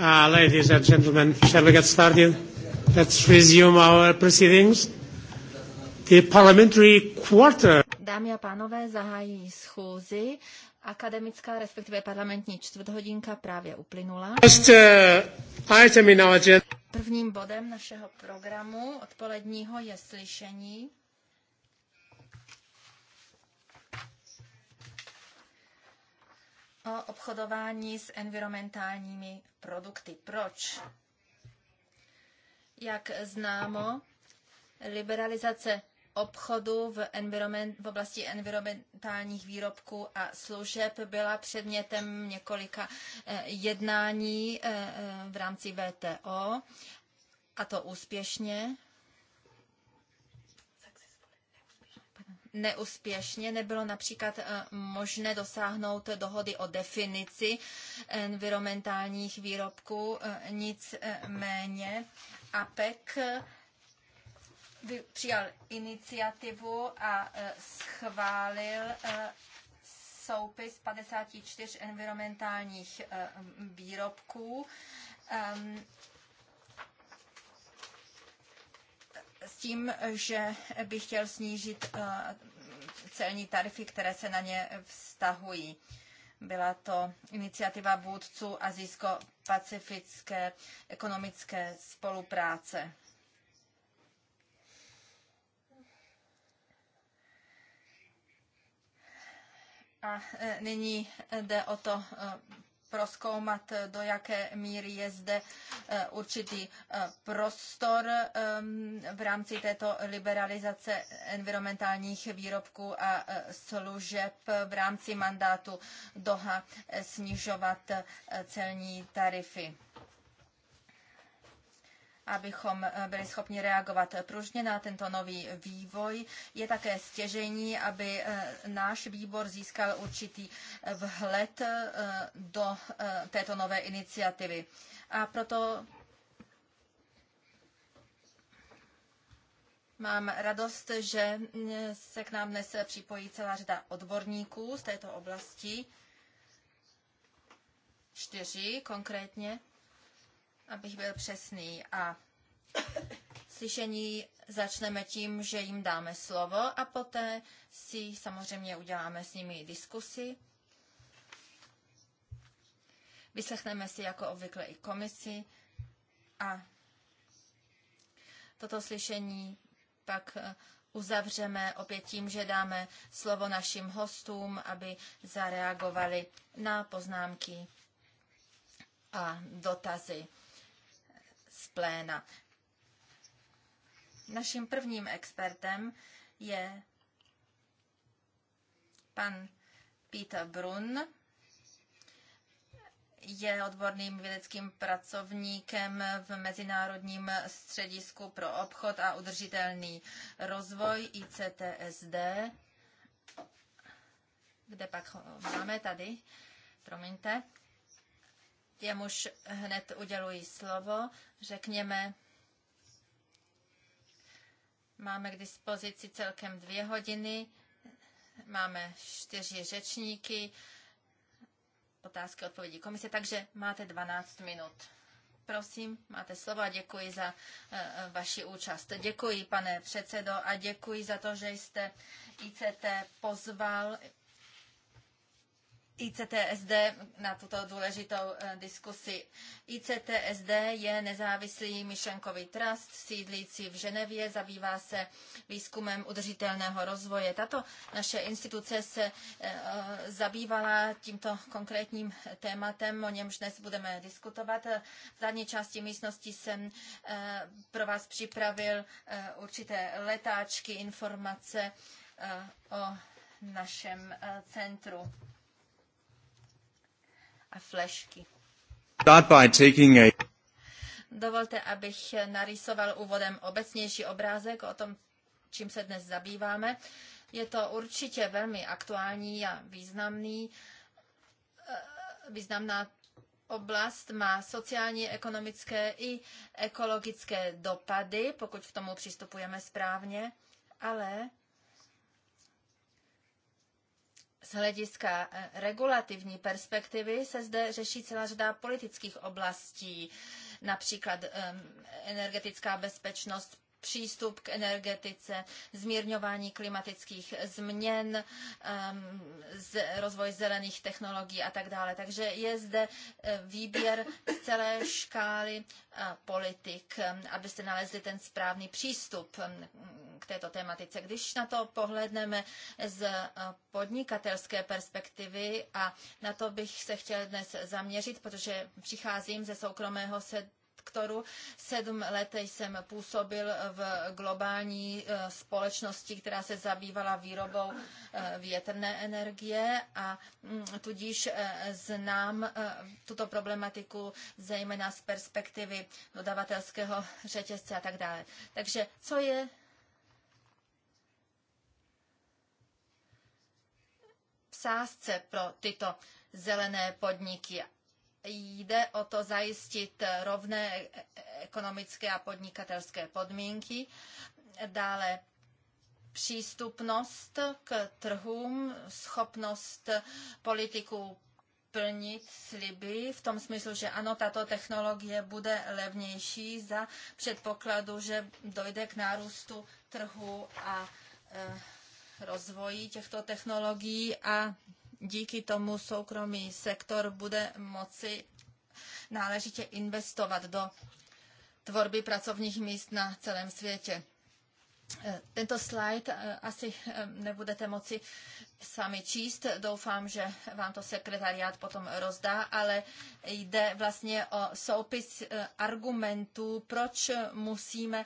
Uh, ladies and gentlemen, shall we get started? Let's resume our proceedings. The parliamentary quarter. Dámy a pánové, zahájí schůzi. Akademická, respektive parlamentní čtvrthodinka právě uplynula. First, uh, item in our Prvním bodem našeho programu odpoledního je slyšení o obchodování s environmentálními produkty. Proč? Jak známo, liberalizace obchodu v, environment, v oblasti environmentálních výrobků a služeb byla předmětem několika eh, jednání eh, eh, v rámci VTO, a to úspěšně. neúspěšně. Nebylo například eh, možné dosáhnout dohody o definici environmentálních výrobků. Eh, Nicméně eh, APEC přijal iniciativu a schválil soupis 54 environmentálních výrobků ehm, tím, že by chtěl snížit eh, celní tarify, které se na ně vztahují. Byla to iniciativa vůdců Azijsko-pacifické ekonomické spolupráce. A eh, nyní jde o to eh, proskoumat, do jaké míry je zde eh, určitý eh, prostor ehm, v rámci této liberalizace environmentálních výrobků a eh, služeb v rámci mandátu Doha snižovat celní tarify abychom eh, byli schopni reagovat pružně na tento nový vývoj. Je také stěžení, aby eh, náš výbor získal určitý eh, vhled do této nové iniciativy. A proto Mám radost, že se k nám dnes připojí celá řada odborníků z této oblasti. Čtyři konkrétně abych byl přesný. A slyšení začneme tím, že jim dáme slovo a poté si samozřejmě uděláme s nimi diskusi. Vyslechneme si jako obvykle i komisi a toto slyšení pak uzavřeme opět tím, že dáme slovo našim hostům, aby zareagovali na poznámky a dotazy z pléna. Naším prvním expertem je pan Peter Brun, je odborným vědeckým pracovníkem v Mezinárodním středisku pro obchod a udržitelný rozvoj ICTSD. Kde pak ho máme tady? Promiňte jemuž hned uděluji slovo. Řekněme, máme k dispozici celkem dvě hodiny, máme čtyři řečníky, otázky, odpovědi komise, takže máte 12 minut. Prosím, máte slovo a děkuji za e, vaši účast. Děkuji, pane předsedo, a děkuji za to, že jste ICT pozval ICTSD na tuto důležitou eh, diskusi. ICTSD je nezávislý myšlenkový trust sídlící v Ženevě, zabývá se výzkumem udržitelného rozvoje. Tato naše instituce se eh, eh, zabývala tímto konkrétním tématem, o němž dnes budeme diskutovat. V zadní části místnosti jsem pro vás připravil určité letáčky, informace o našem centru a flešky. Start by taking a... Dovolte, abych narýsoval úvodem obecnější obrázek o tom, čím se dnes zabýváme. Je to určitě velmi aktuální a významný, eh, významná oblast má sociální, ekonomické i ekologické dopady, pokud k tomu přistupujeme správně, ale Z hlediska eh, regulativní perspektivy se zde řeší celá řada politických oblastí, například ehm, energetická bezpečnost, přístup k energetice, zmírňování klimatických změn, rozvoj zelených technologií a tak dále. Takže je zde eh, výběr z celé škály eh, politik, eh, abyste nalezli ten správný přístup k této tematice. Když na to pohledneme z podnikatelské perspektivy a na to bych se chtěl dnes zaměřit, protože přicházím ze soukromého se sektoru. Sedm let jsem působil v globální eh, společnosti, která se zabývala výrobou eh, větrné energie a mm, tudíž eh, znám tuto problematiku zejména z perspektivy dodavatelského řetězce a tak dále. Takže co je v sázce pro tyto zelené podniky jde o to zajistit rovné ekonomické a podnikatelské podmínky, dále přístupnost k trhům, schopnost politiků plnit sliby v tom smyslu, že ano, tato technologie bude levnější za předpokladu, že dojde k nárůstu trhu a e, rozvoji těchto technologií a díky tomu soukromý sektor bude moci náležitě investovat do tvorby pracovních míst na celém světě. Eh, tento slide eh, asi eh, nebudete moci sami číst. Doufám, že vám to sekretariát potom rozdá, ale jde vlastně o soupis argumentů, proč musíme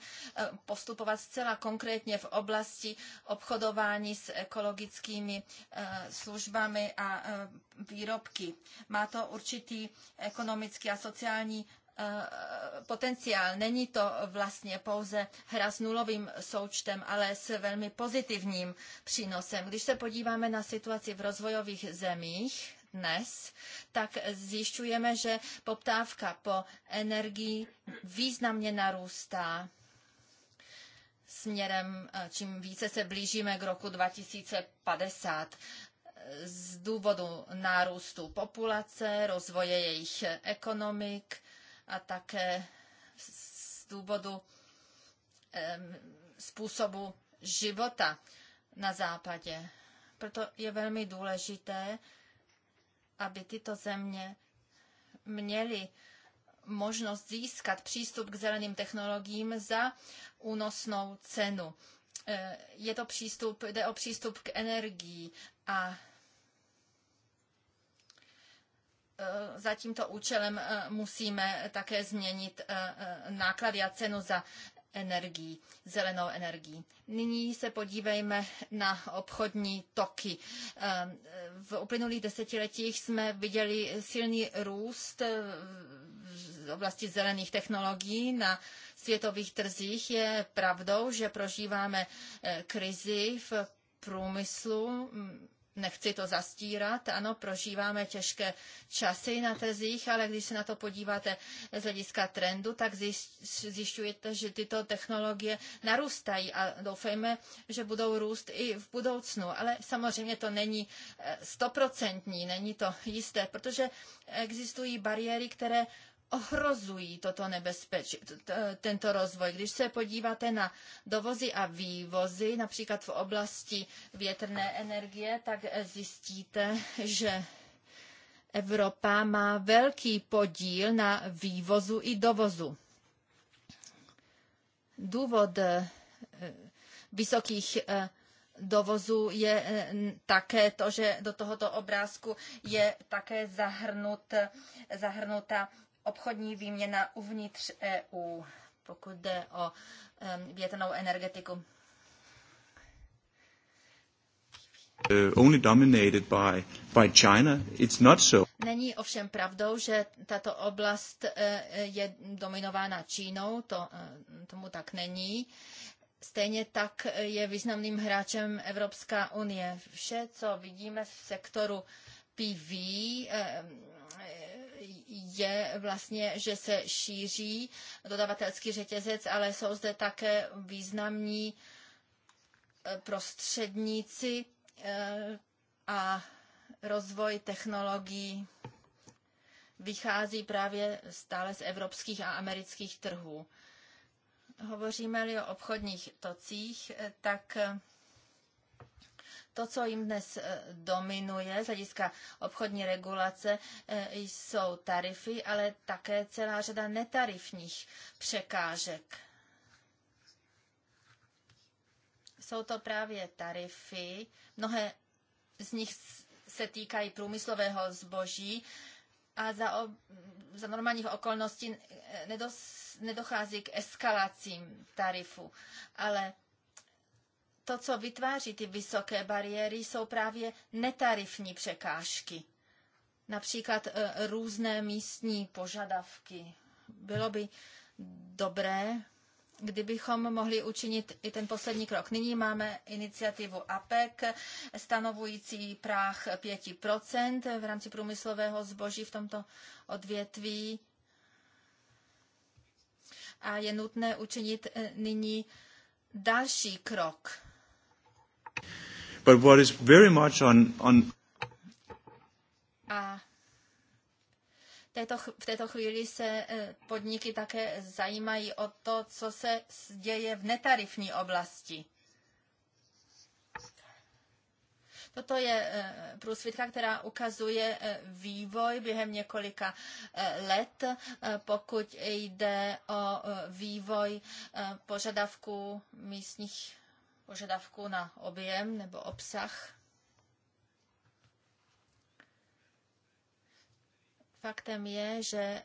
postupovat zcela konkrétně v oblasti obchodování s ekologickými službami a výrobky. Má to určitý ekonomický a sociální Eh, potenciál. Není to vlastně pouze hra s nulovým součtem, ale s velmi pozitivním přínosem. Když se podíváme na situaci v rozvojových zemích dnes, tak zjišťujeme, že poptávka po energii významně narůstá směrem, eh, čím více se blížíme k roku 2050 z důvodu nárůstu populace, rozvoje jejich ekonomik, a tak z důvodu způsobu života na západě. Proto je velmi důležité, aby tyto země měly možnost získat přístup k zeleným technologiím za únosnou cenu. E, je to přístup, jde o přístup k energii a E, za tímto účelem e, musíme také změnit e, náklady a cenu za energii, zelenou energii. Nyní se podívejme na obchodní toky. V uplynulých desetiletích jsme viděli silný růst v oblasti zelených technologií na světových trzích. Je pravdou, že prožíváme krizi v průmyslu Nechci to zastírat, ano, prožíváme těžké časy na trzích, ale když se na to podíváte z hlediska trendu, tak zjišťujete, že tyto technologie narůstají a doufejme, že budou růst i v budoucnu. Ale samozřejmě to není eh, stoprocentní, není to jisté, protože existují bariéry, které ohrozují toto nebezpečí, tento rozvoj. Když se podíváte na dovozy a vývozy, například v oblasti větrné energie, tak zjistíte, že Evropa má velký podíl na vývozu i dovozu. Důvod eh, vysokých eh, dovozu je eh, také to, že do tohoto obrázku je také zahrnut, zahrnuta obchodní výměna uvnitř EU, pokud jde o větrnou energetiku. Uh, only dominated by, by China. It's not so. Není ovšem pravdou, že tato oblast eh, je dominována Čínou, to, eh, tomu tak není. Stejně tak je významným hráčem Evropská unie. Vše, co vidíme v sektoru PV, eh, je vlastně, že se šíří dodavatelský řetězec, ale jsou zde také významní eh, prostředníci eh, a rozvoj technologií vychází právě stále z evropských a amerických trhů. Hovoříme-li o obchodních tocích, eh, tak to, co jim dnes e, dominuje z hlediska obchodní regulace, e, jsou tarify, ale také celá řada netarifních překážek. Jsou to právě tarify, mnohé z nich se týkají průmyslového zboží a za, ob, za normálních okolností e, nedos, nedochází k eskalacím tarifu, ale to, co vytváří ty vysoké bariéry, jsou právě netarifní překážky. Například e, různé místní požadavky. Bylo by dobré, kdybychom mohli učinit i ten poslední krok. Nyní máme iniciativu APEC, stanovující práh 5% v rámci průmyslového zboží v tomto odvětví. A je nutné učinit e, nyní další krok But what is very much on, on této, v této chvíli se eh, podniky také zajímají o to, co se děje v netarifní oblasti. Toto je eh, průsvitka, která ukazuje eh, vývoj během několika let, pokud jde o vývoj požadavků místních požadavku na objem nebo obsah. Faktem je, že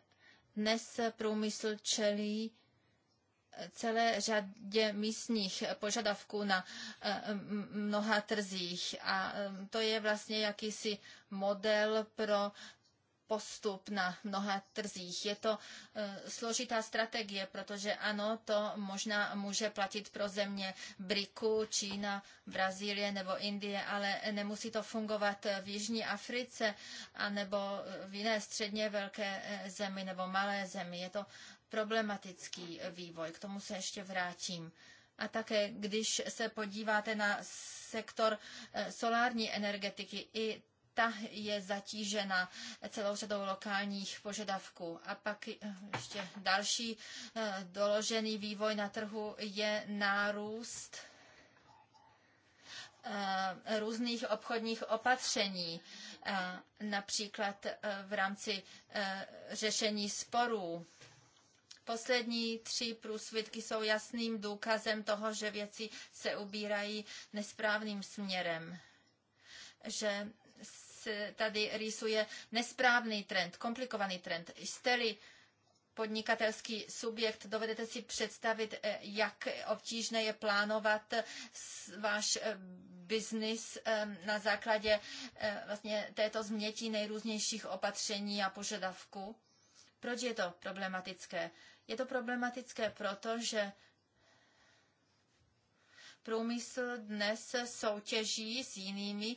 dnes průmysl čelí eh, celé řadě místních požadavků na eh, mnoha trzích. A eh, to je vlastně jakýsi model pro postup na mnoha trzích. Je to e, složitá strategie, protože ano, to možná může platit pro země Briku, Čína, Brazílie nebo Indie, ale nemusí to fungovat v Jižní Africe anebo v jiné středně velké e, zemi nebo malé zemi. Je to problematický vývoj, k tomu se ještě vrátím. A také, když se podíváte na sektor e, solární energetiky, i ta je zatížena celou řadou lokálních požadavků. A pak eh, ještě další eh, doložený vývoj na trhu je nárůst eh, různých obchodních opatření, například v rámci řešení sporů. Poslední tři průsvitky jsou jasným důkazem toho, že věci se ubírají nesprávným směrem že tady rýsuje nesprávný trend, komplikovaný trend. Jste-li podnikatelský subjekt, dovedete si představit, eh, jak obtížné je plánovat váš eh, biznis ehm, na základě eh, vlastně této změti nejrůznějších opatření a požadavků? Proč je to problematické? Je to problematické proto, že průmysl dnes soutěží s jinými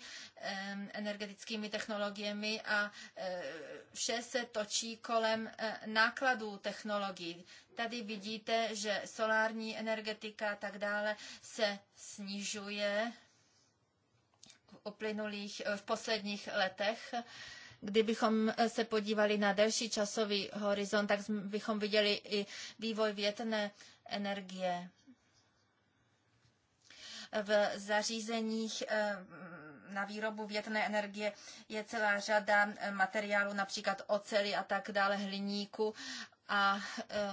energetickými technologiemi a eh, vše se točí kolem eh, nákladů technologií. Tady vidíte, že solární energetika a tak dále se snižuje v uplynulých, eh, v posledních letech kdybychom se podívali na delší časový horizont, tak bychom viděli i vývoj větrné energie v zařízeních eh, na výrobu větrné energie je celá řada eh, materiálů, například oceli a tak dále, hliníku a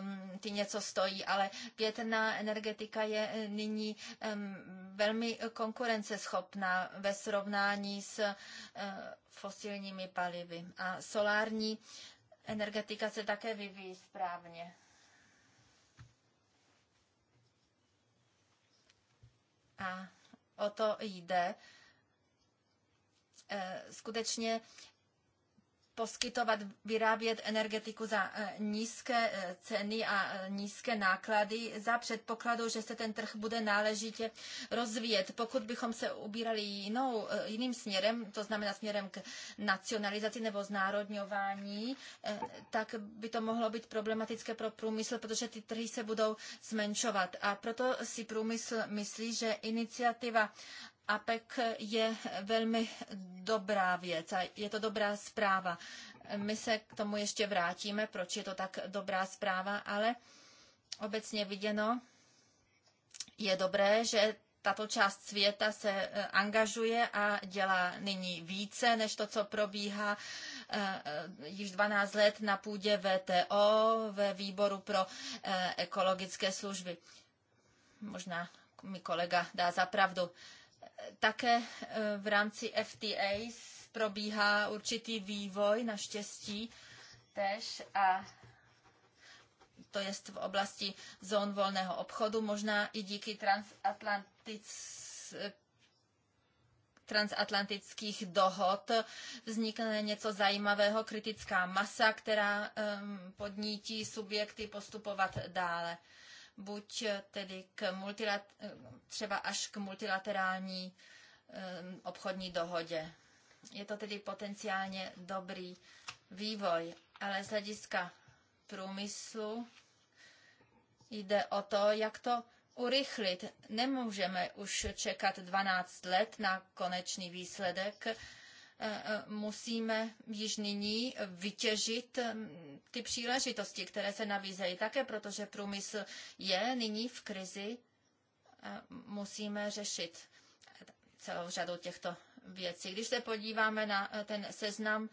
um, ty něco stojí, ale větrná energetika je eh, nyní um, velmi konkurenceschopná ve srovnání s uh, fosilními palivy. A solární energetika se také vyvíjí správně. A o to jde e, skutečně poskytovat, vyrábět energetiku za eh, nízké eh, ceny a eh, nízké náklady za předpokladu, že se ten trh bude náležitě rozvíjet. Pokud bychom se ubírali jinou, jiným směrem, to znamená směrem k nacionalizaci nebo znárodňování, tak by to mohlo být problematické pro průmysl, protože ty trhy se budou zmenšovat. A proto si průmysl myslí, že iniciativa APEC je velmi dobrá věc a je to dobrá zpráva. My se k tomu ještě vrátíme, proč je to tak dobrá zpráva, ale obecně viděno je dobré, že tato část světa se e, angažuje a dělá nyní více než to, co probíhá e, e, již 12 let na půdě VTO ve výboru pro ekologické služby. Možná mi kolega dá za pravdu. Také eh, v rámci FTA probíhá určitý vývoj, naštěstí tež a to je v oblasti zón volného obchodu, možná i díky transatlantických dohod vznikne něco zajímavého, kritická masa, která ehm, podnítí subjekty postupovat dále buď tedy k multilat, třeba až k multilaterální eh, obchodní dohodě. Je to tedy potenciálně dobrý vývoj, ale z hlediska průmyslu jde o to, jak to urychlit. Nemůžeme už čekat 12 let na konečný výsledek musíme již nyní vytěžit eh, ty příležitosti, které se nabízejí také, protože průmysl je nyní v krizi. Eh, musíme řešit celou řadu těchto věcí. Když se podíváme na eh, ten seznam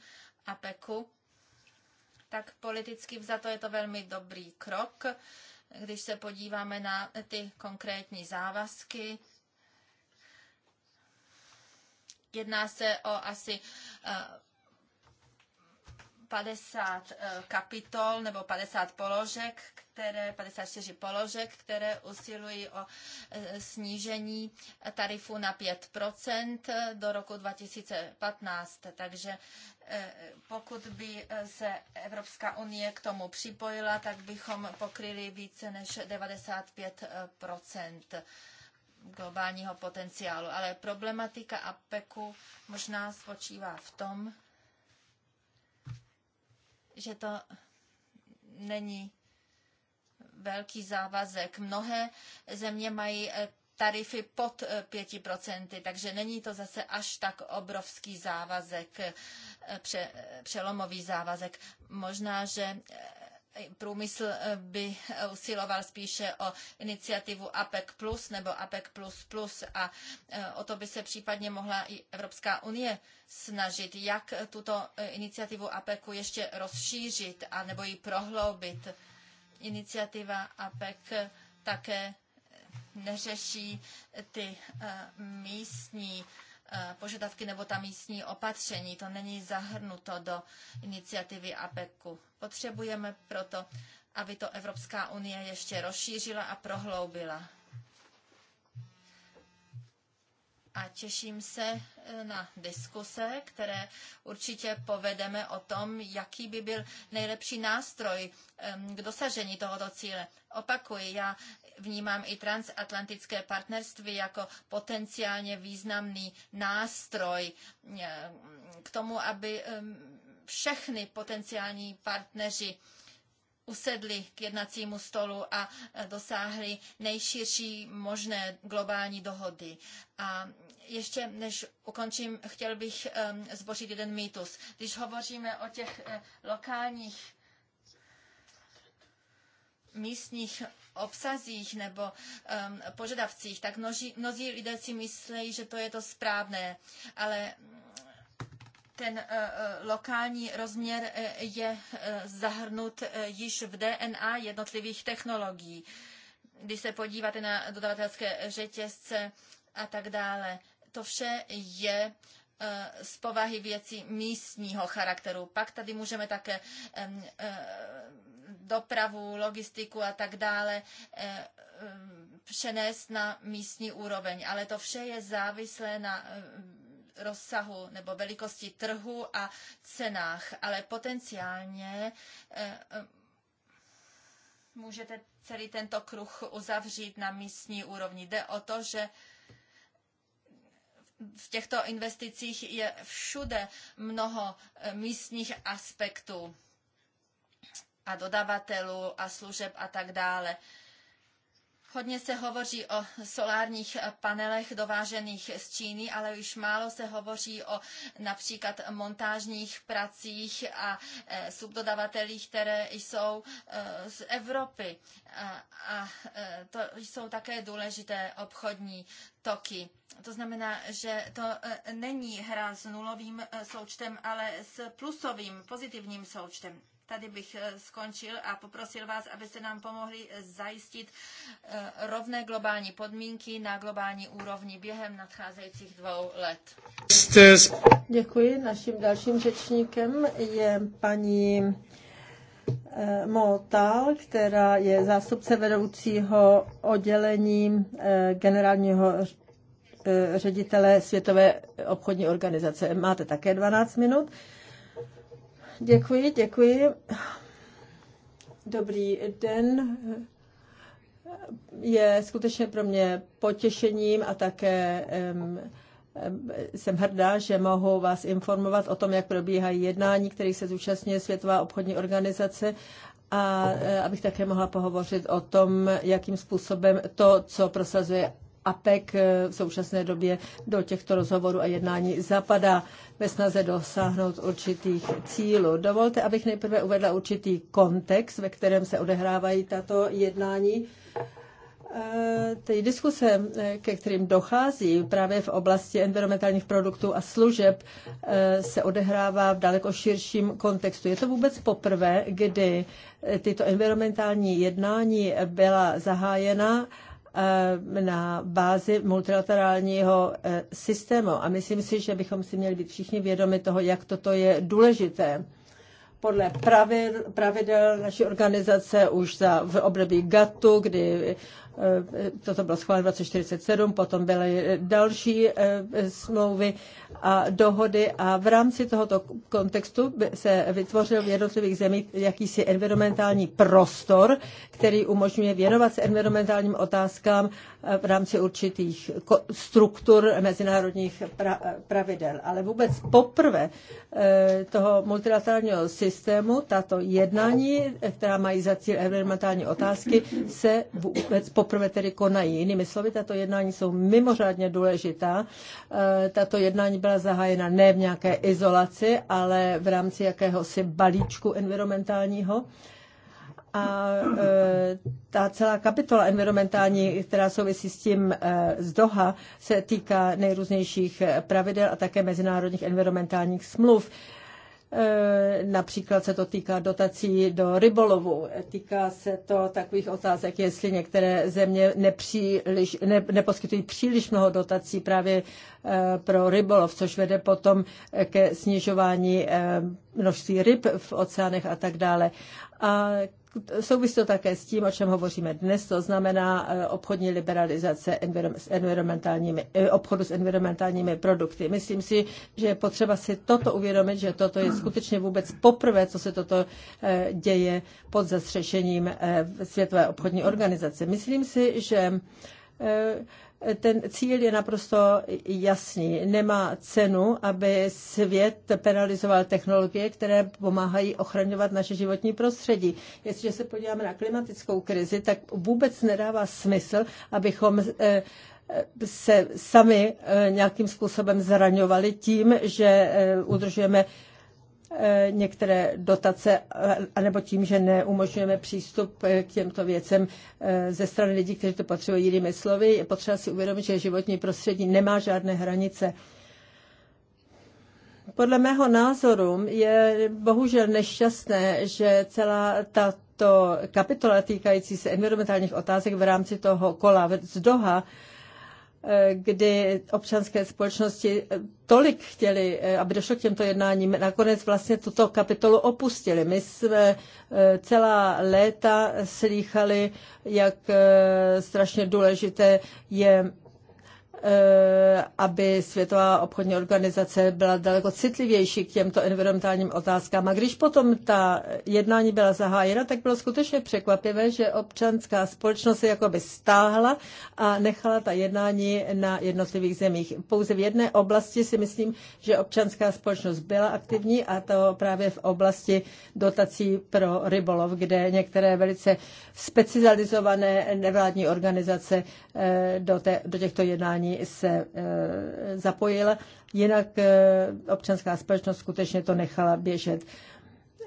APEKu, tak politicky vzato je to velmi dobrý krok. Když se podíváme na ty konkrétní závazky, Jedná se o asi 50 eh, eh, kapitol nebo 50 položek, které, 54 položek, které usilují o eh, snížení tarifu na 5 do roku 2015. Takže pokud by se Evropská unie k tomu připojila, tak bychom pokryli více než 95 globálního potenciálu. Ale problematika APECu možná spočívá v tom, že to není velký závazek. Mnohé země mají eh, tarify pod 5%, eh, takže není to zase až tak obrovský závazek, eh, přelomový závazek. Možná, že průmysl eh, by eh, usiloval spíše o iniciativu APEC+, Plus nebo APEC++, Plus Plus a eh, o to by se případně mohla i Evropská unie snažit, jak tuto iniciativu APECu ještě rozšířit a nebo ji prohloubit. Iniciativa APEC také neřeší ty místní Eh, požadavky nebo ta místní opatření. To není zahrnuto do iniciativy APECu. Potřebujeme proto, aby to Evropská unie ještě rozšířila a prohloubila. a těším se eh, na diskuse, které určitě povedeme o tom, jaký by byl nejlepší nástroj k dosažení tohoto cíle. Opakuji, já vnímám i transatlantické partnerství jako potenciálně významný nástroj eh, k tomu, aby eh, všechny potenciální partneři usedli k jednacímu stolu a eh, dosáhli nejširší možné globální dohody. A ještě než ukončím, chtěl bych um, zbořit jeden mýtus. Když hovoříme o těch lokálních místních obsazích nebo um, požadavcích, tak množí, mnozí lidé si myslí, že to je to správné, ale ten uh, uh, lokální rozměr uh, je zahrnut již v DNA jednotlivých technologií. Když se podíváte na dodavatelské řetězce a tak dále, to vše je z povahy věcí místního charakteru. Pak tady můžeme také um, dopravu, logistiku a tak dále eh, eh, přenést na místní úroveň. Ale to vše je závislé na eh, rozsahu nebo velikosti trhu a cenách, ale potenciálně můžete celý tento kruh uzavřít na místní úrovni. Jde o to, že v těchto investicích je všude mnoho místních aspektů a dodavatelů a služeb a tak dále. Hodně se hovoří o solárních panelech dovážených z Číny, ale už málo se hovoří o například montážních pracích a e, subdodavatelích, které jsou e, z Evropy. A, a e, to jsou také důležité obchodní toky. To znamená, že to není hra s nulovým součtem, ale s plusovým, pozitivním součtem. Tady bych eh, skončil a poprosil vás, abyste nám pomohli eh, zajistit eh, rovné globální podmínky na globální úrovni během nadcházejících dvou let. Děkuji. Naším dalším řečníkem je paní Motal, která je zástupce vedoucího oddělení generálního ředitele Světové obchodní organizace. Máte také 12 minut. Děkuji, děkuji. Dobrý den. Je skutečně pro mě potěšením a také jsem hrdá, že mohu vás informovat o tom, jak probíhají jednání, kterých se zúčastňuje Světová obchodní organizace a e, abych také mohla pohovořit o tom, jakým způsobem to, co prosazuje APEC eh, v současné době do těchto rozhovorů a jednání zapadá ve snaze dosáhnout určitých cílů. Dovolte, abych nejprve uvedla určitý kontext, ve kterém se odehrávají tato jednání. Eh, ty diskuse, eh, ke kterým dochází právě v oblasti environmentálních produktů a služeb, se odehrává v daleko širším kontextu. Je to vůbec poprvé, kdy tyto environmentální jednání byla zahájena Eh, na bázi multilaterálního eh, systému. A myslím si, že bychom si měli být všichni vědomi toho, jak toto je důležité. Podle pravidel naší organizace už za, v období GATU, kdy Eh, toto bylo schváleno 2047, potom byly eh, další eh, smlouvy a dohody a v rámci tohoto kontextu se vytvořil v jednotlivých zemích jakýsi environmentální prostor, který umožňuje věnovat se environmentálním otázkám v rámci určitých struktur mezinárodních pravidel. Ale vůbec poprvé toho multilaterálního systému tato jednání, která mají za cíl environmentální otázky, se vůbec poprvé poprvé tedy konají. Jinými slovy, tato jednání jsou mimořádně důležitá. Eh, tato jednání byla zahájena ne v nějaké izolaci, ale v rámci jakéhosi balíčku environmentálního a e, ta celá kapitola environmentální, která souvisí s tím e, z Doha, se týká nejrůznějších pravidel a také mezinárodních environmentálních smluv. Eh, například se to týká dotací do rybolovu, týká se to takových otázek, jestli některé země nepříliš, ne, neposkytují příliš mnoho dotací právě eh, pro rybolov, což vede potom eh, ke snižování množství ryb v oceánech a tak dále. A Souvisí to také s tím, o čem hovoříme dnes, to znamená eh, obchodní liberalizace s environmentálními, eh, obchodu s environmentálními produkty. Myslím si, že je potřeba si toto uvědomit, že toto je skutečně vůbec poprvé, co se toto eh, děje pod zastřešením Světové obchodní organizace. Myslím si, že ten cíl je naprosto jasný. Nemá cenu, aby svět penalizoval technologie, které pomáhají ochraňovat naše životní prostředí. Jestliže se podíváme na klimatickou krizi, tak vůbec nedává smysl, abychom eh, se sami eh, nějakým způsobem zraňovali tím, že eh, udržujeme Eh, některé dotace, eh, anebo tím, že neumožňujeme přístup eh, k těmto věcem ze strany lidí, kteří to potřebují. Jinými slovy, je potřeba si uvědomit, že životní prostředí nemá žádné hranice. Podle mého názoru je bohužel nešťastné, že celá tato kapitola týkající se environmentálních otázek v rámci toho kola z Doha kdy občanské společnosti tolik chtěli, eh, aby došlo k těmto jednáním, nakonec vlastně tuto kapitolu opustili. My jsme eh, celá léta slýchali, jak eh, strašně důležité je Eh, aby Světová obchodní organizace byla daleko citlivější k těmto environmentálním otázkám. A když potom ta jednání byla zahájena, tak bylo skutečně překvapivé, že občanská společnost se jakoby stáhla a nechala ta jednání na jednotlivých zemích. Pouze v jedné oblasti si myslím, že občanská společnost byla aktivní a to právě v oblasti dotací pro rybolov, kde některé velice specializované nevládní organizace eh, do, té, do těchto jednání se se zapojil, jinak e, občanská společnost skutečně to nechala běžet.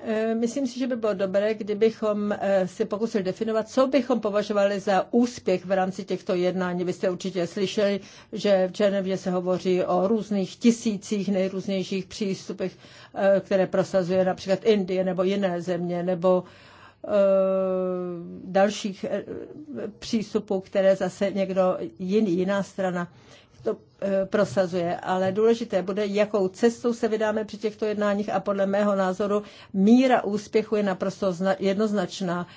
E, myslím si, že by bylo dobré, kdybychom e, si pokusili definovat, co bychom považovali za úspěch v rámci těchto jednání. Vy jste určitě slyšeli, že v Ženevě se hovoří o různých tisících nejrůznějších přístupech, které prosazuje například Indie nebo jiné země, nebo e, Eh, dalších eh, přístupů, které zase někdo jiný, jiná strana to eh, prosazuje, ale důležité bude, jakou cestou se vydáme při těchto jednáních a podle mého názoru míra úspěchu je naprosto jednoznačná.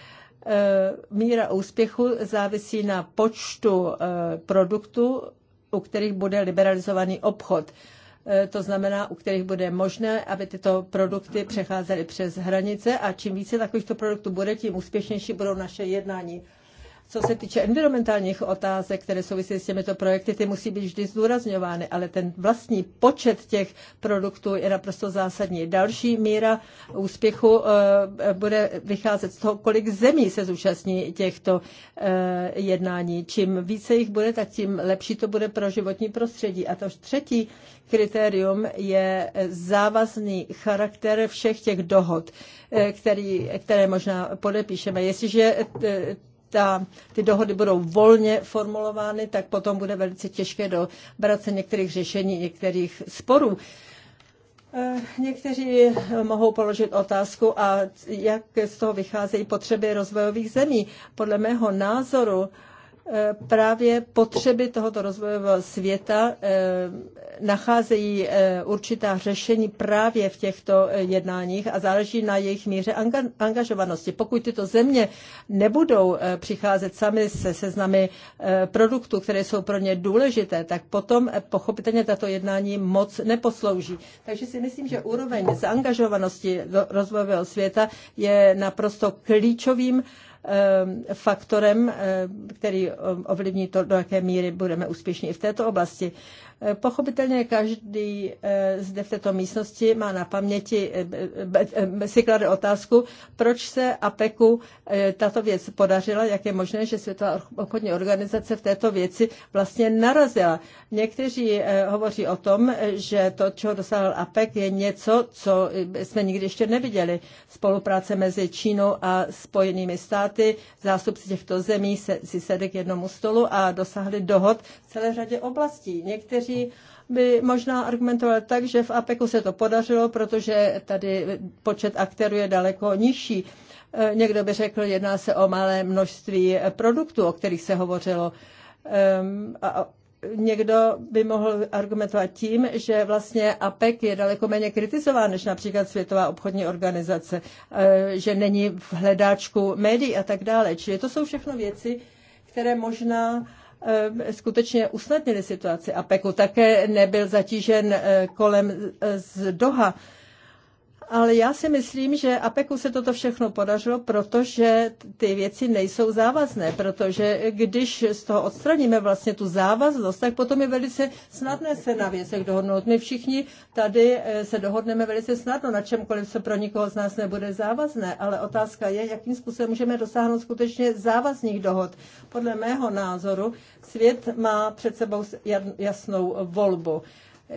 Míra úspěchu závisí na počtu produktů, u kterých bude liberalizovaný obchod. E, to znamená, u kterých bude možné, aby tyto produkty přecházely přes hranice a čím více takovýchto produktů bude, tím úspěšnější budou naše jednání. Co se týče environmentálních otázek, které souvisí s těmito projekty, ty musí být vždy zdůrazňovány, ale ten vlastní počet těch produktů je naprosto zásadní. Další míra úspěchu eh, bude vycházet z toho, kolik zemí se zúčastní těchto eh, jednání. Čím více jich bude, tak tím lepší to bude pro životní prostředí. A to třetí kritérium je závazný charakter všech těch dohod, eh, který, které možná podepíšeme. Jestliže ta, ty dohody budou volně formulovány, tak potom bude velice těžké dobrat se některých řešení, některých sporů. Eh, někteří eh, mohou položit otázku, a jak z toho vycházejí potřeby rozvojových zemí. Podle mého názoru Eh, právě potřeby tohoto rozvojového světa eh, nacházejí eh, určitá řešení právě v těchto jednáních a záleží na jejich míře angažovanosti. Pokud tyto země nebudou přicházet sami se seznamy produktů, které jsou pro ně důležité, tak potom pochopitelně tato jednání moc neposlouží. Takže si myslím, že úroveň zaangažovanosti rozvojového světa je naprosto klíčovým Ehm, faktorem, ehm, který ehm, ovlivní to, do jaké míry budeme úspěšní i v této oblasti. Pochopitelně každý eh, zde v této místnosti má na paměti, eh, eh, si klade otázku, proč se APEKu tato věc podařila, jak je možné, že Světová obchodní organizace v této věci vlastně narazila. Někteří hovoří o tom, že to, čeho dosáhl APEC, je něco, co jsme nikdy ještě neviděli. Spolupráce mezi Čínou a Spojenými státy, zástupci těchto zemí si sedli k jednomu stolu a dosáhli dohod v celé řadě oblastí. Někteří záležitostí by možná argumentoval tak, že v APEKu se to podařilo, protože tady počet aktérů je daleko nižší. Eh, někdo by řekl, jedná se o malé množství produktů, o kterých se hovořilo. Ehm, a někdo by mohl argumentovat tím, že vlastně APEC je daleko méně kritizován než například Světová obchodní organizace, eh, že není v hledáčku médií a tak dále. Čili to jsou všechno věci, které možná Ehm, skutečně usnadnili situaci. A Peku také nebyl zatížen eh, kolem eh, z Doha. Ale já si myslím, že APEKu se toto všechno podařilo, protože ty věci nejsou závazné, protože když z toho odstraníme vlastně tu závaznost, tak potom je velice snadné se na věcech dohodnout. My všichni tady eh, se dohodneme velice snadno na čemkoliv, co pro nikoho z nás nebude závazné, ale otázka je, jakým způsobem můžeme dosáhnout skutečně závazných dohod. Podle mého názoru svět má před sebou jasnou volbu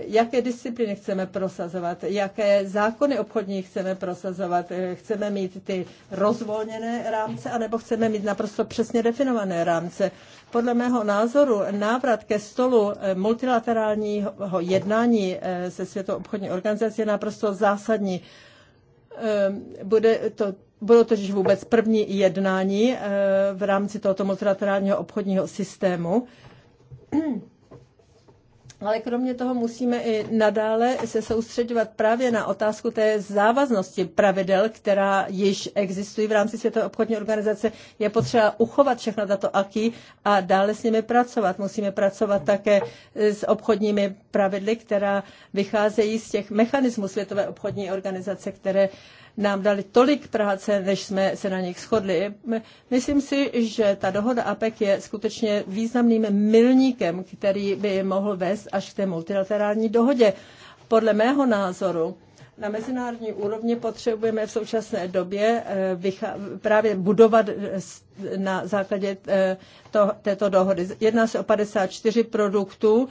jaké disciplíny chceme prosazovat, jaké zákony obchodní chceme prosazovat, chceme mít ty rozvolněné rámce, anebo chceme mít naprosto přesně definované rámce. Podle mého názoru návrat ke stolu eh, multilaterálního jednání eh, se Světovou obchodní organizací je naprosto zásadní. Eh, bude to bylo to již vůbec první jednání v rámci tohoto multilaterálního obchodního systému. Ale kromě toho musíme i nadále se soustředovat právě na otázku té závaznosti pravidel, která již existují v rámci Světové obchodní organizace. Je potřeba uchovat všechno tato aký a dále s nimi pracovat. Musíme pracovat také s obchodními pravidly, která vycházejí z těch mechanismů Světové obchodní organizace, které uh, nám dali tolik práce, než jsme se na nich shodli. Myslím si, že ta dohoda APEC je skutečně významným milníkem, který by mohl vést až k té multilaterální dohodě. Podle mého názoru na mezinárodní úrovni potřebujeme v současné době eh, právě budovat eh, na základě eh, to, této dohody. Jedná se o 54 produktů.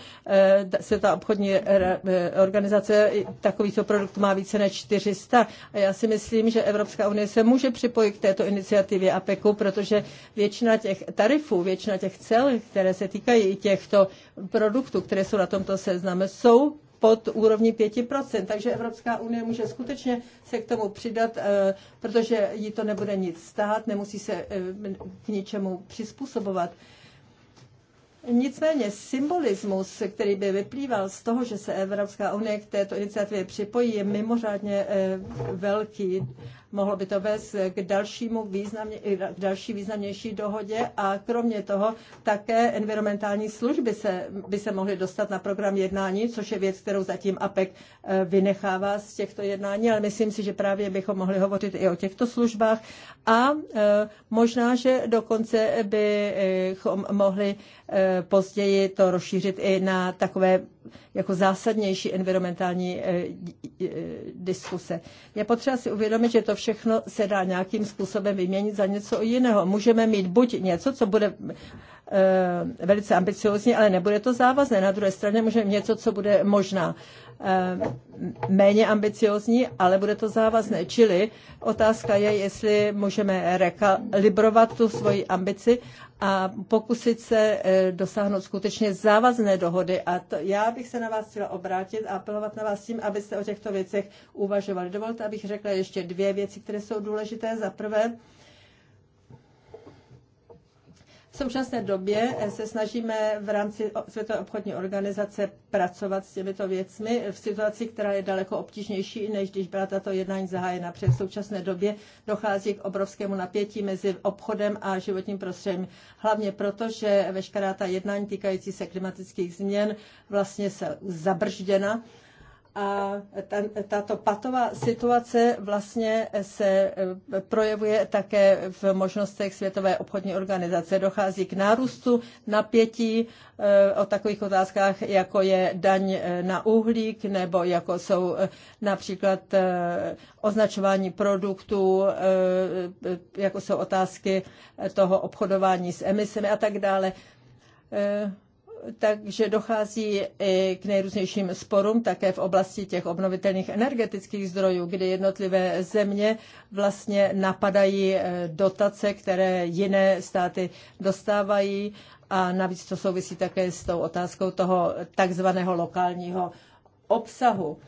ta obchodní organizace takovýchto produktů má více než 400. A já si myslím, že Evropská unie se může připojit k této iniciativě APEKU, protože většina těch tarifů, většina těch cel, které se týkají těchto produktů, které jsou na tomto seznamu, jsou pod úrovni 5%. Takže Evropská unie může skutečně se k tomu přidat, eh, protože jí to nebude nic stát, nemusí se eh, k ničemu přizpůsobovat. Nicméně symbolismus, který by vyplýval z toho, že se Evropská unie k této iniciativě připojí, je mimořádně eh, velký Mohlo by to vést k, dalšímu významně, k další významnější dohodě a kromě toho také environmentální služby se, by se mohly dostat na program jednání, což je věc, kterou zatím APEC eh, vynechává z těchto jednání, ale myslím si, že právě bychom mohli hovořit i o těchto službách a eh, možná, že dokonce bychom mohli eh, později to rozšířit i na takové jako zásadnější environmentální eh, eh, diskuse. Je potřeba si uvědomit, že to všechno se dá nějakým způsobem vyměnit za něco jiného. Můžeme mít buď něco, co bude eh, velice ambiciozní, ale nebude to závazné. Na druhé straně můžeme něco, co bude možná méně ambiciozní, ale bude to závazné. Čili otázka je, jestli můžeme rekalibrovat tu svoji ambici a pokusit se e, dosáhnout skutečně závazné dohody. A to, já bych se na vás chtěla obrátit a apelovat na vás tím, abyste o těchto věcech uvažovali. Dovolte, abych řekla ještě dvě věci, které jsou důležité. Za prvé, v současné době se snažíme v rámci Světové obchodní organizace pracovat s těmito věcmi v situaci, která je daleko obtížnější, než když byla tato jednání zahájena. Před v současné době dochází k obrovskému napětí mezi obchodem a životním prostředím. Hlavně proto, že veškerá ta jednání týkající se klimatických změn vlastně se zabržděna a tato patová situace vlastně se eh, projevuje také v možnostech Světové obchodní organizace. Dochází k nárůstu napětí eh, o takových otázkách, jako je daň eh, na uhlík, nebo jako jsou například označování produktů, jako jsou otázky toho obchodování s emisemi a tak dále takže dochází i k nejrůznějším sporům také v oblasti těch obnovitelných energetických zdrojů, kdy jednotlivé země vlastně napadají eh, dotace, které jiné státy dostávají a navíc to souvisí také s tou otázkou toho takzvaného lokálního obsahu.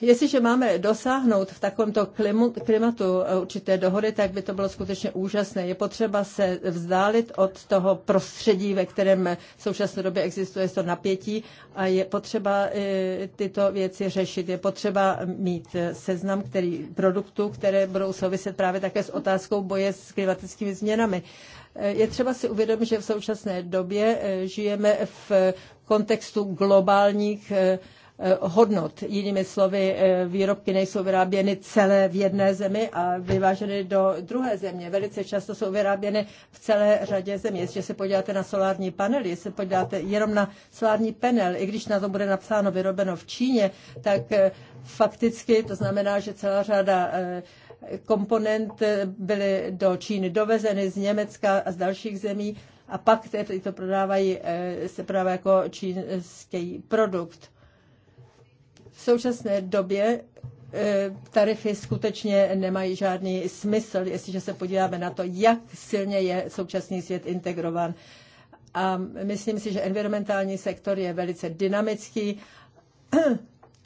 Jestliže máme dosáhnout v takovémto klimatu eh, určité dohody, tak by to bylo skutečně úžasné. Je potřeba se vzdálit od toho prostředí, ve kterém v současné době existuje to napětí a je potřeba eh, tyto věci řešit. Je potřeba mít eh, seznam který, produktů, které budou souviset právě také s otázkou boje s klimatickými změnami. Je třeba si uvědomit, že v současné době žijeme v kontextu globálních Eh, hodnot. Jinými slovy, eh, výrobky nejsou vyráběny celé v jedné zemi a vyváženy do druhé země. Velice často jsou vyráběny v celé řadě zemí. Jestliže se podíváte na solární panely, jestli se podíváte jenom na solární panel, i když na to bude napsáno vyrobeno v Číně, tak eh, fakticky to znamená, že celá řada komponent byly do Číny dovezeny z Německa a z dalších zemí a pak to prodávají, se prodává jako čínský produkt. V současné době e, tarify skutečně nemají žádný smysl, jestliže se podíváme na to, jak silně je současný svět integrovan. A myslím si, že environmentální sektor je velice dynamický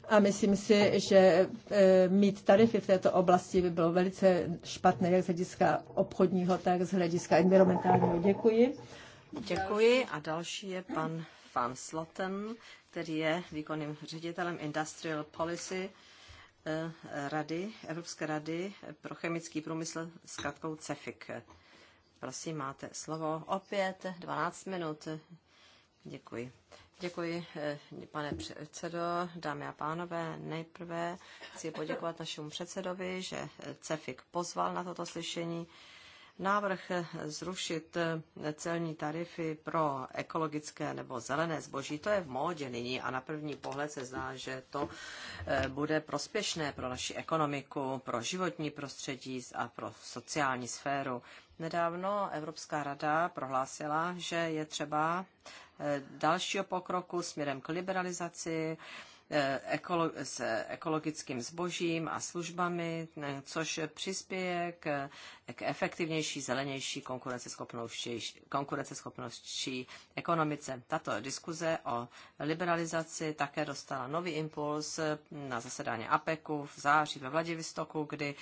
a myslím si, že e, mít tarify v této oblasti by bylo velice špatné, jak z hlediska obchodního, tak z hlediska environmentálního. Děkuji. Děkuji a další je pan Van Sloten, který je výkonným ředitelem Industrial Policy eh, Rady, Evropské rady pro chemický průmysl s kratkou CEFIC. Prosím, máte slovo. Opět 12 minut. Děkuji. Děkuji, eh, pane předsedo, dámy a pánové. Nejprve chci poděkovat našemu předsedovi, že eh, CEFIC pozval na toto slyšení. Návrh zrušit celní tarify pro ekologické nebo zelené zboží, to je v módě nyní a na první pohled se zdá, že to eh, bude prospěšné pro naši ekonomiku, pro životní prostředí a pro sociální sféru. Nedávno Evropská rada prohlásila, že je třeba eh, dalšího pokroku směrem k liberalizaci Eh, s ekologickým zbožím a službami, což přispěje k, k efektivnější, zelenější, konkurenceschopnější ekonomice. Tato diskuze o liberalizaci také dostala nový impuls na zasedání APEKu v září ve Vladivostoku, kdy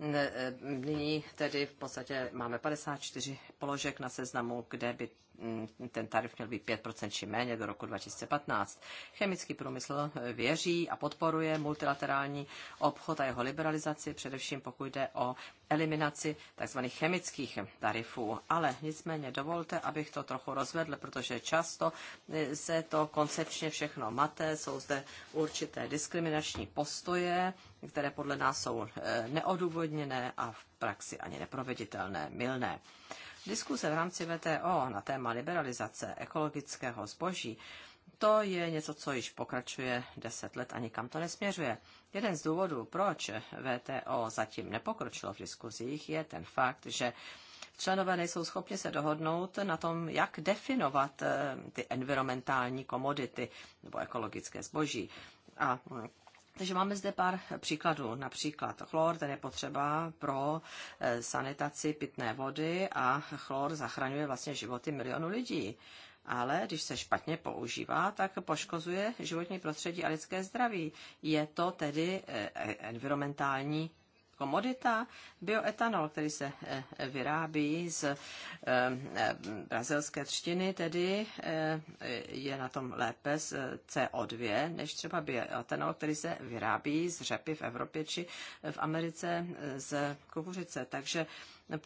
eh, nyní tedy v podstatě máme 54 položek na seznamu, kde by Mm, ten tarif měl být 5% či méně do roku 2015. Chemický průmysl eh, věří a podporuje multilaterální obchod a jeho liberalizaci, především pokud jde o eliminaci tzv. chemických tarifů. Ale nicméně dovolte, abych to trochu rozvedl, protože často eh, se to koncepčně všechno maté, jsou zde určité diskriminační postoje, které podle nás jsou eh, neodůvodněné a v praxi ani neproveditelné, milné. Diskuse v rámci VTO na téma liberalizace ekologického zboží to je něco, co již pokračuje deset let a nikam to nesměřuje. Jeden z důvodů, proč VTO zatím nepokročilo v diskuzích, je ten fakt, že členové nejsou schopni se dohodnout na tom, jak definovat eh, ty environmentální komodity nebo ekologické zboží. A takže máme zde pár příkladů. Například chlor, ten je potřeba pro eh, sanitaci pitné vody a chlor zachraňuje vlastně životy milionů lidí. Ale když se špatně používá, tak poškozuje životní prostředí a lidské zdraví. Je to tedy eh, eh, environmentální komodita. Bioetanol, který se eh, vyrábí z eh, eh, brazilské třtiny, tedy je na tom lépe z CO2, než třeba bioetanol, který se vyrábí z řepy v Evropě či v Americe z kukuřice. Takže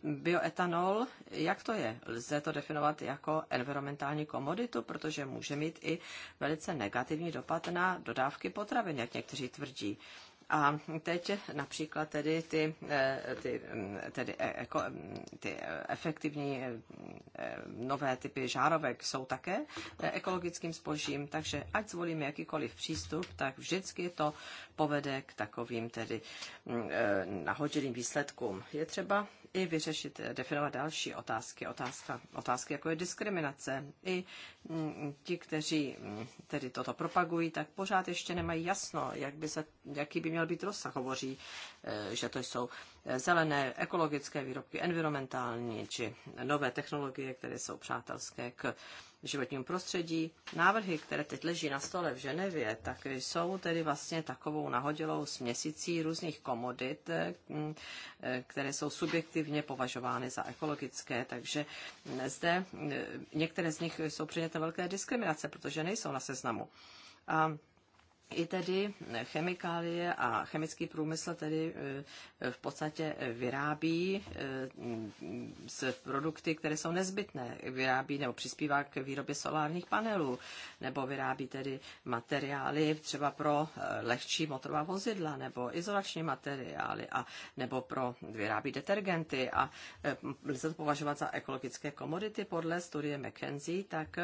bioetanol, jak to je? Lze to definovat jako environmentální komoditu, protože může mít i velice negativní dopad na dodávky potravin, jak někteří tvrdí. A teď například tedy ty, eh, ty, mm, tedy eko, eh, jako, mm, ty efektivní eh, mm, nové typy žárovek jsou také ekologickým spožím, takže ať zvolíme jakýkoliv přístup, tak vždycky to povede k takovým tedy nahodilým výsledkům. Je třeba i vyřešit, eh, definovat další otázky, otázka, otázky jako je diskriminace. I mm, ti, kteří mm, tedy toto propagují, tak pořád ještě nemají jasno, jak by se, jaký by měl být rozsah. Hovoří, eh, že to jsou zelené, ekologické výrobky, environmentální či nové technologie, které jsou přátelské k životnímu prostředí. Návrhy, které teď leží na stole v Ženevě, tak jsou tedy vlastně takovou nahodilou směsicí různých komodit, mm, které jsou subjektivně považovány za ekologické. Takže zde mm, některé z nich jsou předmětem velké diskriminace, protože nejsou na seznamu. A i tedy chemikálie a chemický průmysl tedy eh, v podstatě eh, vyrábí z eh, produkty, které jsou nezbytné. Vyrábí nebo přispívá k výrobě solárních panelů, nebo vyrábí tedy materiály třeba pro lehčí motorová vozidla, nebo izolační materiály, a, nebo pro vyrábí detergenty. A lze to považovat za ekologické komodity podle studie McKenzie, tak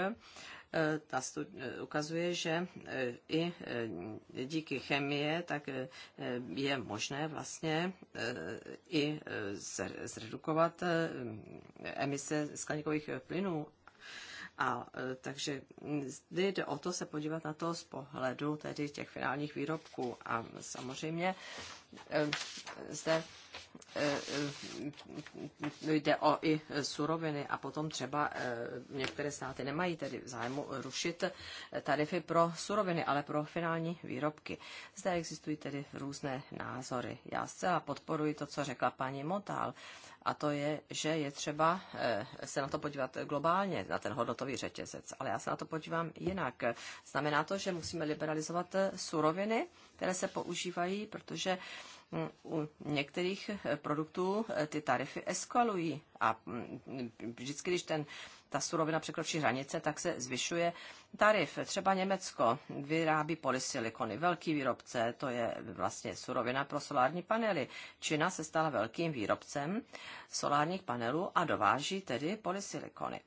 Eh, ta eh, ukazuje, že eh, i díky chemie tak je možné vlastně i zredukovat emise skleníkových plynů a e, takže zde jde o to se podívat na to z pohledu tedy těch finálních výrobků. A samozřejmě e, zde e, jde o i suroviny a potom třeba některé státy nemají tedy zájmu rušit tarify pro suroviny, ale pro finální výrobky. Zde existují tedy různé názory. Já zcela podporuji to, co řekla paní Motal a to je, že je třeba eh, se na to podívat globálně, na ten hodnotový řetězec. Ale já se na to podívám jinak. Znamená to, že musíme liberalizovat eh, suroviny, které se používají, protože u některých eh, produktů eh, ty tarify eskalují a mm, vždycky, když ten, ta surovina překročí hranice, tak se zvyšuje tarif. Třeba Německo vyrábí polysilikony, velký výrobce, to je vlastně surovina pro solární panely. Čína se stala velkým výrobcem solárních panelů a dováží tedy polysilikony.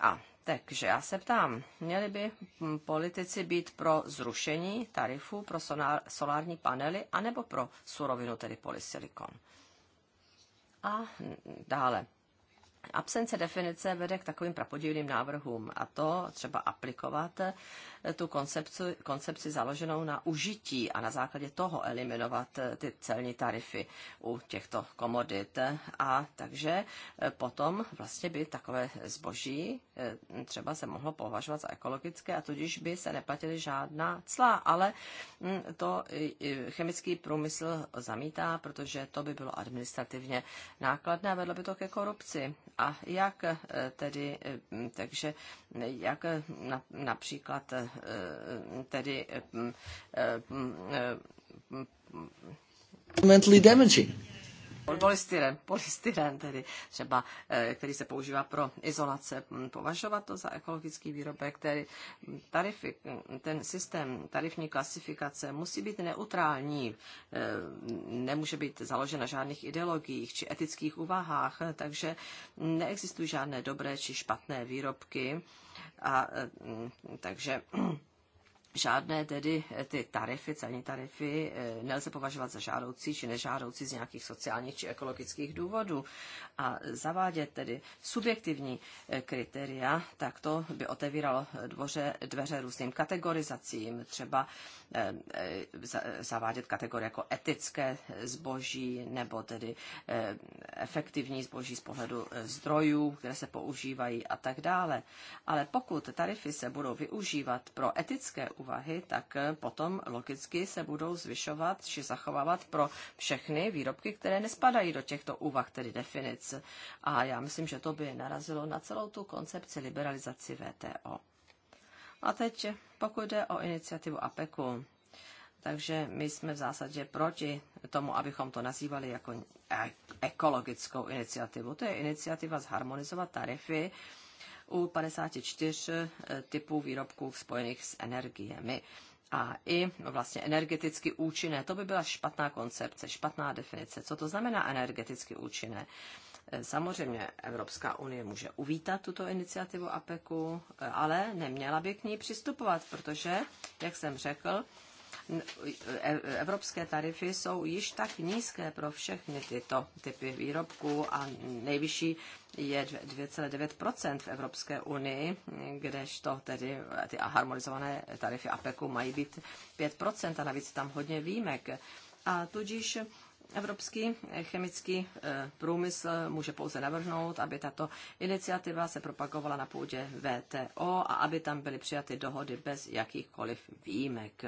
A takže já se ptám, měli by politici být pro zrušení tarifů pro solární panely anebo pro surovinu, tedy polysilikon? A dále. Absence definice vede k takovým prapodivným návrhům a to třeba aplikovat tu koncepci, koncepci založenou na užití a na základě toho eliminovat eh, ty celní tarify u těchto komodit. A takže eh, potom vlastně by takové zboží eh, třeba se mohlo považovat za ekologické a tudíž by se neplatily žádná cla, ale hm, to chemický průmysl zamítá, protože to by bylo administrativně nákladné a vedlo by to ke korupci. A jak tedy, hm, takže hm, jak například tedy mm, mentally mm, damaging. Polystyren, polystyren tedy třeba, eh, který se používá pro izolace, mm, považovat to za ekologický výrobek, který tarify, ten systém tarifní klasifikace musí být neutrální, eh, nemůže být založen na žádných ideologiích či etických úvahách, takže neexistují žádné dobré či špatné výrobky a mm, takže žádné tedy eh, ty tarify, celní tarify eh, nelze považovat za žádoucí či nežádoucí z nějakých sociálních či ekologických důvodů. A zavádět tedy subjektivní eh, kritéria, tak to by otevíralo dvoře, dveře různým kategorizacím, třeba Eh, eh, zavádět kategorie jako etické zboží nebo tedy eh, efektivní zboží z pohledu zdrojů, které se používají a tak dále. Ale pokud tarify se budou využívat pro etické úvahy, tak potom logicky se budou zvyšovat či zachovávat pro všechny výrobky, které nespadají do těchto úvah, tedy definic. A já myslím, že to by narazilo na celou tu koncepci liberalizaci VTO. A teď pokud jde o iniciativu APEKu, takže my jsme v zásadě proti tomu, abychom to nazývali jako ekologickou iniciativu. To je iniciativa zharmonizovat tarify u 54 eh, typů výrobků spojených s energiemi a i vlastně energeticky účinné. To by byla špatná koncepce, špatná definice. Co to znamená energeticky účinné? Samozřejmě Evropská unie může uvítat tuto iniciativu APEKu, ale neměla by k ní přistupovat, protože, jak jsem řekl, e- e- evropské tarify jsou již tak nízké pro všechny tyto typy výrobků a nejvyšší je 2,9 v Evropské unii, kdežto tedy ty harmonizované tarify APEKu mají být 5 a navíc tam hodně výjimek. A tudíž Evropský chemický e, průmysl může pouze navrhnout, aby tato iniciativa se propagovala na půdě VTO a aby tam byly přijaty dohody bez jakýchkoliv výjimek.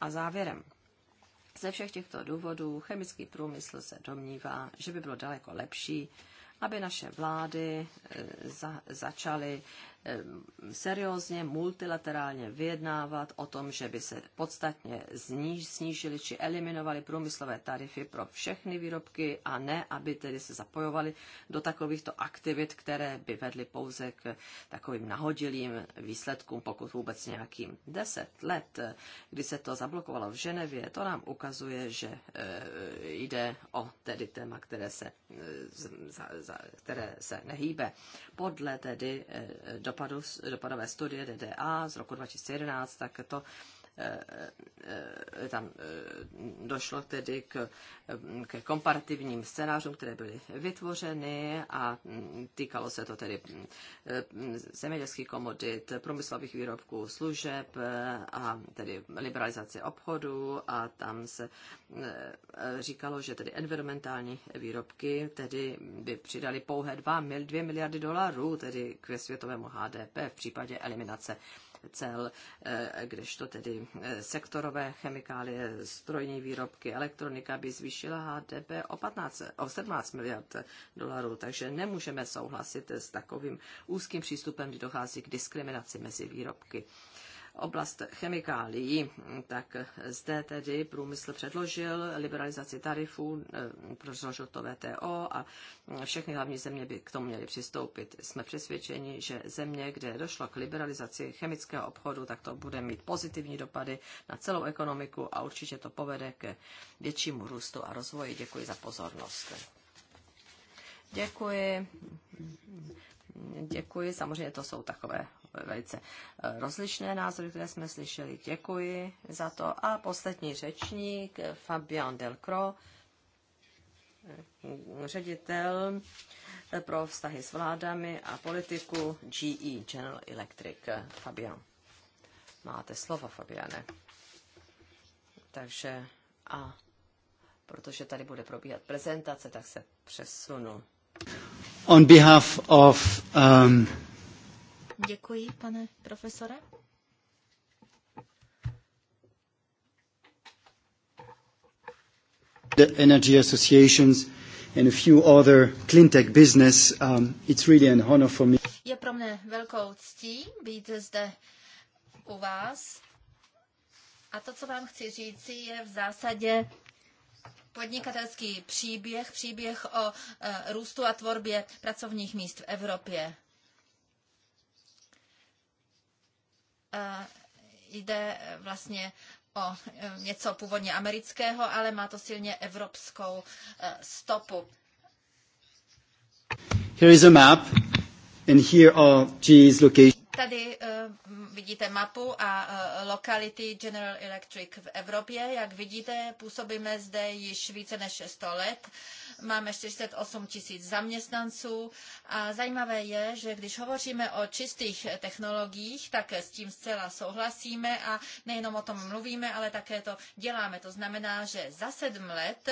A závěrem. Ze všech těchto důvodů chemický průmysl se domnívá, že by bylo daleko lepší, aby naše vlády e, za, začaly Eh, seriózně, multilaterálně vyjednávat o tom, že by se podstatně snížily či eliminovaly průmyslové tarify pro všechny výrobky a ne, aby tedy se zapojovaly do takovýchto aktivit, které by vedly pouze k takovým nahodilým výsledkům, pokud vůbec nějakým. Deset let, eh, kdy se to zablokovalo v Ženevě, to nám ukazuje, že eh, jde o tedy téma, které se, které se nehýbe. Podle tedy do dopadu, dopadové studie DDA z roku 2011, tak to Eh, tam eh, došlo tedy k, k komparativním scénářům, které byly vytvořeny a mm, týkalo se to tedy eh, zemědělských komodit, průmyslových výrobků, služeb a tedy liberalizace obchodu a tam se říkalo, že tedy environmentální výrobky tedy by přidali pouhé 2, miliardy dolarů tedy k světovému HDP v případě eliminace cel, eh, kdežto tedy eh, sektorové chemikálie, strojní výrobky, elektronika by zvýšila HDP o, 15, o 17 miliard dolarů. Takže nemůžeme souhlasit s takovým úzkým přístupem, kdy dochází k diskriminaci mezi výrobky oblast chemikálií, tak zde tedy průmysl předložil liberalizaci tarifů, předložil eh, to VTO a všechny hlavní země by k tomu měly přistoupit. Jsme přesvědčeni, že země, kde došlo k liberalizaci chemického obchodu, tak to bude mít pozitivní dopady na celou ekonomiku a určitě to povede ke většímu růstu a rozvoji. Děkuji za pozornost. Děkuji. Děkuji. Samozřejmě to jsou takové velice eh, rozlišné názory, které jsme slyšeli. Děkuji za to. A poslední řečník, eh, Fabian Delcro, eh, ředitel pro vztahy s vládami a politiku GE, General Electric. Fabian, máte slovo, Fabiane. Takže a protože tady bude probíhat prezentace, tak se přesunu. On behalf of um, Děkuji, pane profesore. The energy associations and a few other clean tech business. Um, it's really an honor for me. Je pro mne velkou ctí být zde u vás. A to, co vám chci říci, je v zásadě podnikatelský příběh, příběh o e, růstu a tvorbě pracovních míst v Evropě. Eh, jde eh, vlastně o eh, něco původně amerického, ale má to silně evropskou stopu. Here is a map and here are GE's location. Tady uh, vidíte mapu a uh, lokality General Electric v Evropě. Jak vidíte, působíme zde již více než 100 let. Uh, máme 48 tisíc zaměstnanců a zajímavé je, že když hovoříme o čistých technologiích, tak s tím zcela souhlasíme a nejenom o tom mluvíme, ale také to děláme. To znamená, že za sedm let,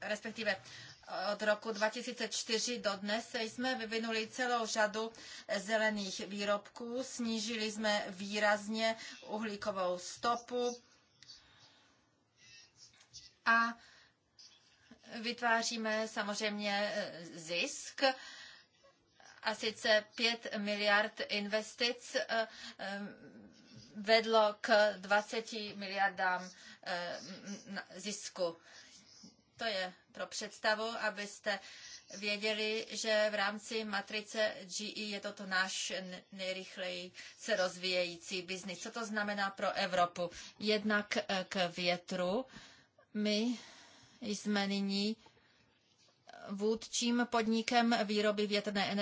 respektive od roku 2004 do dnes jsme vyvinuli celou řadu zelených výrobků, snížili jsme výrazně uhlíkovou stopu a vytváříme samozřejmě eh, zisk, a sice 5 miliard investic eh, eh, vedlo k 20 miliardám zisku. To je pro představu, abyste věděli, že v rámci matrice GE je toto náš nejrychleji se rozvíjející biznis. Co to znamená pro Evropu? Jednak k větru. My jsme nyní vůdčím podnikem výroby větrné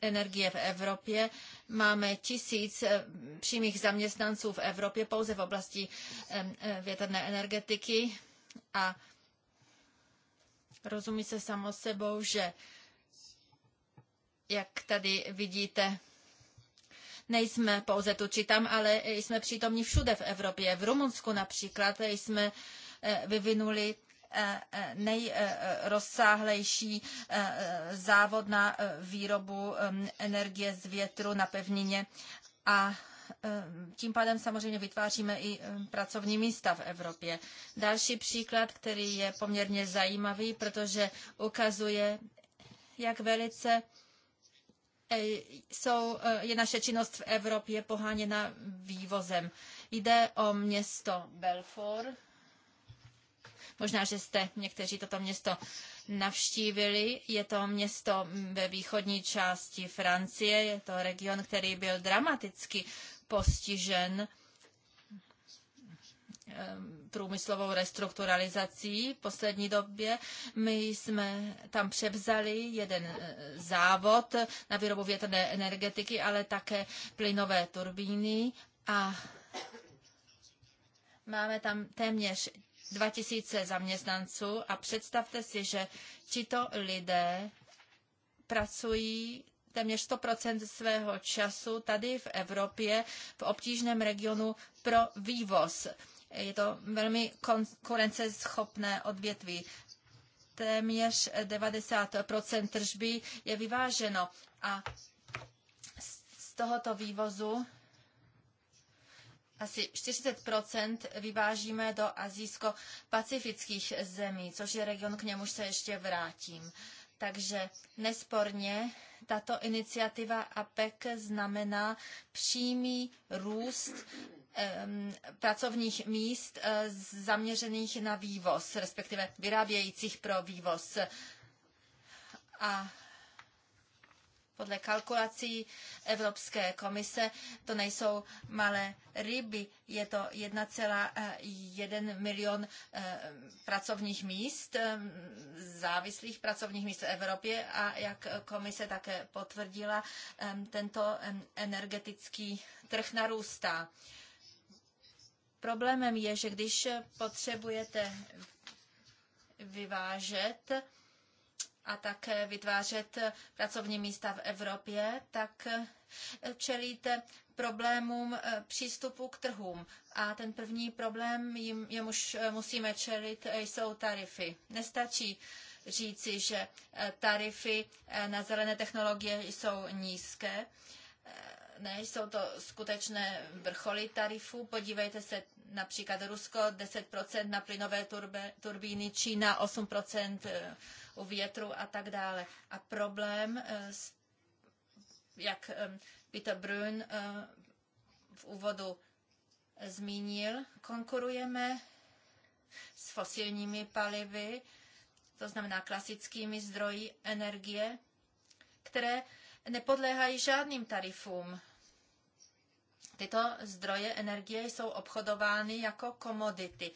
energie v Evropě. Máme tisíc eh, přímých zaměstnanců v Evropě pouze v oblasti eh, větrné energetiky a rozumí se samo sebou, že jak tady vidíte, nejsme pouze tu či tam, ale jsme přítomní všude v Evropě. V Rumunsku například jsme eh, vyvinuli Eh, eh, nejrozsáhlejší eh, závod na výrobu energie z větru na pevnině a tím pádem samozřejmě vytváříme i pracovní místa v Evropě. Další příklad, který je poměrně zajímavý, protože ukazuje, jak velice jsou, je naše činnost v Evropě poháněna vývozem. Jde o město Belfort, Možná, že jste někteří toto město navštívili. Je to město ve východní části Francie, je to region, který byl dramaticky postižen ehm, průmyslovou restrukturalizací v poslední době. My jsme tam převzali jeden e, závod na výrobu větrné energetiky, ale také plynové turbíny a máme tam téměř 2000 zaměstnanců a představte si, že tito lidé pracují téměř 100% svého času tady v Evropě, v obtížném regionu pro vývoz. Je to velmi konkurenceschopné odvětví. Téměř 90% tržby je vyváženo a z tohoto vývozu asi 40 vyvážíme do azijsko-pacifických zemí, což je region, k němuž se ještě vrátím. Takže nesporně tato iniciativa APEC znamená přímý růst pracovních míst e, zaměřených na vývoz, respektive vyrábějících pro vývoz. A podle kalkulací Evropské komise to nejsou malé ryby, je to 1,1 eh, milion eh, pracovních míst, eh, závislých pracovních míst v Evropě a jak komise také potvrdila, tento energetický trh narůstá. Problémem je, že když potřebujete vyvážet, a také vytvářet pracovní místa v Evropě, tak eh, čelíte problémům eh, přístupu k trhům. A ten první problém, jim, jemuž eh, musíme čelit, jsou tarify. Nestačí říci, že tarify na zelené technologie jsou nízké. Ne, jsou to skutečné vrcholy tarifů. Podívejte se například Rusko 10% na plynové turbe, turbíny, Čína 8% eh, u větru a tak dále. A problém, eh, jak Peter Brun eh, v úvodu zmínil, konkurujeme s fosilními palivy, to znamená klasickými zdroji energie, které nepodléhají žádným tarifům Tyto zdroje energie jsou obchodovány jako komodity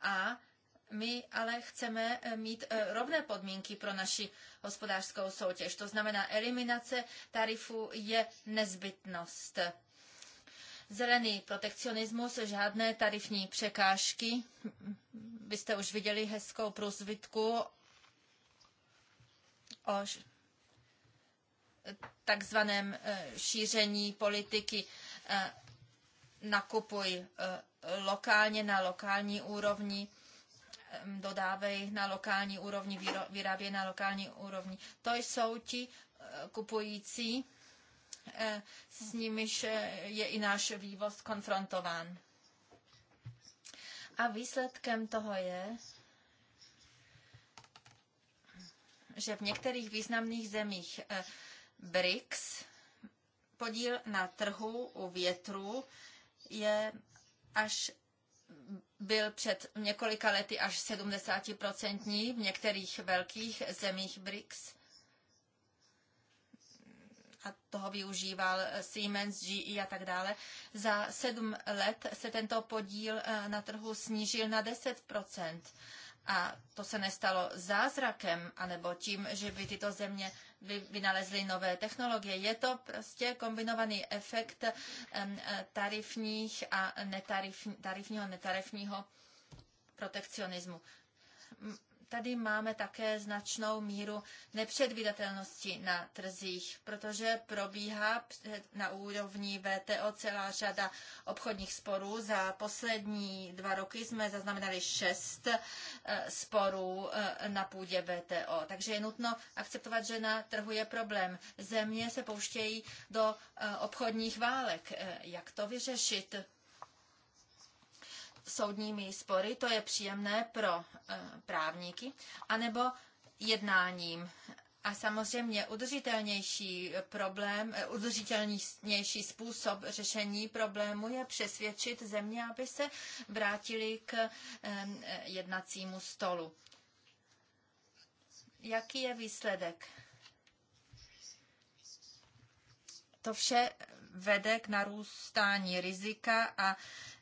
a my ale chceme eh, mít eh, rovné podmínky pro naši hospodářskou soutěž. To znamená, eliminace tarifů je nezbytnost. Zelený protekcionismus, žádné tarifní překážky. Vy jste už viděli hezkou průzvitku o takzvaném eh, šíření politiky Eh, nakupuj eh, lokálně na lokální úrovni, eh, dodávej na lokální úrovni, vyráběj na lokální úrovni. To jsou ti kupující, s nimiž je i náš vývoz konfrontován. A výsledkem toho je, že v některých významných zemích BRICS podíl na trhu u větru je až byl před několika lety až 70% v některých velkých zemích BRICS. A toho využíval Siemens, GE a tak dále. Za sedm let se tento podíl eh, na trhu snížil na 10%. A to se nestalo zázrakem, anebo tím, že by tyto země vynalezly nové technologie. Je to prostě kombinovaný efekt e, tarifních a netarifní, tarifního netarifního protekcionismu tady máme také značnou míru nepředvídatelnosti na trzích, protože probíhá na úrovni VTO celá řada obchodních sporů. Za poslední dva roky jsme zaznamenali šest eh, sporů eh, na půdě VTO. Takže je nutno akceptovat, že na trhu je problém. Země se pouštějí do eh, obchodních válek. Jak to vyřešit? soudními spory, to je příjemné pro eh, právníky, anebo jednáním. A samozřejmě udržitelnější problém, eh, udržitelnější způsob řešení problému je přesvědčit země, aby se vrátili k jednacímu stolu. Jaký je výsledek? To vše vede k narůstání rizika a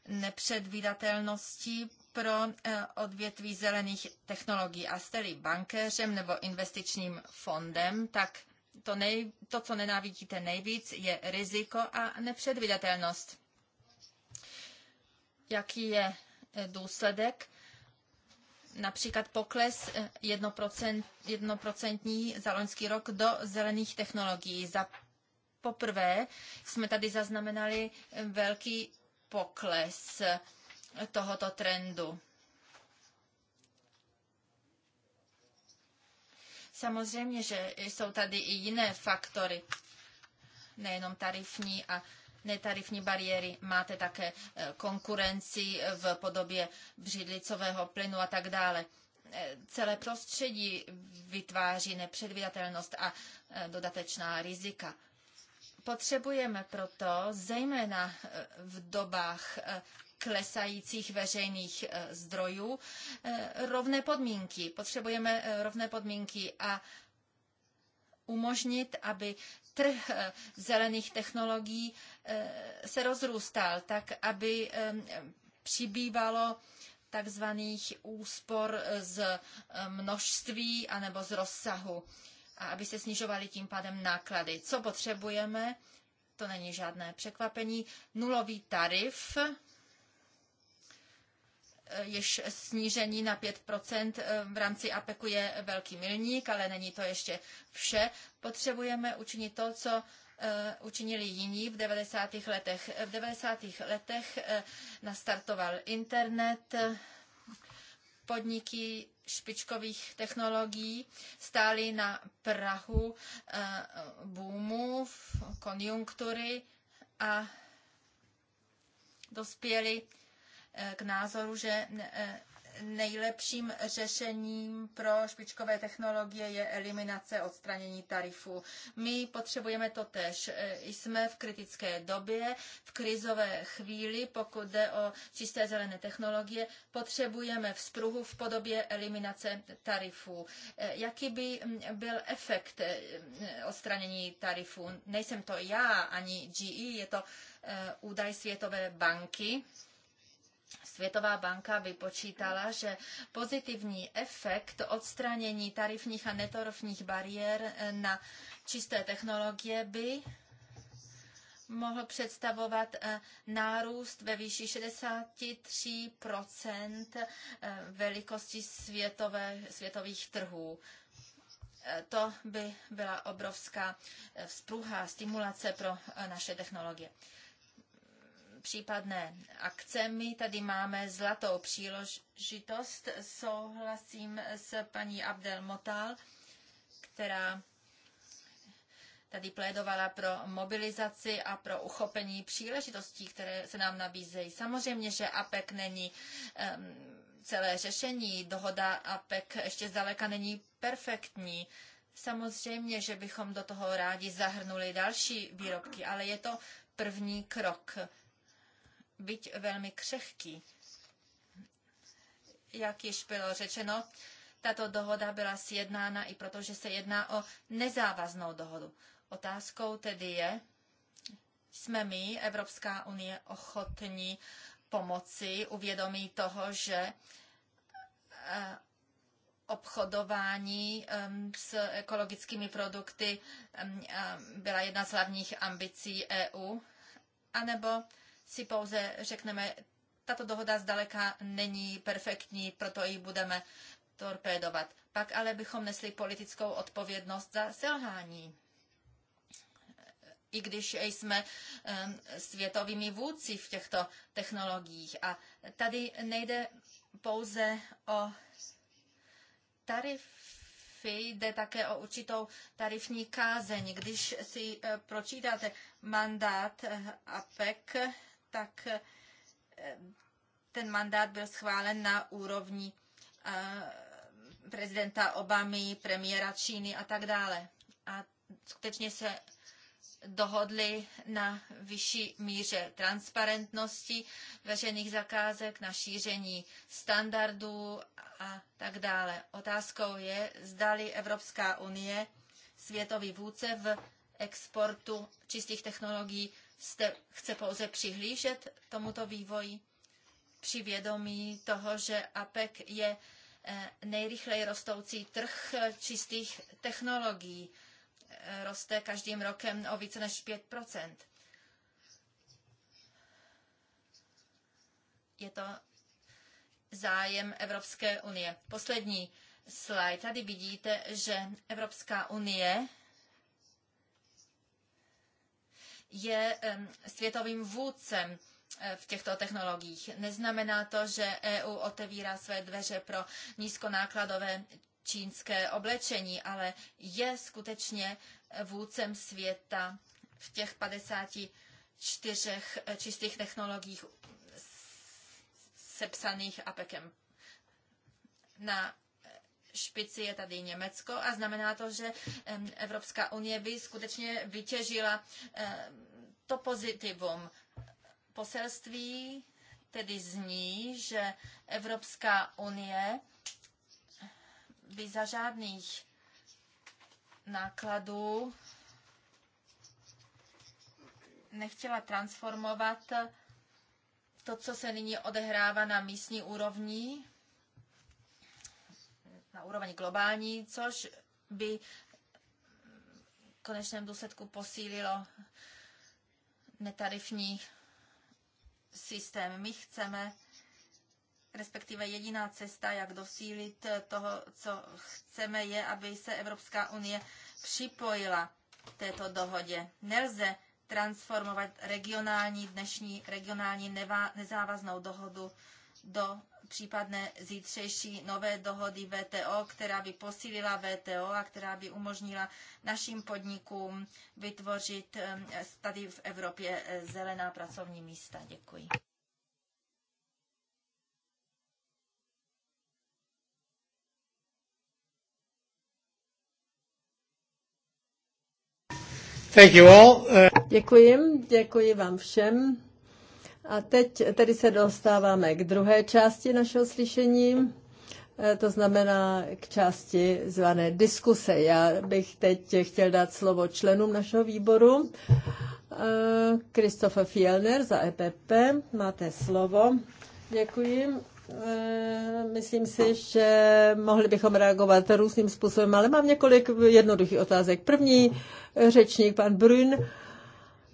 nepředvídatelností pro eh, odvětví zelených technologií. A jste-li bankéřem nebo investičním fondem, tak to, nej, to, co nenávidíte nejvíc, je riziko a nepředvídatelnost. Jaký je eh, důsledek? Například pokles 1%, eh, 1% za loňský rok do zelených technologií. Za poprvé jsme tady zaznamenali velký pokles tohoto trendu. Samozřejmě, že jsou tady i jiné faktory, nejenom tarifní a netarifní bariéry. Máte také eh, konkurenci eh, v podobě břidlicového plynu a tak dále. Eh, celé prostředí vytváří nepředvídatelnost a dodatečná rizika. Potřebujeme proto, zejména eh, v dobách eh, klesajících veřejných eh, zdrojů, rovné podmínky. Potřebujeme rovné podmínky a umožnit, aby trh zelených technologií se rozrůstal tak, aby přibývalo takzvaných úspor z množství anebo z rozsahu a aby se snižovaly tím pádem náklady. Co potřebujeme? To není žádné překvapení. Nulový tarif, eh, jež snížení na 5% eh, v rámci APEKu je velký milník, ale není to ještě vše. Potřebujeme učinit to, co eh, učinili jiní v 90. letech. V 90. letech nastartoval internet, podniky špičkových technologií stály na prahu eh, boomu, konjunktury a dospěli eh, k názoru, že eh, nejlepším řešením pro špičkové technologie je eliminace odstranění tarifů. My potřebujeme to tež. E, jsme v kritické době, v krizové chvíli, pokud jde o čisté zelené technologie, potřebujeme vzpruhu v podobě eliminace tarifů. E, jaký by byl efekt e, odstranění tarifů? Nejsem to já ani GE, je to údaj Světové banky. Světová banka vypočítala, že pozitivní efekt odstranění tarifních a netarifních bariér na čisté technologie by mohl představovat eh, nárůst ve výši 63 eh, velikosti světové, světových trhů. Eh, to by byla obrovská vzpruha, stimulace pro naše technologie případné akce. My tady máme zlatou příležitost. Souhlasím s paní Abdel Motal, která tady plédovala pro mobilizaci a pro uchopení příležitostí, které se nám nabízejí. Samozřejmě, že APEC není um, celé řešení, dohoda APEC ještě zdaleka není perfektní. Samozřejmě, že bychom do toho rádi zahrnuli další výrobky, ale je to první krok byť velmi křehký. Jak již bylo řečeno, tato dohoda byla sjednána i proto, že se jedná o nezávaznou dohodu. Otázkou tedy je, jsme my, Evropská unie, ochotní pomoci uvědomí toho, že eh, obchodování s ekologickými produkty byla jedna z hlavních ambicí EU, anebo si pouze řekneme, tato dohoda zdaleka není perfektní, proto ji budeme torpédovat. Pak ale bychom nesli politickou odpovědnost za selhání. I když jsme světovými vůdci v těchto technologiích. A tady nejde pouze o tarify, jde také o určitou tarifní kázeň. Když si eh, pročítáte mandát eh, APEC, tak eh, ten mandát byl schválen na úrovni eh, prezidenta Obamy, premiéra Číny a tak dále. A skutečně se dohodli na vyšší míře transparentnosti veřejných zakázek, na šíření standardů a tak dále. Otázkou je, zdali Evropská unie, světový vůdce v exportu čistých technologií jste, chce pouze přihlížet tomuto vývoji při vědomí toho, že APEC je eh, nejrychleji rostoucí trh čistých technologií. Eh, roste každým rokem o více než 5 Je to zájem Evropské unie. Poslední slide. Tady vidíte, že Evropská unie je světovým vůdcem eh, v těchto technologiích. Neznamená to, že EU otevírá své dveře pro nízkonákladové čínské oblečení, ale je skutečně eh, vůdcem světa v těch 54 eh, čistých technologiích sepsaných APEKem. Na špici je tady Německo a znamená to, že Evropská unie by skutečně vytěžila to pozitivum. Poselství tedy zní, že Evropská unie by za žádných nákladů nechtěla transformovat to, co se nyní odehrává na místní úrovni, na úroveň globální, což by v konečném důsledku posílilo netarifní systém. My chceme, respektive jediná cesta, jak dosílit toho, co chceme, je, aby se Evropská unie připojila k této dohodě. Nelze transformovat regionální, dnešní regionální nezávaznou dohodu do případné zítřejší nové dohody VTO, která by posílila VTO a která by umožnila našim podnikům vytvořit tady v Evropě e, zelená pracovní místa. Děkuji. Thank you all. Uh, děkuji, děkuji vám všem. A teď tedy se dostáváme k druhé části našeho slyšení, eh, to znamená k části zvané diskuse. Já bych teď chtěl dát slovo členům našeho výboru. Kristofa eh, Fielner za EPP, máte slovo. Děkuji. Eh, myslím si, že mohli bychom reagovat různým způsobem, ale mám několik jednoduchých otázek. První řečník, pan Brun,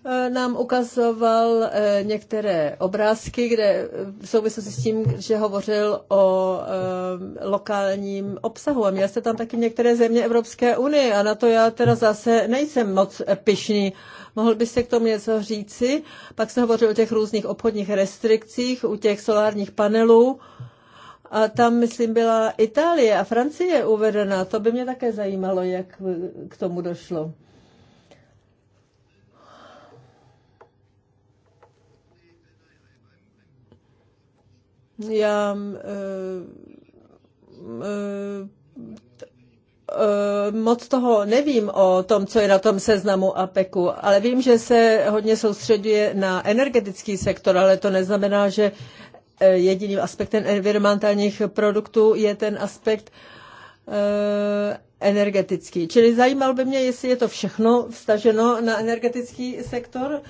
Eh, nám ukazoval eh, některé obrázky, kde v souvislosti s tím, že hovořil o eh, lokálním obsahu. A měl jste tam taky některé země Evropské unie a na to já teda zase nejsem moc pišný. Mohl byste k tomu něco říci? Pak jste hovořil o těch různých obchodních restrikcích, u těch solárních panelů. A tam, myslím, byla Itálie a Francie uvedena. To by mě také zajímalo, jak k tomu došlo. Já eh, eh, moc toho nevím o tom, co je na tom seznamu APEKu, ale vím, že se hodně soustředuje na energetický sektor, ale to neznamená, že eh, jediným aspektem environmentálních produktů je ten aspekt energetický. Čili zajímal by mě, jestli je to všechno vstaženo na energetický sektor,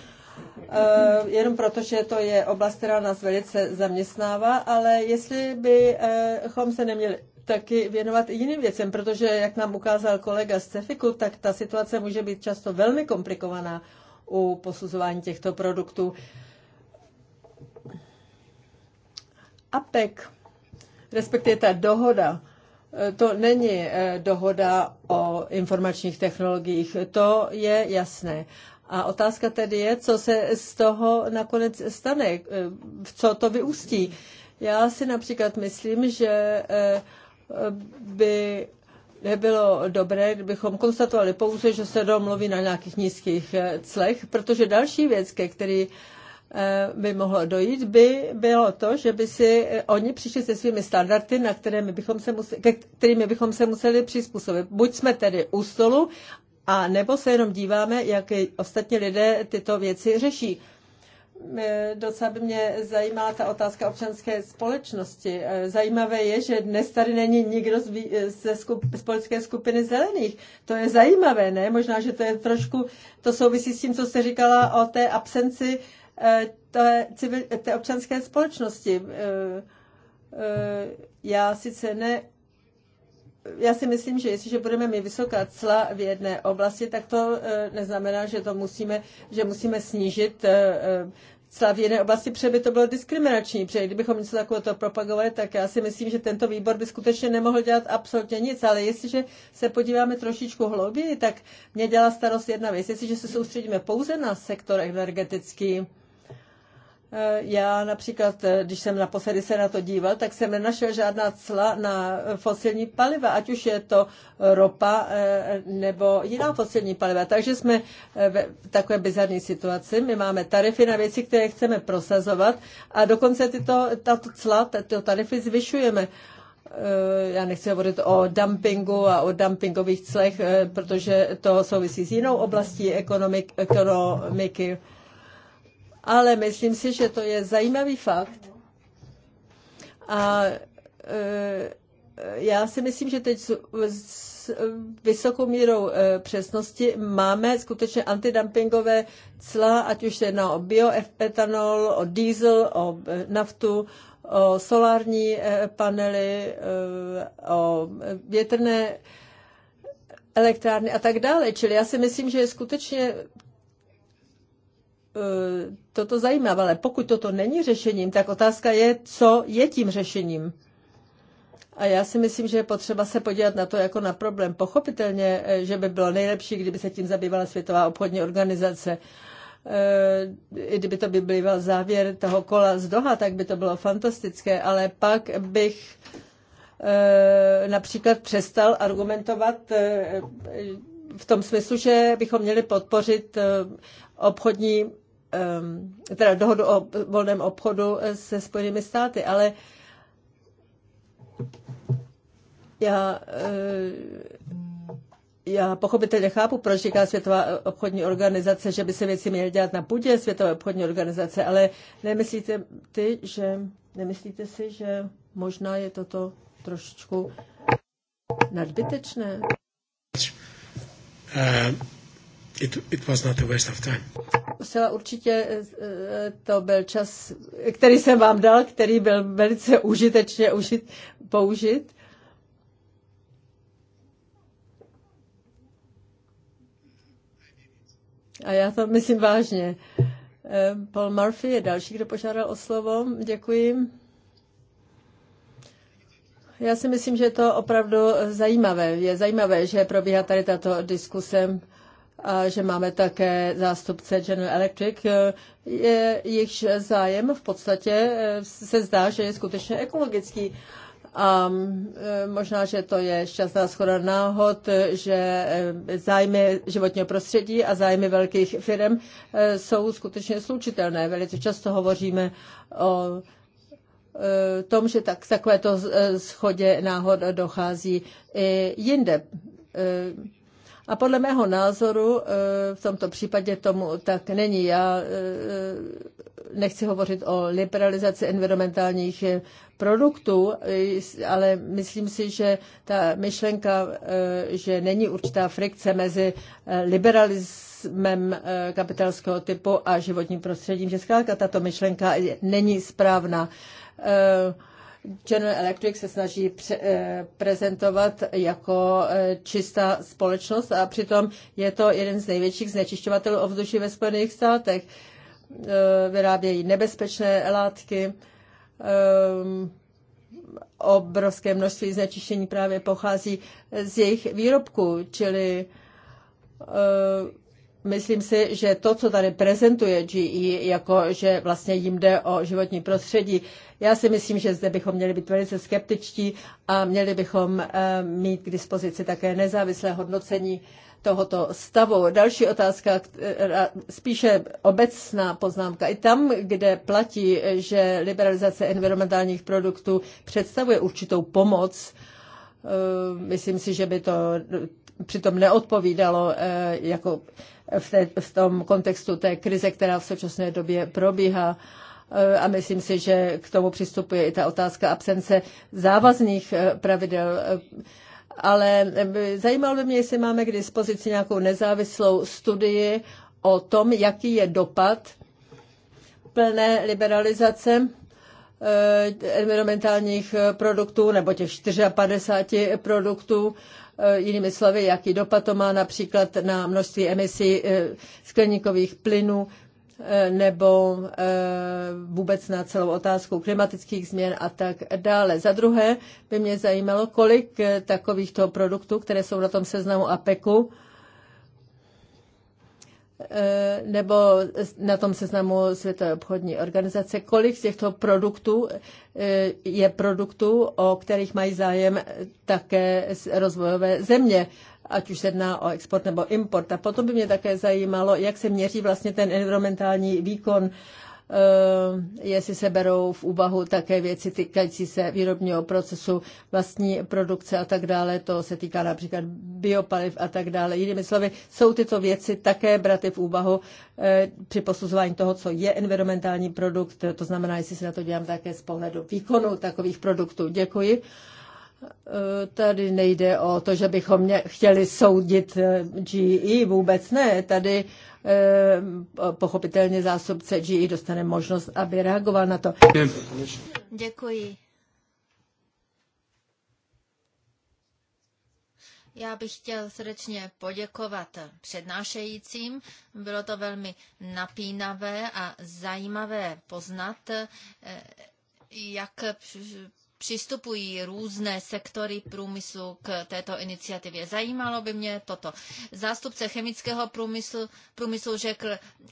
Eh, jenom proto, že to je oblast, která nás velice zaměstnává, ale jestli bychom se neměli taky věnovat i jiným věcem, protože, jak nám ukázal kolega z Cefiku, tak ta situace může být často velmi komplikovaná u posuzování těchto produktů. APEC, respektive ta dohoda, eh, to není eh, dohoda o informačních technologiích, to je jasné. A otázka tedy je, co se z toho nakonec stane, v co to vyústí. Já si například myslím, že eh, by nebylo dobré, kdybychom konstatovali pouze, že se domluví na nějakých nízkých eh, clech, protože další věc, ke který eh, by mohlo dojít, by bylo to, že by si oni přišli se svými standardy, na které my bychom se museli, ke kterými bychom se museli přizpůsobit. Buď jsme tedy u stolu, a nebo se jenom díváme, jak ostatní lidé tyto věci řeší. Eh, docela by mě zajímala ta otázka občanské společnosti. Eh, zajímavé je, že dnes tady není nikdo z, eh, ze skup, z politické skupiny zelených. To je zajímavé, ne? Možná, že to je trošku, to souvisí s tím, co jste říkala o té absenci té, civil, té občanské společnosti. Já sice ne já si myslím, že jestliže budeme mít vysoká cla v jedné oblasti, tak to eh, neznamená, že to musíme, že musíme snížit eh, eh, cla v jedné oblasti, protože by to bylo diskriminační, protože kdybychom něco takového to propagovali, tak já si myslím, že tento výbor by skutečně nemohl dělat absolutně nic, ale jestliže se podíváme trošičku hlouběji, tak mě dělá starost jedna věc, jestliže se soustředíme pouze na sektor energetický, Eh, já například, eh, když jsem naposledy se na to díval, tak jsem nenašel žádná cla na fosilní paliva, ať už je to ropa eh, nebo jiná fosilní paliva. Takže jsme v takové bizarní situaci. My máme tarify na věci, které chceme prosazovat a dokonce tyto, tato cla, tyto tarify zvyšujeme já nechci hovořit o dumpingu a o dumpingových clech, protože to souvisí s jinou oblastí ekonomik, ekonomiky ale myslím si, že to je zajímavý fakt. A e, já si myslím, že teď s vysokou mírou e, přesnosti máme skutečně antidumpingové cla, ať už se jedná o bioetanol, o diesel, o e, naftu, o solární panely, o větrné elektrárny a tak dále. Čili já si myslím, že je skutečně E, toto zajímavé, ale pokud toto není řešením, tak otázka je, co je tím řešením. A já si myslím, že je potřeba se podívat na to jako na problém. Pochopitelně, e, že by bylo nejlepší, kdyby se tím zabývala Světová obchodní organizace. E, I kdyby to by byl závěr toho kola z Doha, tak by to bylo fantastické, ale pak bych například přestal argumentovat v tom smyslu, že bychom měli podpořit obchodní Um, teda dohodu o volném obchodu eh, se Spojenými státy, ale já, eh, já pochopitelně chápu, proč říká Světová obchodní organizace, že by se věci měly dělat na půdě Světové obchodní organizace, ale nemyslíte, ty, že, nemyslíte si, že možná je toto trošičku nadbytečné? Uh, it, it was not a waste of time. Zcela určitě eh, eh, to byl čas, který jsem vám dal, který byl velice užitečně užit, použit. A já to myslím vážně. Eh, Paul Murphy je další, kdo požádal o slovo. Děkuji. Já si myslím, že je to opravdu zajímavé. Je zajímavé, že probíhá tady tato diskuse a že máme také zástupce General Electric, e, je, jejichž zájem v podstatě e, se zdá, že je skutečně ekologický. A e, možná, že to je šťastná schoda náhod, že zájmy životního prostředí a zájmy velkých firm jsou skutečně slučitelné. Velice často hovoříme o tom, že tak, takovéto schodě náhod dochází i jinde a podle mého názoru eh, v tomto případě tomu tak není. Já eh, nechci hovořit o liberalizaci environmentálních eh, produktů, ale myslím si, že ta myšlenka, že není určitá frikce mezi liberalismem kapitalského typu a životním prostředím, že zkrátka tato myšlenka není správná. Uh, General Electric se snaží eh, prezentovat jako eh, čistá společnost a přitom je to jeden z největších znečišťovatelů ovzduší ve Spojených státech. Eh, vyrábějí nebezpečné látky, obrovské množství znečištění právě pochází z jejich výrobků, čili myslím si, že to, co tady prezentuje GE, jako že vlastně jim jde o životní prostředí, já si myslím, že zde bychom měli být velice skeptičtí a měli bychom eh, mít k dispozici také nezávislé hodnocení tohoto stavu. Další otázka, spíše obecná poznámka. I tam, kde platí, že liberalizace environmentálních produktů představuje určitou pomoc, eh, myslím si, že by to přitom neodpovídalo eh, jako v, té, v tom kontextu té krize, která v současné době probíhá. Eh, a myslím si, že k tomu přistupuje i ta otázka absence závazných eh, pravidel. Eh, ale zajímalo by mě, jestli máme k dispozici nějakou nezávislou studii o tom, jaký je dopad plné liberalizace environmentálních produktů nebo těch 54 produktů Eh, jinými slovy, jaký dopad to má například na množství emisí eh, skleníkových plynů eh, nebo vůbec na celou otázku klimatických změn a tak dále. Za druhé by mě zajímalo, kolik takovýchto produktů, které jsou na tom seznamu APEKu, Eh, nebo na tom seznamu Světové obchodní organizace, kolik z těchto produktů eh, je produktů, o kterých mají zájem také rozvojové země, ať už se jedná o export nebo import. A potom by mě také zajímalo, jak se měří vlastně ten environmentální výkon Eh, jestli se berou v úvahu také věci týkající se výrobního procesu, vlastní produkce a tak dále. To se týká například biopaliv a tak dále. Jinými slovy, jsou tyto věci také braty v úvahu eh, při posuzování toho, co je environmentální produkt. To znamená, jestli se na to dělám také z pohledu výkonu takových produktů. Děkuji. Eh, tady nejde o to, že bychom chtěli soudit GE, vůbec ne. Tady Eh, pochopitelně zásobce GE dostane možnost, aby reagoval na to. Děkuji. Já bych chtěl srdečně poděkovat přednášejícím. Bylo to velmi napínavé a zajímavé poznat, eh, jak přistupují různé sektory průmyslu k této iniciativě. Zajímalo by mě toto. Zástupce chemického průmyslu, průmyslu řekl,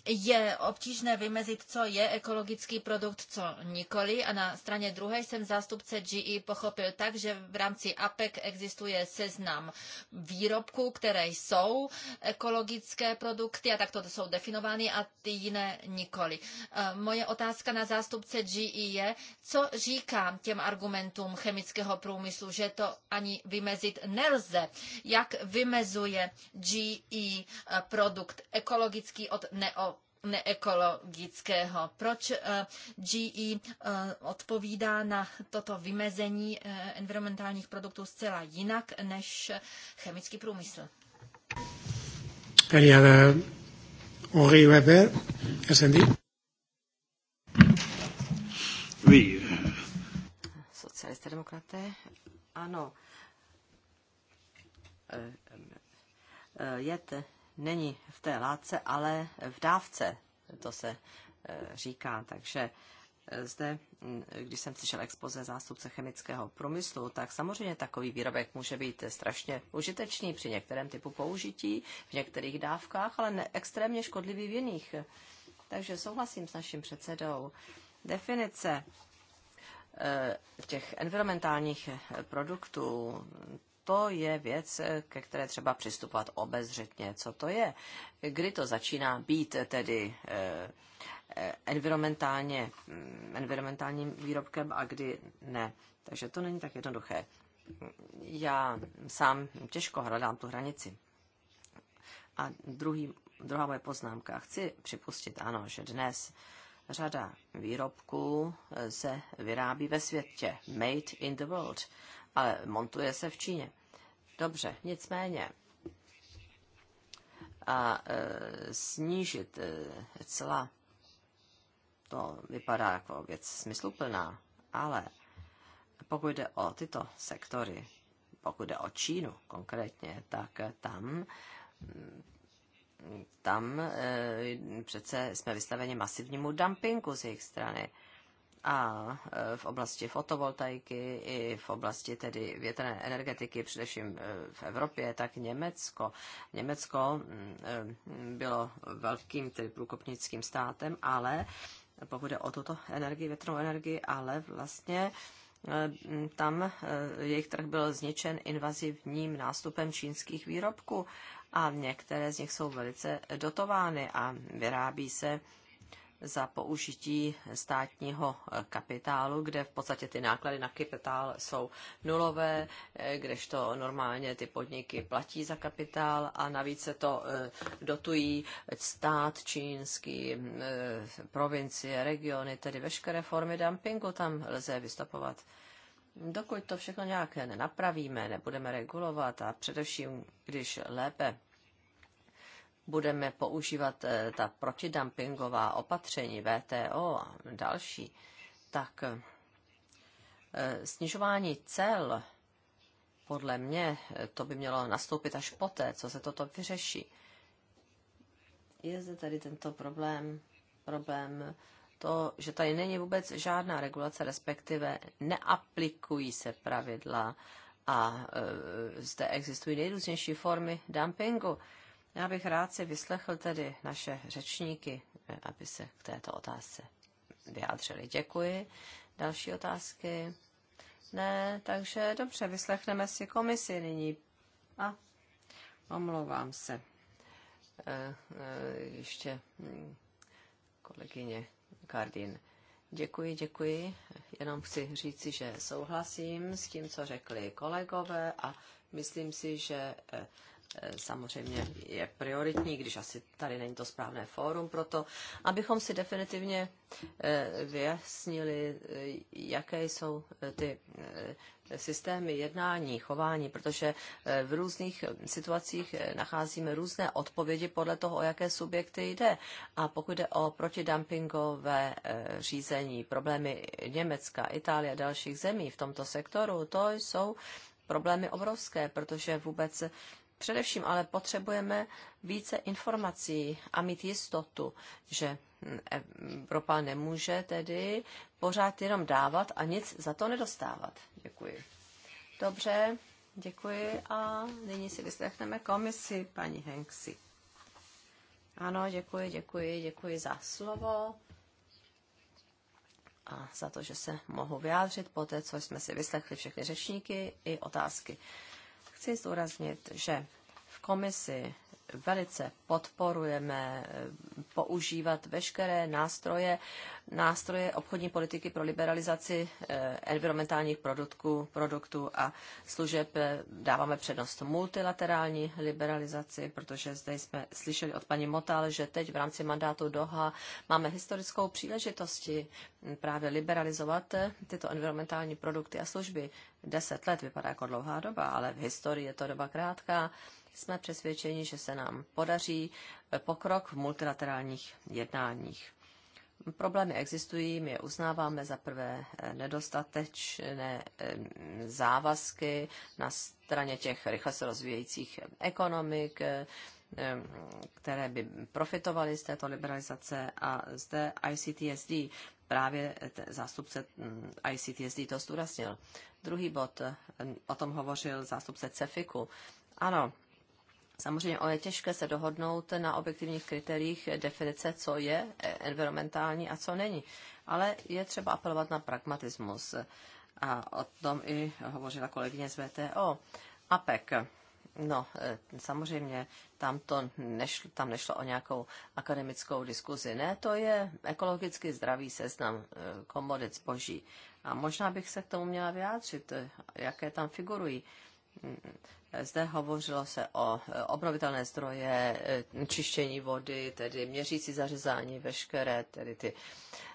je obtížné vymezit, co je ekologický produkt, co nikoli. A na straně druhé jsem zástupce GE pochopil tak, že v rámci APEC existuje seznam výrobků, které jsou ekologické produkty a takto jsou definovány a ty jiné nikoli. E, moje otázka na zástupce GE je, co říkám těm argumentům, elementům chemického průmyslu, že to ani vymezit nelze. Jak vymezuje GE produkt ekologický od neo neekologického. Proč eh, GE eh, odpovídá na toto vymezení eh, environmentálních produktů zcela jinak než chemický průmysl? Cariada Henri Weber, SND. socialisté demokraté. Ano, e, e, e, jed není v té látce, ale v dávce, to se říká. Takže zde, když jsem slyšel expoze zástupce chemického průmyslu, tak samozřejmě takový výrobek může být strašně užitečný při některém typu použití, v některých dávkách, ale ne, extrémně škodlivý v jiných. Takže souhlasím s naším předsedou. Definice Eh, těch environmentálních eh, produktů, to je věc, eh, ke které třeba přistupovat obezřetně. Co to je? Kdy to začíná být tedy environmentálně, mm, environmentálním výrobkem a kdy ne? Takže to není tak jednoduché. Já sám těžko hledám tu hranici. A druhý, druhá moje poznámka. Chci připustit, ano, že dnes uh, Řada výrobků eh, se vyrábí ve světě, made in the world, ale montuje se v Číně. Dobře, nicméně a e, snížit e, cla, to vypadá jako věc smysluplná, ale pokud jde o tyto sektory, pokud jde o Čínu konkrétně, tak tam hm, tam e, přece jsme vystaveni masivnímu dumpingu z jejich strany. A e, v oblasti fotovoltaiky i v oblasti tedy větrné energetiky, především e, v Evropě, tak Německo. Německo mm, bylo velkým tedy průkopnickým státem, ale pokud je o tuto energii, větrnou energii, ale vlastně Eh, tam eh, jejich trh byl zničen invazivním nástupem čínských výrobků a některé z nich jsou velice dotovány a vyrábí se za použití státního eh, kapitálu, kde v podstatě ty náklady na kapitál jsou nulové, eh, kdežto normálně ty podniky platí za kapitál a navíc se to eh, dotují stát čínský, mm, provincie, regiony, tedy veškeré formy dumpingu tam lze vystupovat. Dokud to všechno nějaké nenapravíme, nebudeme regulovat a především, když lépe budeme používat eh, ta protidumpingová opatření VTO a další, tak eh, snižování cel, podle mě, eh, to by mělo nastoupit až poté, co se toto vyřeší. Je zde tady tento problém, problém to, že tady není vůbec žádná regulace, respektive neaplikují se pravidla a zde existují nejrůznější formy dumpingu. Já bych rád si vyslechl tedy naše řečníky, aby se k této otázce vyjádřili. Děkuji. Další otázky? Ne, takže dobře, vyslechneme si komisi nyní. A omlouvám se. E, e, ještě hm, kolegyně Kardin. Děkuji, děkuji. Jenom chci říci, že souhlasím s tím, co řekli kolegové a myslím si, že eh, Eh, samozřejmě je prioritní, když asi tady není to správné fórum pro to, abychom si definitivně eh, vyjasnili, eh, jaké jsou ty systémy jednání, chování, protože v různých situacích nacházíme různé odpovědi podle toho, o jaké subjekty jde. A pokud jde o protidumpingové řízení, problémy Německa, Itálie a dalších zemí v tomto sektoru, to jsou problémy obrovské, protože vůbec Především ale potřebujeme více informací a mít jistotu, že Evropa nemůže tedy pořád jenom dávat a nic za to nedostávat. Děkuji. Dobře, děkuji a nyní si vyslechneme komisi paní Henksi. Ano, děkuji, děkuji, děkuji za slovo a za to, že se mohu vyjádřit po té, co jsme si vyslechli všechny řečníky i otázky. Chci zdůraznit, že v komisi velice podporujeme eh, používat veškeré nástroje, nástroje obchodní politiky pro liberalizaci eh, environmentálních produktů, produktů a služeb. Eh, dáváme přednost multilaterální liberalizaci, protože zde jsme slyšeli od paní Motal, že teď v rámci mandátu Doha máme historickou příležitosti právě liberalizovat tyto environmentální produkty a služby. Deset let vypadá jako dlouhá doba, ale v historii je to doba krátká jsme přesvědčeni, že se nám podaří eh, pokrok v multilaterálních jednáních. Problémy existují, my je uznáváme za prvé eh, nedostatečné eh, závazky na straně těch rychle se rozvíjejících ekonomik, které by profitovaly z této liberalizace a zde ICTSD, právě zástupce hm, ICTSD to zdůraznil. Druhý bod, o tom hovořil zástupce CEFIKu. Ano, Samozřejmě je těžké se dohodnout na objektivních kritériích definice, co je environmentální a co není. Ale je třeba apelovat na pragmatismus. A o tom i hovořila kolegyně z VTO. APEC. No, e, samozřejmě tam, to nešlo, tam nešlo o nějakou akademickou diskuzi. Ne, to je ekologicky zdravý seznam e, komodit zboží. A možná bych se k tomu měla vyjádřit, e, jaké tam figurují. Zde hovořilo se o e, obnovitelné zdroje, e, čištění vody, tedy měřící zařezání veškeré, tedy ty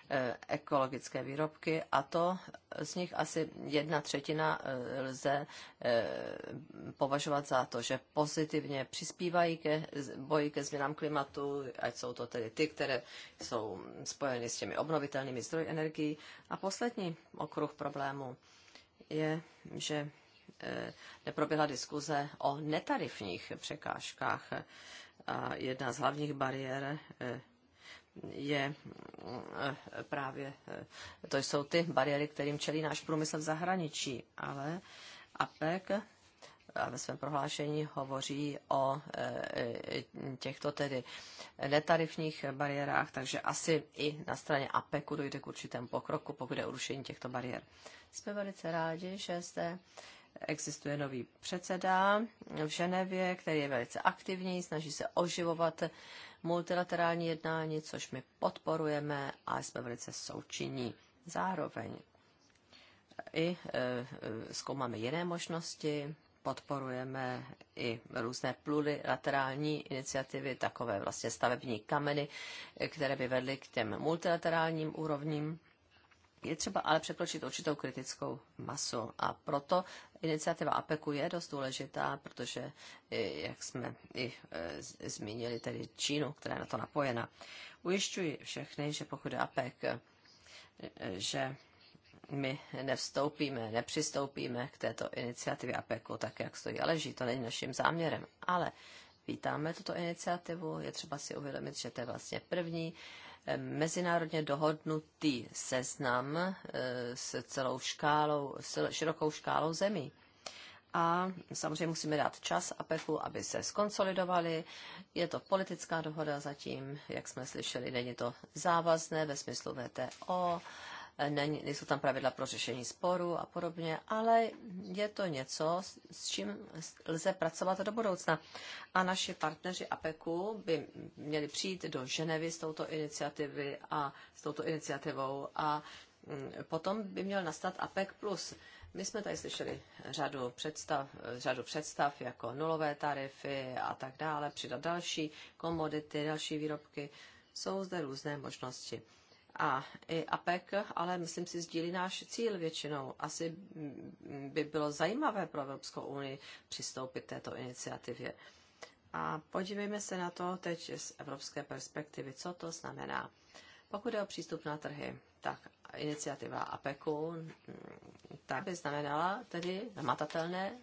e, ekologické výrobky a to z nich asi jedna třetina lze považovat za to, že pozitivně přispívají ke boji ke změnám klimatu, ať jsou to tedy ty, které jsou spojeny s těmi obnovitelnými zdroji energií. A poslední okruh problému je, že Eh, neproběhla diskuze o netarifních překážkách. A jedna z hlavních bariér eh, je eh, právě, to jsou ty bariéry, kterým čelí náš průmysl v zahraničí, ale APEC ve svém prohlášení hovoří o těchto tedy netarifních bariérách, takže asi i na straně APECu dojde k určitému pokroku, pokud je o rušení těchto bariér. Jsme velice rádi, že jste existuje nový předseda v Ženevě, který je velice aktivní, snaží se oživovat multilaterální jednání, což my podporujeme a jsme velice součinní. Zároveň i e, e, zkoumáme jiné možnosti, podporujeme i různé plurilaterální iniciativy, takové vlastně stavební kameny, e, které by vedly k těm multilaterálním úrovním. Je třeba ale překročit určitou kritickou masu a proto iniciativa APEKu je dost důležitá, protože, eh, jak jsme i eh, zmínili, tedy Čínu, která je na to napojena. Ujišťuji všechny, že pokud je APEC, eh, že my nevstoupíme, nepřistoupíme k této iniciativě APEKu tak, jak stojí a leží. To není naším záměrem, ale vítáme tuto iniciativu. Je třeba si uvědomit, že to je vlastně první mezinárodně dohodnutý seznam eh, s celou škálou, s širokou škálou zemí. A samozřejmě musíme dát čas APEFu, aby se skonsolidovali. Je to politická dohoda zatím, jak jsme slyšeli, není to závazné ve smyslu VTO nejsou tam pravidla pro řešení sporu a podobně, ale je to něco, s čím lze pracovat do budoucna. A naši partneři APEKu by měli přijít do Ženevy s touto iniciativy a s touto iniciativou a mm, potom by měl nastat APEC+. Plus. My jsme tady slyšeli řadu představ, řadu představ jako nulové tarify a tak dále, přidat další komodity, další výrobky. Jsou zde různé možnosti a i APEC, ale myslím si, sdílí náš cíl většinou. Asi by bylo zajímavé pro Evropskou unii přistoupit k této iniciativě. A podívejme se na to teď z evropské perspektivy, co to znamená. Pokud je o přístup na trhy, tak iniciativa APECu, ta by znamenala tedy matatelné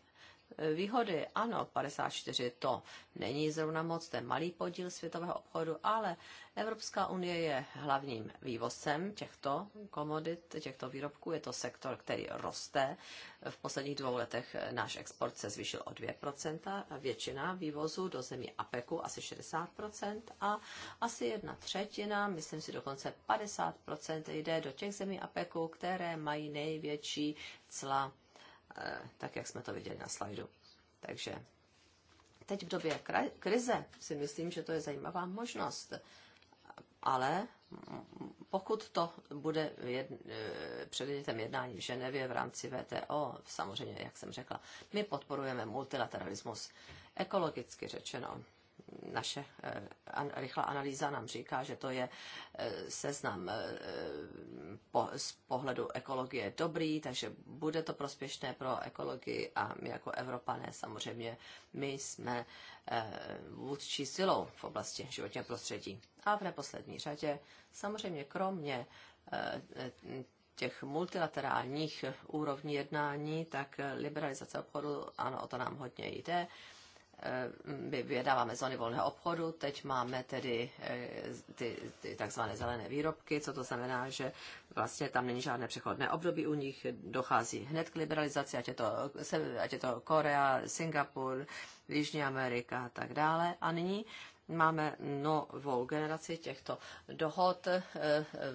výhody. Ano, 54 to není zrovna moc, ten malý podíl světového obchodu, ale Evropská unie je hlavním vývozcem těchto komodit, těchto výrobků. Je to sektor, který roste. V posledních dvou letech náš export se zvýšil o 2%, většina vývozu do zemí APEKu asi 60% a asi jedna třetina, myslím si dokonce 50% jde do těch zemí APEKu, které mají největší cla Eh, tak jak jsme to viděli na slajdu. Takže teď v době krize si myslím, že to je zajímavá možnost. Ale pokud to bude jed, eh, předmětem jednání v Ženevě v rámci VTO, samozřejmě, jak jsem řekla, my podporujeme multilateralismus ekologicky řečeno naše eh, rychlá analýza nám říká, že to je eh, seznam eh, z pohledu ekologie dobrý, takže bude to prospěšné pro ekologii a my jako Evropané samozřejmě, my jsme vůdčí silou v oblasti životního prostředí. A v neposlední řadě samozřejmě kromě těch multilaterálních úrovní jednání, tak liberalizace obchodu, ano, o to nám hodně jde. Eh, vydáváme zóny volného obchodu, teď máme tedy eh, ty, ty takzvané zelené výrobky, co to znamená, že vlastně tam není žádné přechodné období u nich, dochází hned k liberalizaci, ať je to, ať je to Korea, Singapur, Jižní Amerika a tak dále. A nyní máme novou generaci těchto dohod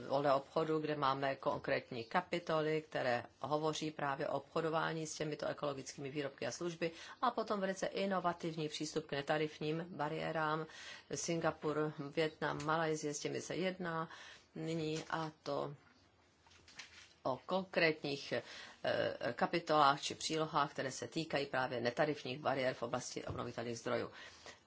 vole eh, eh, obchodu, kde máme konkrétní kapitoly, které hovoří právě o obchodování s těmito ekologickými výrobky a služby a potom velice inovativní přístup k netarifním bariérám. Singapur, Větnam, Malajzie, s těmi se jedná nyní a to o konkrétních eh, kapitolách či přílohách, které se týkají právě netarifních bariér v oblasti obnovitelných zdrojů.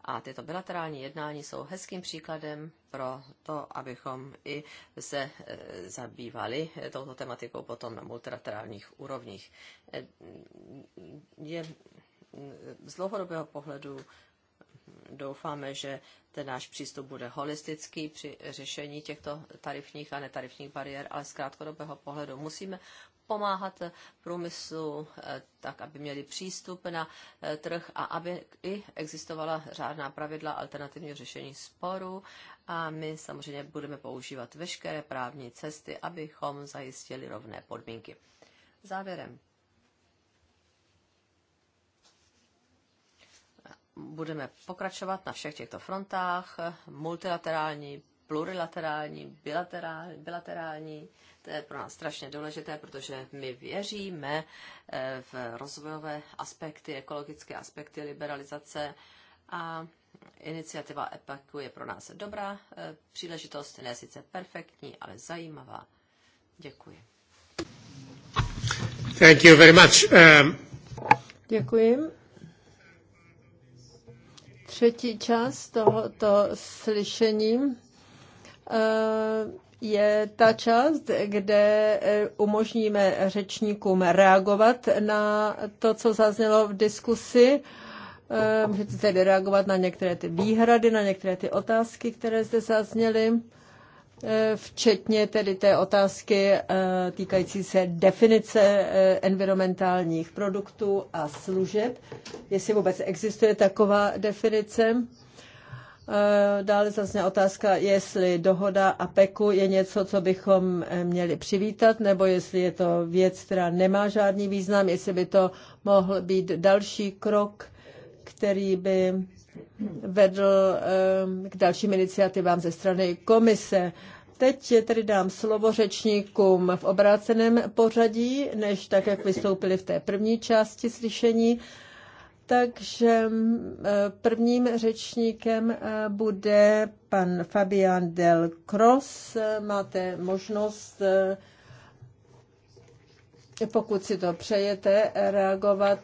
A tyto bilaterální jednání jsou hezkým příkladem pro to, abychom i se e, zabývali e, touto tematikou potom na multilaterálních úrovních. E, je z dlouhodobého pohledu hm, doufáme, že ten náš přístup bude holistický při řešení těchto tarifních a netarifních bariér, ale z krátkodobého pohledu musíme pomáhat průmyslu eh, tak, aby měli přístup na eh, trh a aby i existovala řádná pravidla alternativního řešení sporu. A my samozřejmě budeme používat veškeré právní cesty, abychom zajistili rovné podmínky. Závěrem. budeme pokračovat na všech těchto frontách, multilaterální plurilaterální, bilaterální, bilaterální. To je pro nás strašně důležité, protože my věříme eh, v rozvojové aspekty, ekologické aspekty liberalizace a iniciativa EPACu je pro nás dobrá eh, příležitost, ne sice perfektní, ale zajímavá. Děkuji. Thank you very much. Um... Děkuji. Třetí část tohoto slyšení Eh, je ta část, kde eh, umožníme řečníkům reagovat na to, co zaznělo v diskusi. Eh, můžete tedy reagovat na některé ty výhrady, na některé ty otázky, které zde zazněly, včetně tedy té otázky týkající se definice environmentálních produktů a služeb, jestli vůbec existuje taková definice. Eh, dále zase otázka, jestli dohoda a peku je něco, co bychom eh, měli přivítat, nebo jestli je to věc, která nemá žádný význam, jestli by to mohl být další krok, který by vedl eh, k dalším iniciativám ze strany komise. Teď tedy dám slovo řečníkům v obráceném pořadí, než tak, jak vystoupili v té první části slyšení. Takže eh, prvním řečníkem eh, bude pan Fabian Del Cross. Eh, máte možnost, pokud si to přejete, reagovat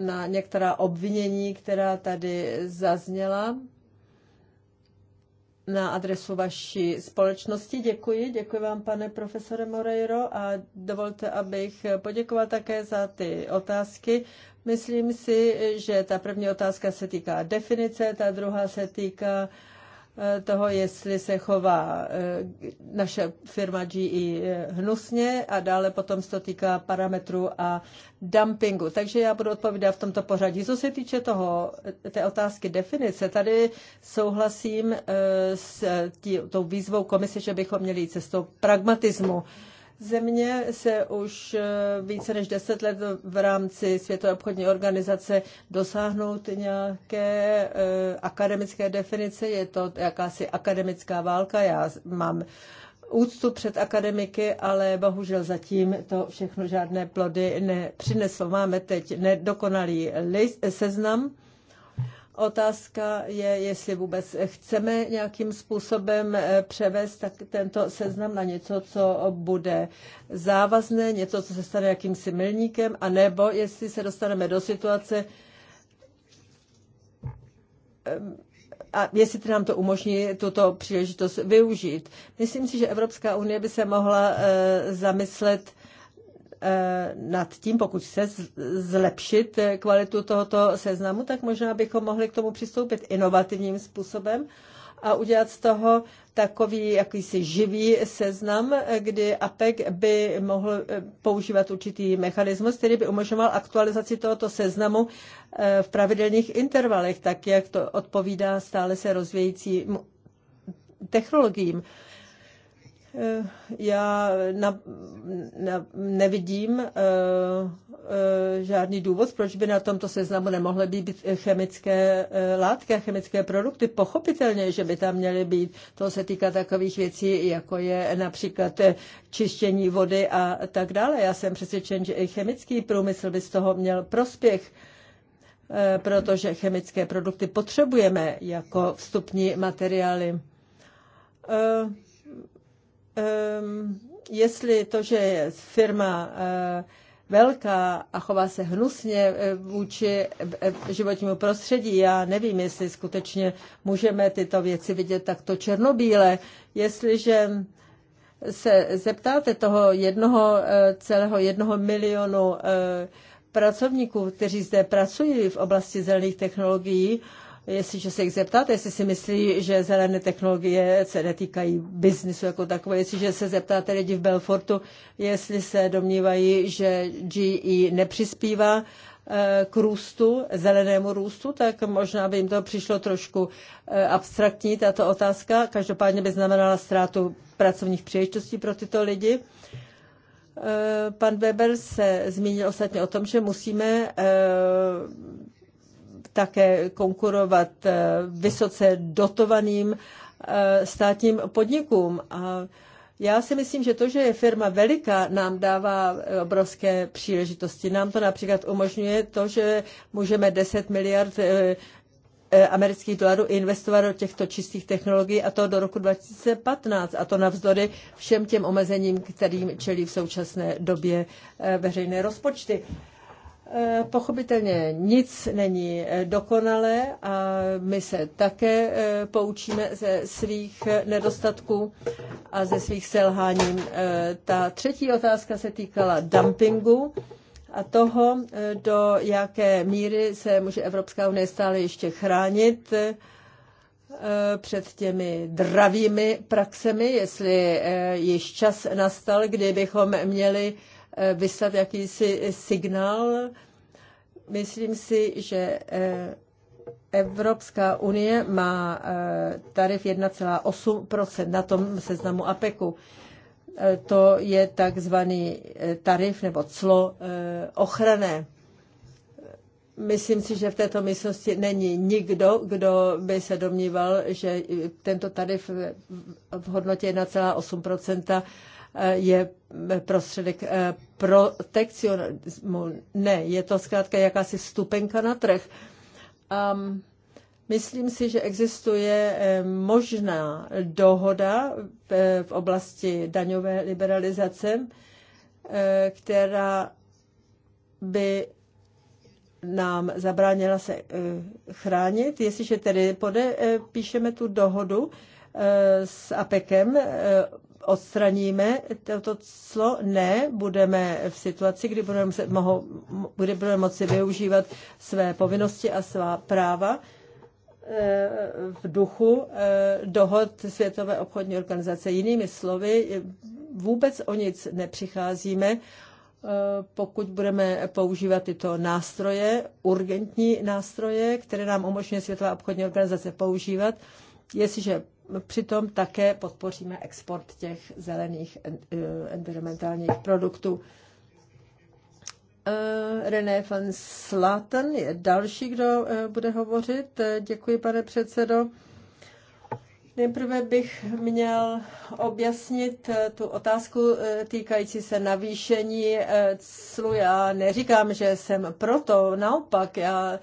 na některá obvinění, která tady zazněla na adresu vaší společnosti. Děkuji, děkuji vám, pane profesore Moreiro, a dovolte, abych poděkoval také za ty otázky. Myslím si, že ta první otázka se týká definice, ta druhá se týká eh, toho, jestli se chová eh, naše firma GE hnusně a dále potom se to týká parametrů a dumpingu. Takže já budu odpovídat v tomto pořadí. Co se týče toho, eh, té otázky definice, tady souhlasím s tí, tou výzvou komise, že bychom měli jít cestou pragmatismu. Země se už eh, více než deset let v rámci Světové obchodní organizace dosáhnout nějaké eh, akademické definice. Je to jakási akademická válka. Já mám úctu před akademiky, ale bohužel zatím to všechno žádné plody nepřineslo. Máme teď nedokonalý list, seznam Otázka je, jestli vůbec chceme nějakým způsobem eh, převést tak tento seznam na něco, co bude závazné, něco, co se stane jakýmsi milníkem, anebo jestli se dostaneme do situace, eh, a jestli nám to umožní tuto příležitost využít. Myslím si, že Evropská unie by se mohla eh, zamyslet Eh, nad tím, pokud se zlepšit eh, kvalitu tohoto seznamu, tak možná bychom mohli k tomu přistoupit inovativním způsobem a udělat z toho takový jakýsi živý seznam, eh, kdy APEC by mohl používat určitý mechanismus, který by umožňoval aktualizaci tohoto seznamu v pravidelných intervalech, tak jak to odpovídá stále se rozvějícím technologiím. Eh, já na, na, nevidím eh, eh, žádný důvod, proč by na tomto seznamu nemohly být chemické látky a chemické produkty. Pochopitelně, že by tam měly být. To se týká takových věcí, jako je například čištění vody a tak dále. Já jsem přesvědčen, že i chemický průmysl by z toho měl prospěch protože chemické produkty potřebujeme jako vstupní materiály. Ehm, jestli to, že je firma eh, velká a chová se hnusně eh, vůči eh, životnímu prostředí. Já nevím, jestli skutečně můžeme tyto věci vidět takto černobíle. Jestliže se zeptáte toho jednoho, celého jednoho milionu pracovníků, kteří zde pracují v oblasti zelených technologií, Jestliže se jich zeptáte, jestli si myslí, že zelené technologie se netýkají biznisu jako takové, jestliže se zeptáte lidi v Belfortu, jestli se domnívají, že GE nepřispívá eh, k růstu, zelenému růstu, tak možná by jim to přišlo trošku eh, abstraktní, tato otázka. Každopádně by znamenala ztrátu pracovních příležitostí pro tyto lidi. Eh, pan Weber se zmínil ostatně o tom, že musíme také konkurovat eh, vysoce dotovaným eh, státním podnikům. A já si myslím, že to, že je firma veliká, nám dává obrovské příležitosti. Nám to například umožňuje to, že můžeme 10 miliard eh, amerických dolarů investovat do těchto čistých technologií a to do roku 2015 a to navzdory všem těm omezením, kterým čelí v současné době veřejné rozpočty. Eh, pochopitelně nic není eh, dokonalé a my se také eh, poučíme ze svých nedostatků a ze svých selhání. Ta třetí otázka se týkala dumpingu a toho, do jaké míry se může Evropská unie stále ještě chránit před těmi dravými praxemi, jestli již čas nastal, kdybychom měli Eh, vyslat jakýsi signál. Myslím si, že eh, Evropská unie má eh, tarif 1,8 na tom seznamu APEKu. To je takzvaný tarif nebo clo ochrané. Myslím si, že v této místnosti není nikdo, kdo by se domníval, že tento tarif v hodnotě 1,8 je prostředek protekcionismu. Ne, je to zkrátka jakási stupenka na trh. Um, Myslím si, že existuje možná dohoda e, v oblasti daňové liberalizace, e, která by nám zabránila se e, chránit. Jestliže tedy podepíšeme tu dohodu s APEKem odstraníme toto clo? Ne, budeme v situaci, kdy budeme, muset, mohou, kdy budeme moci využívat své povinnosti a svá práva eh, v duchu eh, dohod Světové obchodní organizace. Jinými slovy, vůbec o nic nepřicházíme, eh, pokud budeme používat tyto nástroje, urgentní nástroje, které nám umožňuje Světová obchodní organizace používat, jestliže přitom také podpoříme export těch zelených eh, environmentálních produktů. Eh, René van Slaten je další, kdo eh, bude hovořit. Děkuji, pane předsedo. Nejprve bych měl objasnit tu otázku týkající se navýšení clu. Já neříkám, že jsem proto, naopak, já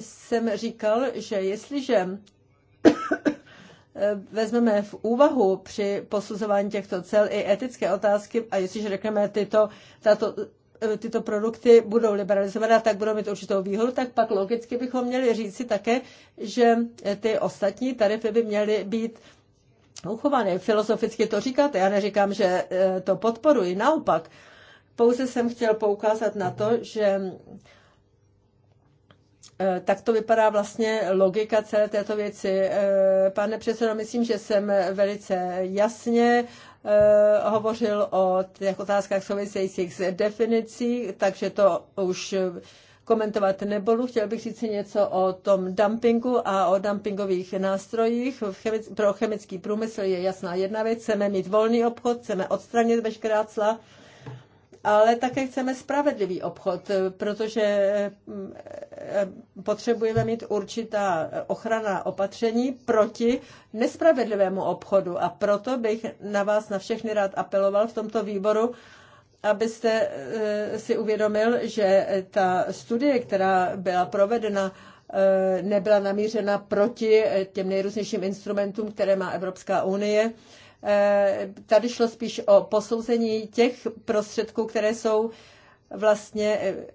jsem říkal, že jestliže Eh, vezmeme v úvahu při posuzování těchto cel i etické otázky a jestliže řekneme, tyto, tato, eh, tyto produkty budou liberalizované, tak budou mít určitou výhodu, tak pak logicky bychom měli říci také, že eh, ty ostatní tarify by měly být uchovány. Filozoficky to říkáte, já neříkám, že to podporuji, naopak. Pouze jsem chtěl poukázat na to, že Eh, tak to vypadá vlastně logika celé této věci. Eh, pane předsedo, myslím, že jsem velice jasně eh, hovořil o těch otázkách souvisejících s definicí, takže to už komentovat nebudu. Chtěl bych říct si něco o tom dumpingu a o dumpingových nástrojích. Pro chemický průmysl je jasná jedna věc. Chceme mít volný obchod, chceme odstranit veškerá cla ale také chceme spravedlivý obchod, protože mm, potřebujeme mít určitá ochrana opatření proti nespravedlivému obchodu. A proto bych na vás na všechny rád apeloval v tomto výboru, abyste eh, si uvědomil, že ta studie, která byla provedena, eh, nebyla namířena proti eh, těm nejrůznějším instrumentům, které má Evropská unie Eh, tady šlo spíš o posouzení těch prostředků, které jsou vlastně eh,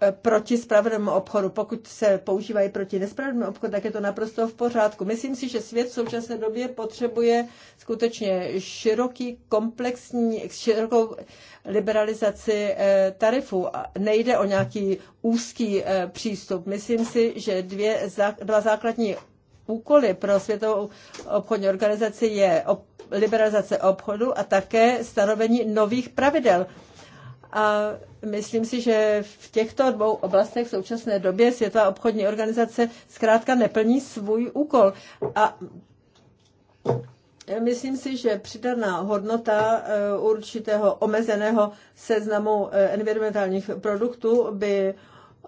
eh, proti spravedlnému obchodu. Pokud se používají proti nespravedlnému obchodu, tak je to naprosto v pořádku. Myslím si, že svět v současné době potřebuje skutečně široký, komplexní, širokou liberalizaci tarifů. Nejde o nějaký úzký přístup. Myslím si, že dvě, dva základní úkoly pro Světovou obchodní organizaci je liberalizace obchodu a také stanovení nových pravidel. A myslím si, že v těchto dvou oblastech v současné době Světová obchodní organizace zkrátka neplní svůj úkol. A Myslím si, že přidaná hodnota eh, určitého omezeného seznamu eh, environmentálních produktů by eh,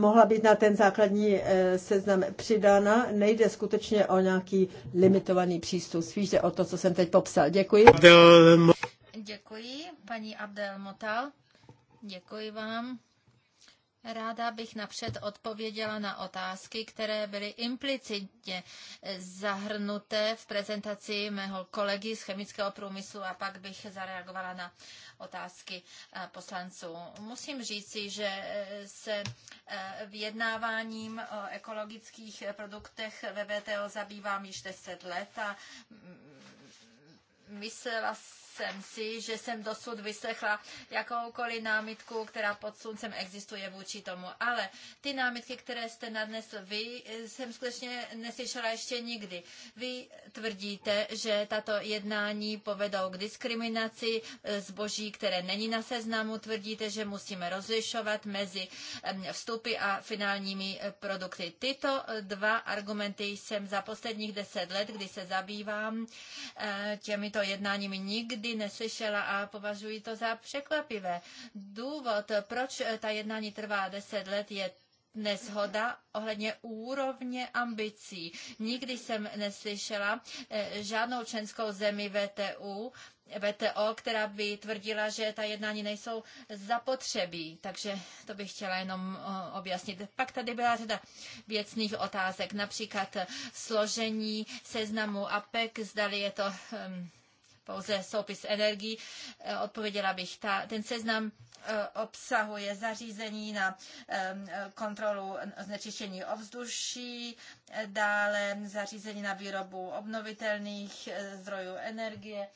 mohla být na ten základní eh, seznam přidána. Nejde skutečně o nějaký limitovaný přístup, spíš jde o to, co jsem teď popsal. Děkuji. Děkuji, paní Abdel Motal. Děkuji vám. Ráda bych napřed odpověděla na otázky, které byly implicitně eh, zahrnuté v prezentaci mého kolegy z chemického průmyslu a pak bych zareagovala na otázky eh, poslanců. Musím říci, že eh, se vyjednáváním o ekologických produktech ve VTO zabývám již 10 let a mm, mm, myslela jsem, jsem si, že jsem dosud vyslechla jakoukoliv námitku, která pod sluncem existuje vůči tomu. Ale ty námitky, které jste nadnesl vy, jsem skutečně neslyšela ještě nikdy. Vy tvrdíte, že tato jednání povedou k diskriminaci zboží, které není na seznamu. Tvrdíte, že musíme rozlišovat mezi vstupy a finálními eh, produkty. Tyto dva argumenty jsem za posledních deset let, kdy se zabývám eh, těmito jednáními, nikdy nikdy neslyšela a považuji to za překvapivé. Důvod, proč ta jednání trvá deset let, je nezhoda ohledně úrovně ambicí. Nikdy jsem neslyšela eh, žádnou členskou zemi VTU, VTO, která by tvrdila, že ta jednání nejsou zapotřebí. Takže to bych chtěla jenom eh, objasnit. Pak tady byla řada věcných otázek, například složení seznamu APEC, zdali je to um, pouze soupis energií. Eh, odpověděla bych, ta, ten seznam eh, obsahuje zařízení na eh, kontrolu znečištění ovzduší, dále zařízení na výrobu obnovitelných zdrojů energie,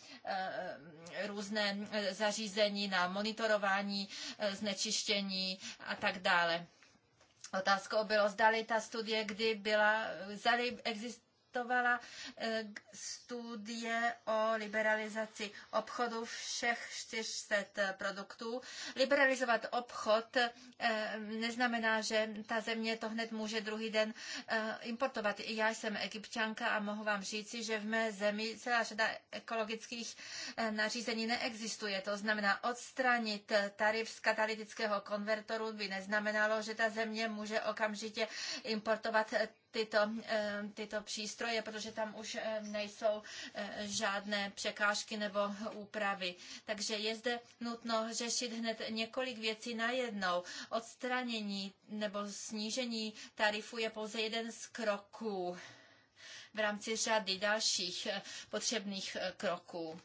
různé zařízení na monitorování znečištění a tak dále. Otázkou bylo, zdali ta studie kdy byla, zdali exist, akceptovala eh, studie o liberalizaci obchodu všech 400 eh, produktů. Liberalizovat obchod eh, neznamená, že ta země to hned může druhý den importovat. Já jsem egyptčanka a mohu vám říci, že v mé zemi celá řada ekologických nařízení neexistuje. To znamená odstranit tarif z katalytického konvertoru by neznamenalo, že ta země může okamžitě importovat tyto, eh, tyto přístroje, protože tam už eh, nejsou eh, žádné překážky nebo úpravy. Takže je zde nutno řešit hned několik věcí najednou. Odstranění nebo snížení tarifu je pouze jeden z kroků v rámci řady dalších potřebných kroků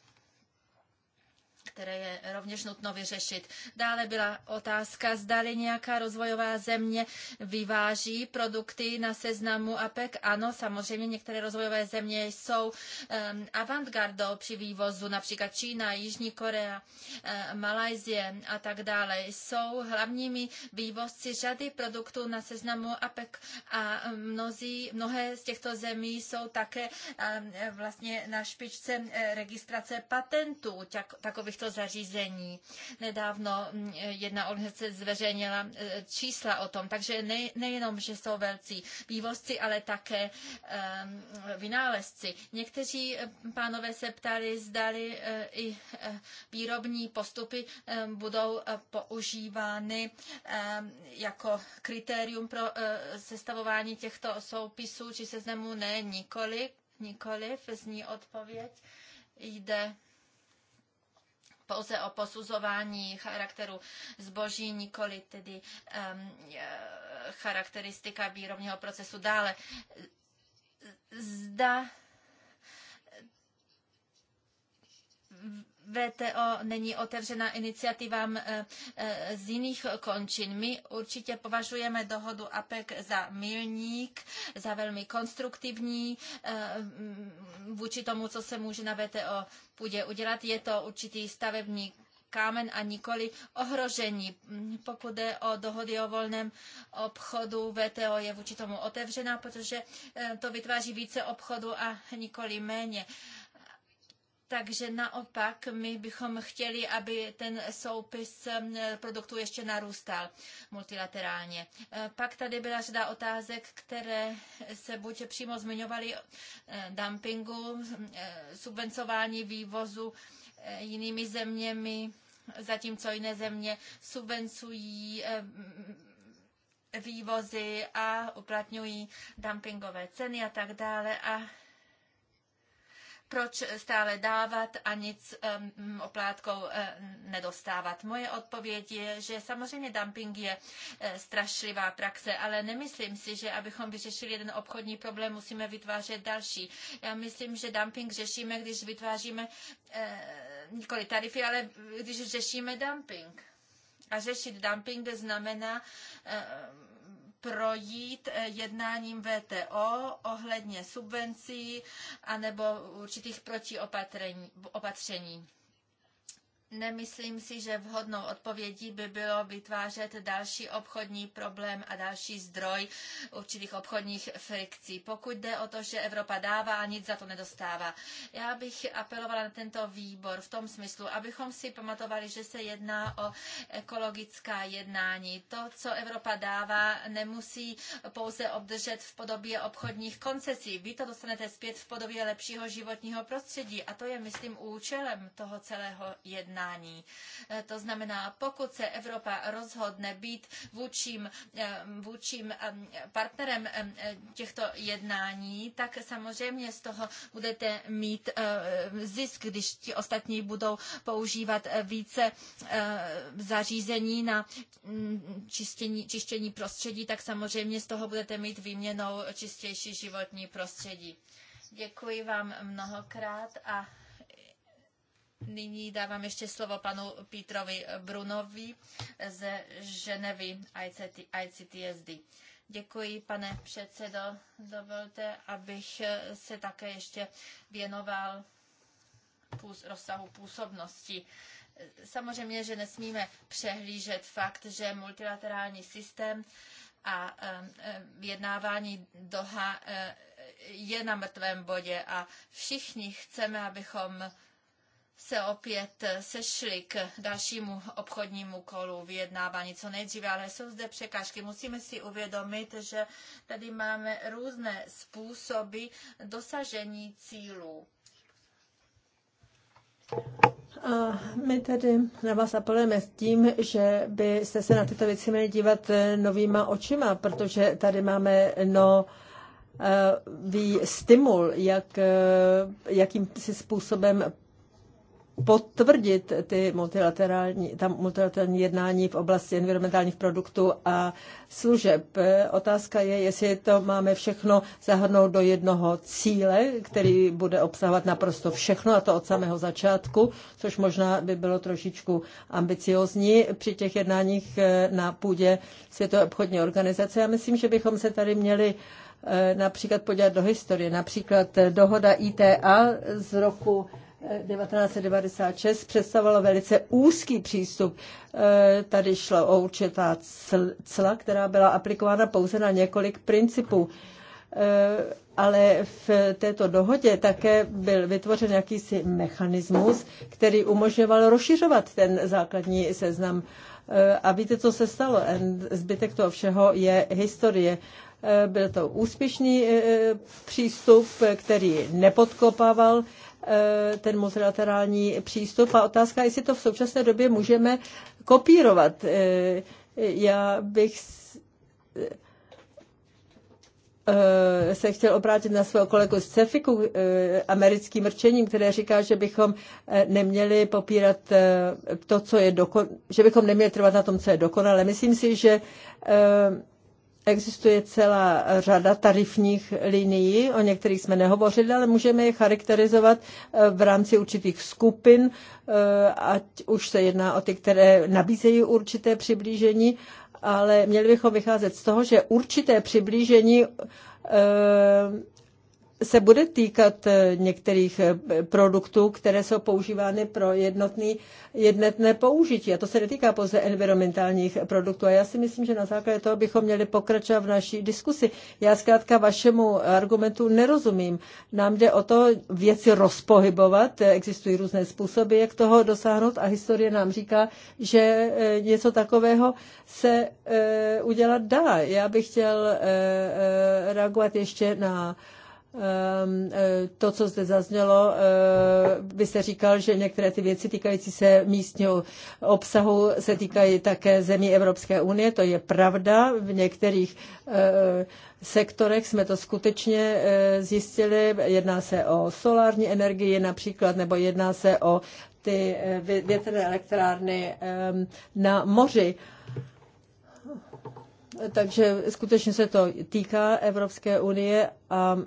které je rovněž nutno vyřešit. Dále byla otázka, zdali nějaká rozvojová země vyváží produkty na seznamu APEC. Ano, samozřejmě některé rozvojové země jsou um, avantgardou při vývozu, například Čína, Jižní Korea, uh, ehm, Malajzie a tak dále. Jsou hlavními vývozci řady produktů na seznamu APEC a mnozí, mnohé z těchto zemí jsou také um, vlastně na špičce eh, registrace patentů tak, takových těchto zařízení. Nedávno mm, jedna organizace zveřejnila e, čísla o tom, takže ne, nejenom, že jsou velcí vývozci, ale také um, vynálezci. Někteří e, pánové se ptali, zdali uh, i uh, výrobní postupy um, budou uh, používány um, jako kritérium pro uh, sestavování těchto soupisů či seznamů. Ne, nikoli, nikoliv, zní odpověď. Jde pouze o posuzování charakteru zboží, nikoli tedy um, charakteristika výrobního procesu. Dále, zda VTO není otevřena iniciativám eh, eh, z jiných končin. My určitě považujeme dohodu APEC za milník, za velmi konstruktivní eh, mm, vůči tomu, co se může na VTO půdě udělat. Je to určitý stavební kámen a nikoli ohrožení. Mm, pokud jde o dohody o volném obchodu, VTO je vůči tomu otevřená, protože to vytváří více obchodu a nikoli méně. Takže naopak my bychom chtěli, aby ten soupis produktů ještě narůstal multilaterálně. E, pak tady byla řada otázek, které se buď přímo zmiňovaly e, dumpingu, e, subvencování vývozu jinými zeměmi, zatímco jiné země subvencují vývozy a uplatňují dumpingové ceny a tak dále. A proč stále dávat a nic oplátkou eh, nedostávat. Moje odpověď je, že samozřejmě dumping je eh, strašlivá praxe, ale nemyslím si, že abychom vyřešili jeden obchodní problém, musíme vytvářet další. Já myslím, že dumping řešíme, když vytváříme eh, nikoli tarify, ale když řešíme dumping. A řešit dumping znamená projít eh, jednáním VTO ohledně subvencí anebo určitých protiopatření. Nemyslím si, že vhodnou odpovědí by bylo vytvářet další obchodní problém a další zdroj určitých obchodních frikcí. Pokud jde o to, že Evropa dává a nic za to nedostává. Já bych apelovala na tento výbor v tom smyslu, abychom si pamatovali, že se jedná o ekologická jednání. To, co Evropa dává, nemusí pouze obdržet v podobě obchodních koncesí. Vy to dostanete zpět v podobě lepšího životního prostředí a to je, myslím, účelem toho celého jednání jednání. Eh, to znamená, pokud se Evropa rozhodne být vůčím, eh, vůčím eh, partnerem těchto jednání, tak samozřejmě z toho budete mít zisk, když ti ostatní budou používat více zařízení na mm, čištění, čištění prostředí, tak samozřejmě z toho budete mít výměnou čistější životní prostředí. Děkuji vám mnohokrát a Nyní dávám ještě slovo panu Pítrovi Brunovi ze Ženevy ICT, ICTSD. Děkuji, pane předsedo. Dovolte, abych se také ještě věnoval půz, rozsahu působnosti. Samozřejmě, že nesmíme přehlížet fakt, že multilaterální systém a e, e, vyjednávání Doha e, je na mrtvém bodě a všichni chceme, abychom se opět sešli k dalšímu obchodnímu kolu vyjednávání co nejdříve, ale jsou zde překážky. Musíme si uvědomit, že tady máme různé způsoby dosažení cílů. A my tedy na vás apelujeme s tím, že byste se na tyto věci měli dívat novýma očima, protože tady máme no, nový eh, stimul, jak, eh, jakým si způsobem potvrdit ty multilaterální, ta multilaterální jednání v oblasti environmentálních produktů a služeb. Otázka je, jestli to máme všechno zahrnout do jednoho cíle, který bude obsahovat naprosto všechno, a to od samého začátku, což možná by bylo trošičku ambiciozní při těch jednáních eh, na půdě Světové obchodní organizace. Já myslím, že bychom se tady měli eh, například podívat do historie. Například eh, dohoda ITA z roku 1996 představovalo velice úzký přístup. E, tady šlo o určitá cla, která byla aplikována pouze na několik principů. E, ale v této dohodě také byl vytvořen jakýsi mechanismus, který umožňoval rozšiřovat ten základní seznam. E, a víte, co se stalo? Zbytek toho všeho je historie. Byl to úspěšný přístup, který nepodkopával Eh, ten multilaterální přístup a otázka, jestli to v současné době můžeme kopírovat. Eh, já bych eh, se chtěl obrátit na svého kolegu z Cefiku, americkým mrčením, které říká, že bychom neměli popírat to, co je dokon... že bychom neměli trvat na tom, co je dokonalé. Myslím si, že Existuje celá řada tarifních linií, o některých jsme nehovořili, ale můžeme je charakterizovat eh, v rámci určitých skupin, eh, ať už se jedná o ty, které nabízejí určité přiblížení, ale měli bychom vycházet z toho, že určité přiblížení eh, se bude týkat eh, některých eh, produktů, které jsou používány pro jednotný, jednotné použití. A to se netýká pouze environmentálních produktů. A já si myslím, že na základě toho bychom měli pokračovat v naší diskusi. Já zkrátka vašemu argumentu nerozumím. Nám jde o to věci rozpohybovat. Existují různé způsoby, jak toho dosáhnout a historie nám říká, že eh, něco takového se udělat dá. Já bych chtěl reagovat ještě na Ehm, eh, to, co zde zaznělo, eh, vy jste říkal, že některé ty věci týkající se místního obsahu se týkají také zemí Evropské unie. To je pravda. V některých eh, sektorech jsme to skutečně zjistili. Jedná se o solární energii například, nebo jedná se o ty větrné elektrárny ehm, na moři takže skutečně se to týká Evropské unie a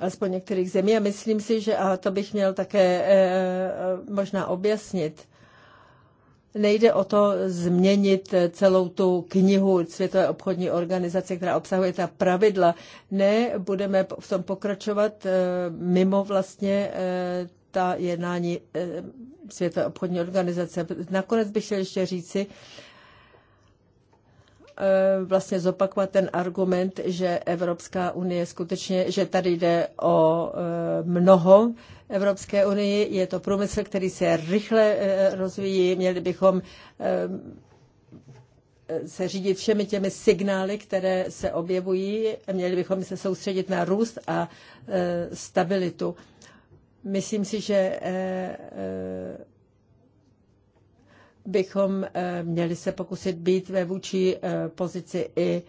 alespoň některých zemí a myslím si, že a to bych měl také eh, eh, možná objasnit. Nejde o to změnit eh, celou tu knihu Světové obchodní organizace, která obsahuje ta pravidla. Ne, budeme v tom pokračovat mimo vlastně ta jednání Světové obchodní organizace. Nakonec bych chtěl ještě říci, Eh, vlastně zopakovat ten argument, že Evropská unie skutečně, že tady jde o eh, mnoho Evropské unii. Je to průmysl, který se rychle eh, rozvíjí. Měli bychom se řídit všemi těmi signály, které se objevují. Měli bychom se soustředit na růst a stabilitu. Myslím si, že bychom eh, měli se pokusit být ve vůči eh, pozici i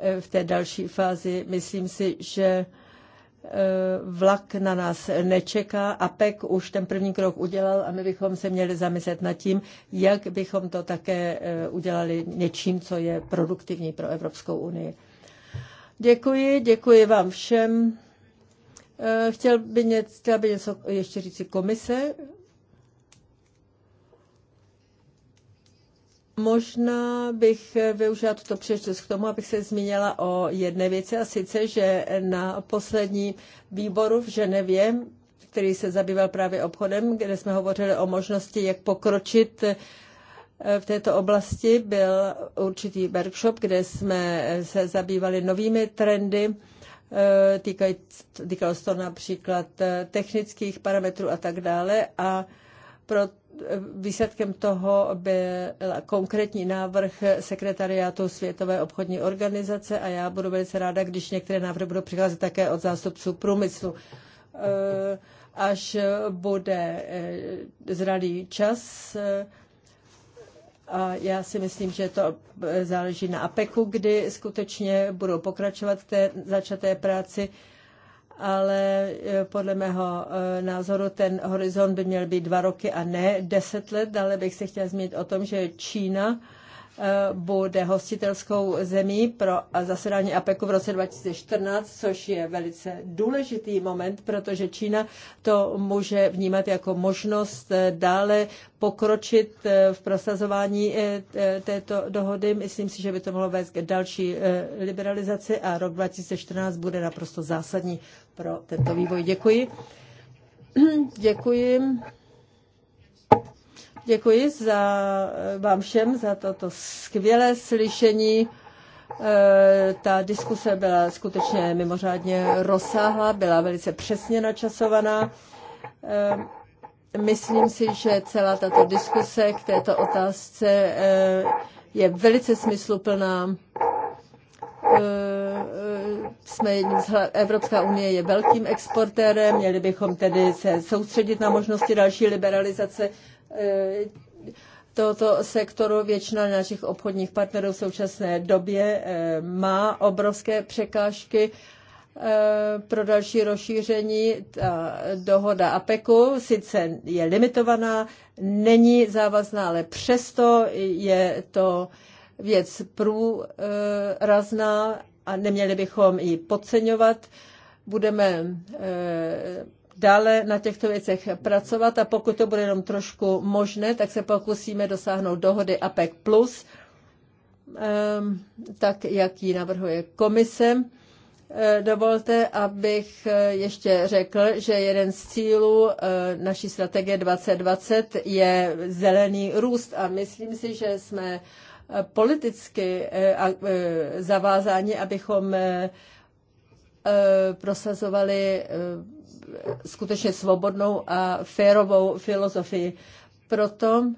eh, v té další fázi. Myslím si, že vlak na nás nečeká a PEK už ten první krok udělal a my bychom se měli zamyslet nad tím, jak bychom to také udělali něčím, co je produktivní pro Evropskou unii. Děkuji, děkuji vám všem. Chtěl by něco, chtěla by něco ještě říci komise? Možná bych využila tuto příležitost k tomu, abych se zmínila o jedné věci, a sice, že na poslední výboru v Ženevě, který se zabýval právě obchodem, kde jsme hovořili o možnosti, jak pokročit eh, v této oblasti, byl určitý workshop, kde jsme eh, se zabývali novými trendy, eh, týkalo se to například technických parametrů a tak dále. A proto výsledkem toho byl konkrétní návrh sekretariátu Světové obchodní organizace a já budu velice ráda, když některé návrhy budou přicházet také od zástupců průmyslu. Eh, až bude eh, zralý čas, eh, a já si myslím, že to záleží na APEKu, kdy skutečně budou pokračovat v té začaté práci ale eh, podle mého eh, názoru ten horizont by měl být dva roky a ne deset let. Dále bych se chtěla zmínit o tom, že Čína Eh, bude hostitelskou zemí pro zasedání APEKu v roce 2014, což je velice důležitý moment, protože Čína to může vnímat jako možnost eh, dále pokročit eh, v prosazování této dohody. Myslím si, že by to mohlo vést k další liberalizaci a rok 2014 bude naprosto zásadní pro tento vývoj. Děkuji. Děkuji. Děkuji za, eh, vám všem za toto skvělé slyšení. Eh, ta diskuse byla skutečně mimořádně rozsáhlá, byla velice přesně načasovaná. Eh, myslím si, že celá tato diskuse k této otázce je velice smysluplná. Jsme jedním z Evropská unie je velkým exportérem, měli bychom tedy se soustředit na možnosti další liberalizace Eh, tohoto sektoru. Většina našich obchodních partnerů v současné době eh, má obrovské překážky eh, pro další rozšíření. Ta dohoda APEKu sice je limitovaná, není závazná, ale přesto je to věc průrazná a neměli bychom ji podceňovat. Budeme dále na těchto věcech pracovat a pokud to bude jenom trošku možné, tak se pokusíme dosáhnout dohody APEC+, plus, ehm, tak jak ji navrhuje komise. Eh, dovolte, abych eh, ještě řekl, že jeden z cílů eh, naší strategie 2020 je zelený růst a myslím si, že jsme politicky zavázáni, abychom prosazovali skutečně svobodnou a férovou filozofii. Proto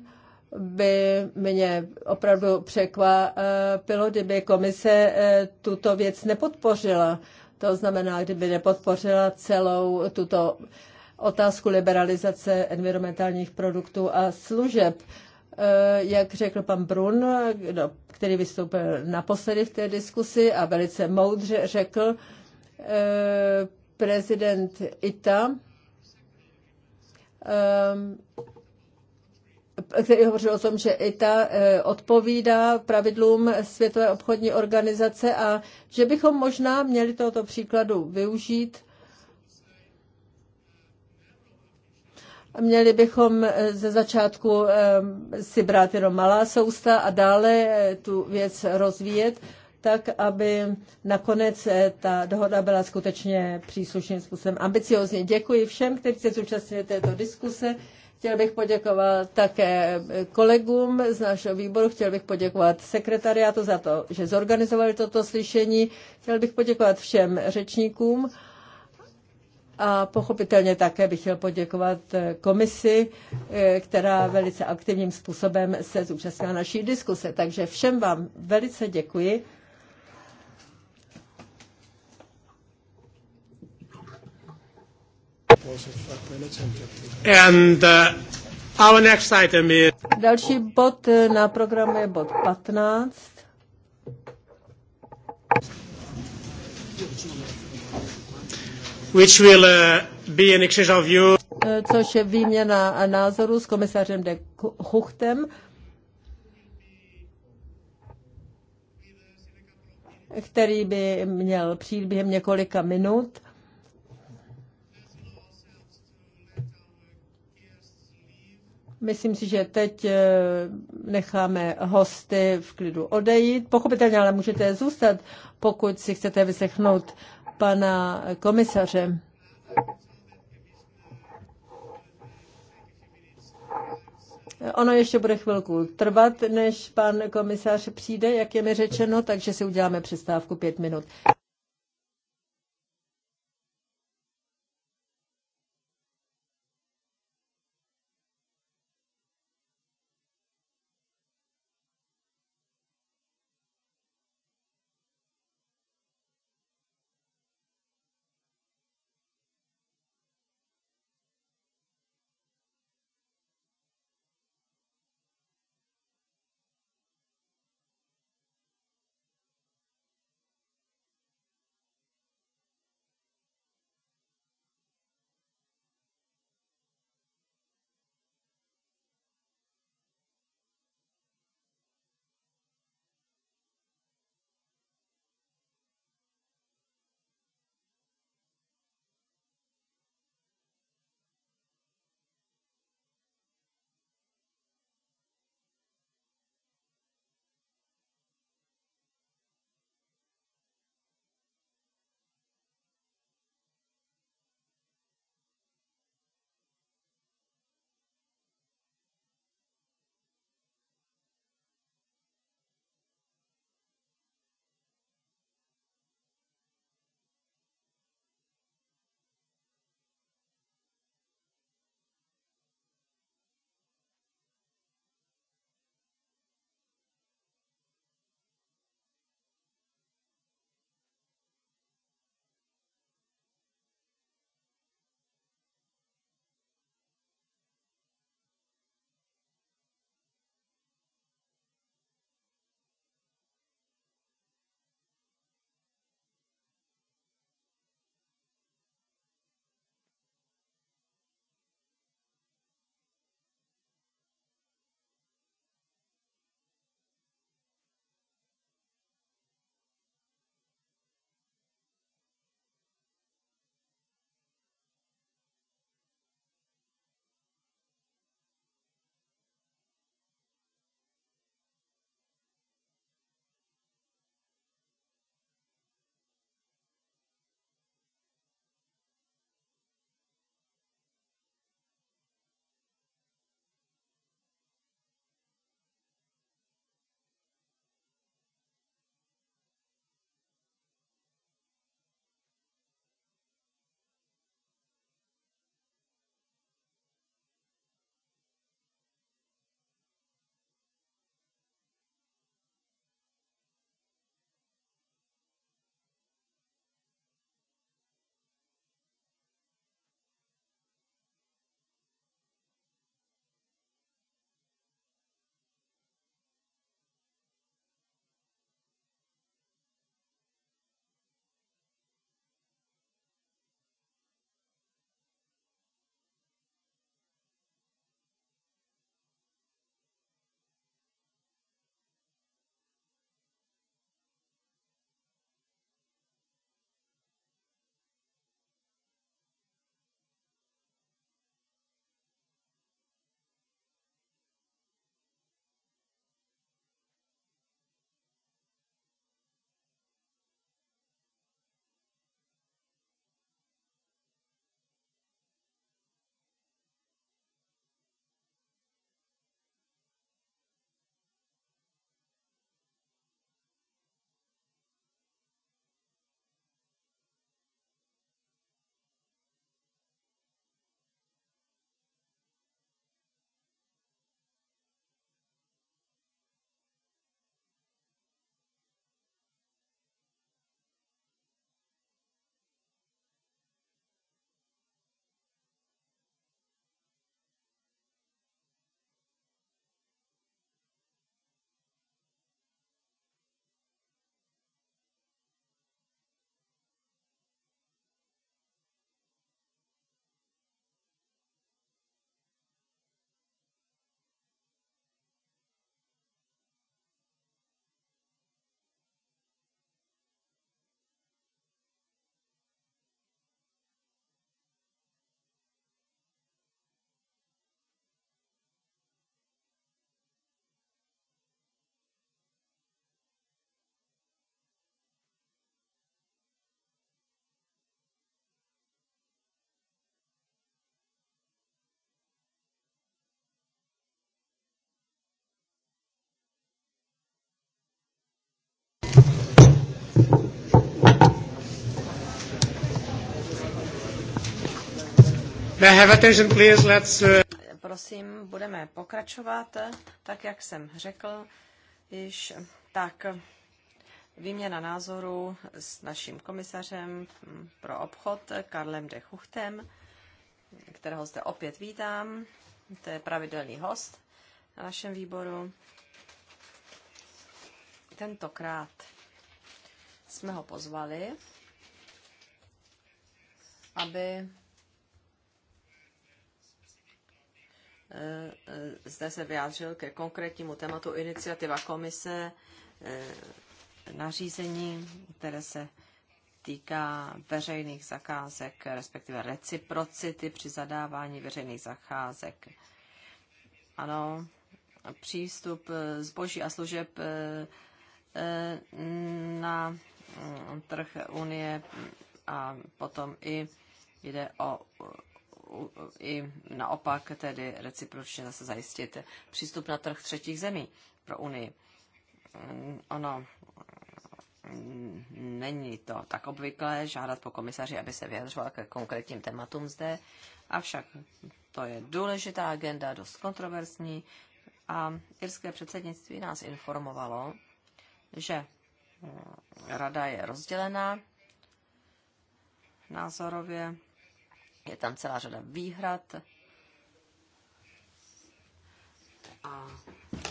by mě opravdu překvapilo, kdyby komise eh, tuto věc nepodpořila. To znamená, kdyby nepodpořila celou tuto otázku liberalizace environmentálních produktů a služeb. Eh, jak řekl pan Brun, který vystoupil naposledy v té diskusi a velice moudře řekl, eh, prezident Ita, ehm, který hovořil o tom, že ITA eh, odpovídá pravidlům Světové obchodní organizace a že bychom možná měli tohoto příkladu využít. Měli bychom eh, ze začátku ehm, si brát jenom malá sousta a dále eh, tu věc rozvíjet tak aby nakonec eh, ta dohoda byla skutečně příslušným způsobem ambiciozní. Děkuji všem, kteří se zúčastnili této diskuse. Chtěl bych poděkovat také eh, kolegům z našeho výboru, chtěl bych poděkovat sekretariátu za to, že zorganizovali toto slyšení, chtěl bych poděkovat všem řečníkům a pochopitelně také bych chtěl poděkovat eh, komisi, která velice aktivním způsobem se zúčastnila naší diskuse. Takže všem vám velice děkuji. And, uh, our next item is... Další bod eh, na programu je bod 15. Which will uh, be an exchange of views. Eh, což je výměna názoru s komisařem de Huchtem. který by měl přijít během několika minut. Myslím si, že teď eh, necháme hosty v klidu odejít. Pochopitelně ale můžete zůstat, pokud si chcete vyslechnout pana komisaře. Ono ještě bude chvilku trvat, než pan komisař přijde, jak je mi řečeno, takže si uděláme přestávku pět minut. have attention, please. Let's, uh, Prosím, budeme pokračovat, tak jak jsem řekl, již tak výměna názorů s naším komisařem pro obchod Karlem de Chuchtem, kterého zde opět vítám. To je pravidelný host na našem výboru. Tentokrát jsme ho pozvali, aby zde se vyjádřil ke konkrétnímu tématu iniciativa komise eh, nařízení, které se týká veřejných zakázek, respektive reciprocity při zadávání veřejných zakázek. Ano, přístup zboží a služeb eh, eh, na mm, trh Unie a potom i jde o i naopak tedy recipročně zase zajistit přístup na trh třetích zemí pro Unii. Ono není to tak obvyklé žádat po komisaři, aby se vyjadřoval ke konkrétním tématům zde, avšak to je důležitá agenda, dost kontroverzní a irské předsednictví nás informovalo, že rada je rozdělená názorově je tam celá řada výhrad. A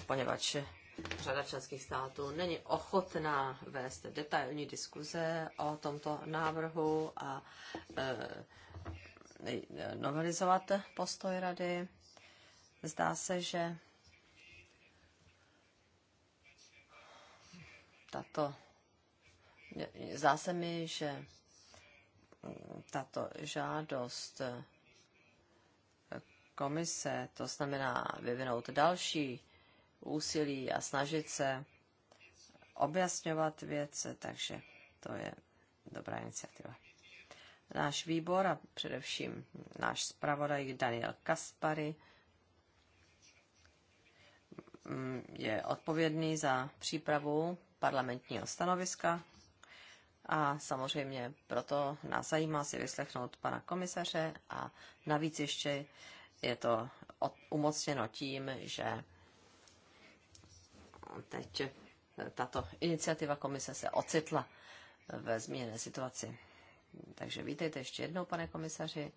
poněvadž řada členských států není ochotná vést detailní diskuze o tomto návrhu a e, novelizovat postoj rady. Zdá se, že tato zdá se mi, že tato žádost komise, to znamená vyvinout další úsilí a snažit se objasňovat věce, takže to je dobrá iniciativa. Náš výbor a především náš zpravodaj Daniel Kaspary mm, je odpovědný za přípravu parlamentního stanoviska a samozřejmě proto nás zajímá si vyslechnout pana komisaře a navíc ještě je to umocněno tím, že teď tato iniciativa komise se ocitla ve změněné situaci. Takže vítejte ještě jednou, pane komisaři,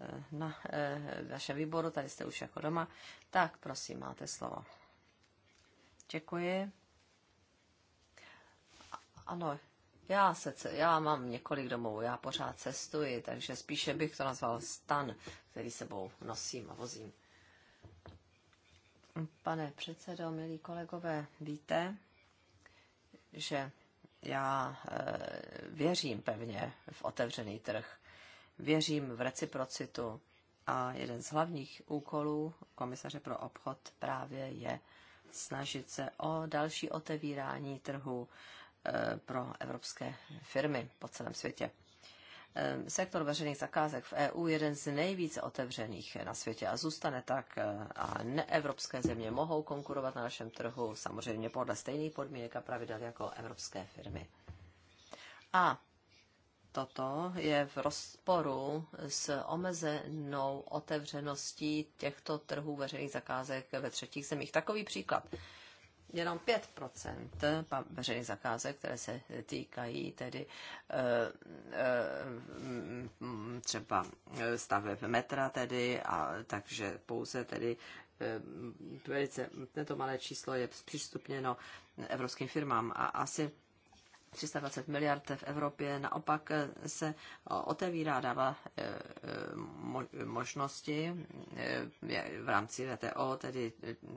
eh, na eh, našem výboru, tady jste už jako doma. Tak, prosím, máte slovo. Děkuji. Ano, já, se, já mám několik domovů, já pořád cestuji, takže spíše bych to nazval stan, který sebou nosím a vozím. Pane předsedo, milí kolegové, víte, že já eh, věřím pevně v otevřený trh, věřím v reciprocitu a jeden z hlavních úkolů komisaře pro obchod právě je snažit se o další otevírání trhu, Eh, pro evropské firmy po celém světě. Eh, sektor veřejných zakázek v EU je jeden z nejvíce otevřených na světě a zůstane tak. Eh, a neevropské země mohou konkurovat na našem trhu samozřejmě podle stejných podmínek a pravidel jako evropské firmy. A toto je v rozporu s omezenou otevřeností těchto trhů veřejných zakázek ve třetích zemích. Takový příklad jenom 5 veřejných zakázek, které se týkají tedy eh, eh, třeba staveb metra tedy, a takže pouze tedy eh, velice, tento malé číslo je přístupněno evropským firmám a asi 320 miliard v Evropě. Naopak se otevírá, dává eh, eh, možnosti eh, v rámci VTO, tedy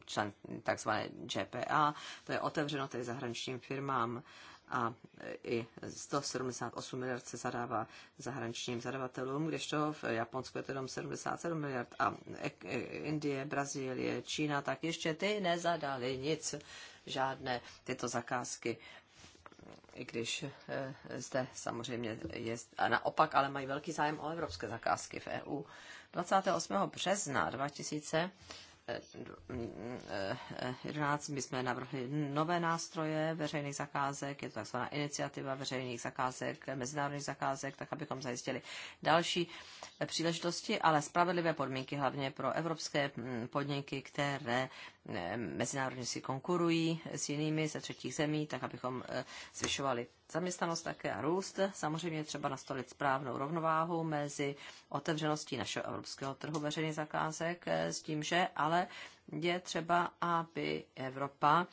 člen, takzvané GPA, to je otevřeno tedy zahraničním firmám a i 178 miliard se zadává zahraničním zadavatelům, kdežto v Japonsku je to jenom 77 miliard a Indie, Brazílie, Čína, tak ještě ty nezadali nic, žádné tyto zakázky i když eh, zde samozřejmě je a naopak, ale mají velký zájem o evropské zakázky v EU. 28. března 2000 2011 my jsme navrhli nové nástroje veřejných zakázek, je to takzvaná iniciativa veřejných zakázek, mezinárodních zakázek, tak abychom zajistili další příležitosti, ale spravedlivé podmínky hlavně pro evropské podniky, které eh, mezinárodně si konkurují s jinými ze třetích zemí, tak abychom eh, zvyšovali zaměstnanost také a růst. Samozřejmě třeba nastolit správnou rovnováhu mezi otevřeností našeho evropského trhu veřejných zakázek eh, s tím, že ale je třeba, aby Evropa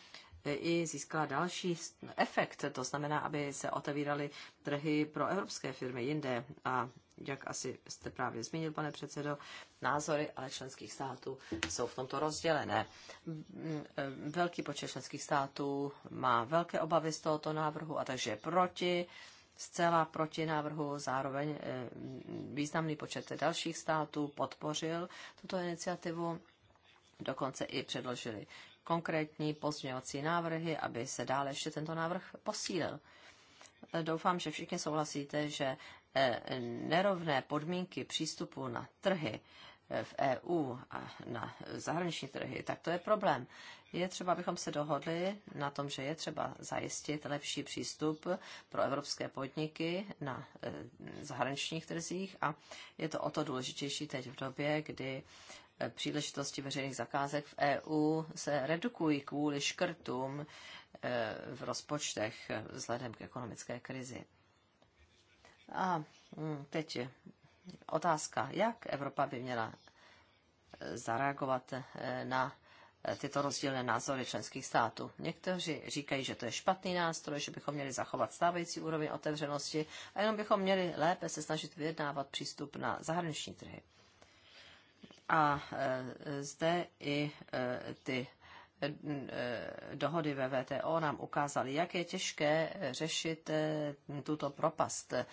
eh, i získala další efekt, to znamená, aby se otevíraly trhy pro evropské firmy jinde a jak asi jste právě zmínil, pane předsedo, názory ale členských států jsou v tomto rozdělené. Mm, e, velký počet členských států má velké obavy z tohoto návrhu a takže proti, zcela proti návrhu, zároveň e, významný počet dalších států podpořil tuto iniciativu, dokonce i předložili konkrétní pozměňovací návrhy, aby se dále ještě tento návrh posílil. E, doufám, že všichni souhlasíte, že E, nerovné podmínky přístupu na trhy v EU a na zahraniční trhy, tak to je problém. Je třeba, abychom se dohodli na tom, že je třeba zajistit lepší přístup pro evropské podniky na e, zahraničních trzích a je to o to důležitější teď v době, kdy e, příležitosti veřejných zakázek v EU se redukují kvůli škrtům v rozpočtech vzhledem k ekonomické krizi. A hm, teď otázka, jak Evropa by měla eh, zareagovat eh, na eh, tyto rozdílné názory členských států. Někteří říkají, že to je špatný nástroj, že bychom měli zachovat stávající úroveň otevřenosti a jenom bychom měli lépe se snažit vyjednávat přístup na zahraniční trhy. A zde i ty Eh, dohody ve VTO nám ukázaly, jak je těžké řešit eh, tuto propast, eh,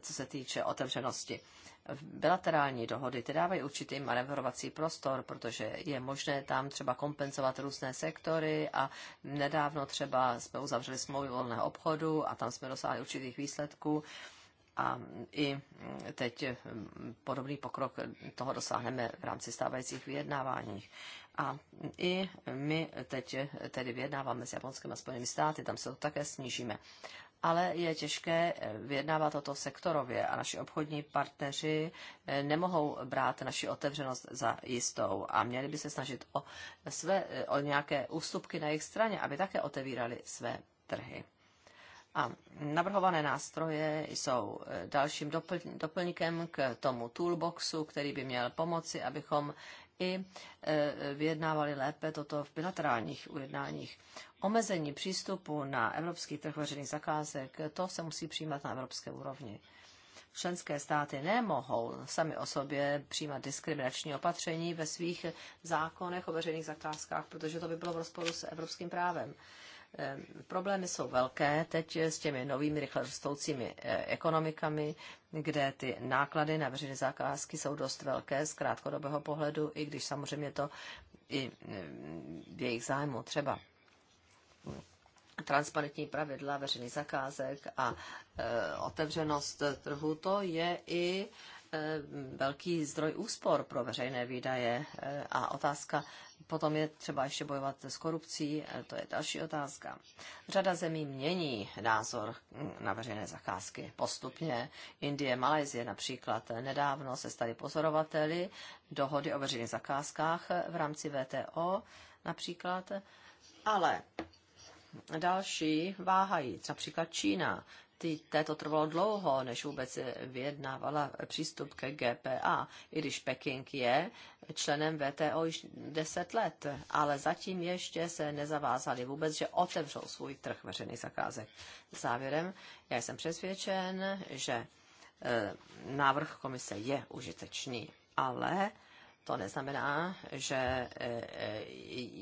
co se týče otevřenosti. Bilaterální dohody ty dávají určitý manevrovací prostor, protože je možné tam třeba kompenzovat různé sektory a nedávno třeba jsme uzavřeli smlouvy volného obchodu a tam jsme dosáhli určitých výsledků a i mm, teď mm, podobný pokrok toho dosáhneme v rámci stávajících vyjednáváních. A i my teď tedy vyjednáváme s Japonskem a Spojenými státy, tam se to také snížíme. Ale je těžké eh, vyjednávat toto sektorově a naši obchodní partneři eh, nemohou brát naši otevřenost za jistou a měli by se snažit o, své, eh, o nějaké ústupky na jejich straně, aby také otevírali své trhy. A navrhované nástroje jsou dalším doplň, doplňkem k tomu toolboxu, který by měl pomoci, abychom i e, vyjednávali lépe toto v bilaterálních ujednáních. Omezení přístupu na evropský trh veřejných zakázek, to se musí přijímat na evropské úrovni. Členské státy nemohou sami o sobě přijímat diskriminační opatření ve svých zákonech o veřejných zakázkách, protože to by bylo v rozporu s evropským právem. Problémy jsou velké teď s těmi novými rychle rostoucími eh, ekonomikami, kde ty náklady na veřejné zakázky jsou dost velké z krátkodobého pohledu, i když samozřejmě to i v jejich zájmu třeba transparentní pravidla veřejných zakázek a e, otevřenost trhu, to je i e, velký zdroj úspor pro veřejné výdaje. E, a otázka Potom je třeba ještě bojovat s korupcí, e, to je další otázka. Řada zemí mění názor na veřejné zakázky postupně. Indie, Malajzie například e, nedávno se staly pozorovateli dohody o veřejných zakázkách e, v rámci VTO například. Ale další váhají, například Čína ty, této trvalo dlouho, než vůbec vyjednávala přístup ke GPA, i když Peking je členem VTO již 10 let, ale zatím ještě se nezavázali vůbec, že otevřou svůj trh veřejných zakázek. Závěrem, já jsem přesvědčen, že eh, návrh komise je užitečný, ale to neznamená, že e, e,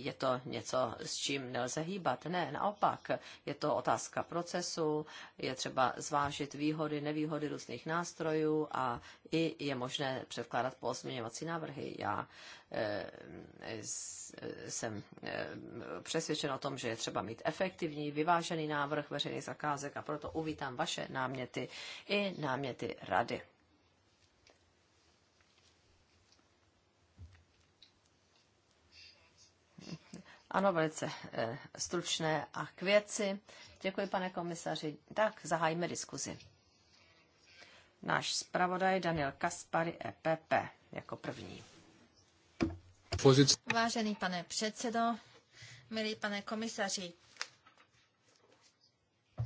je to něco, s čím nelze hýbat. Ne, naopak, je to otázka procesu, je třeba zvážit výhody, nevýhody různých nástrojů a i je možné předkládat pozměňovací návrhy. Já e, jsem přesvědčen o tom, že je třeba mít efektivní, vyvážený návrh veřejných zakázek a proto uvítám vaše náměty i náměty rady. Ano, velice eh, stručné a k věci. Děkuji, pane komisaři. Tak, zahájíme diskuzi. Náš zpravodaj Daniel Kaspary, EPP, jako první. Vážený pane předsedo, milý pane komisaři,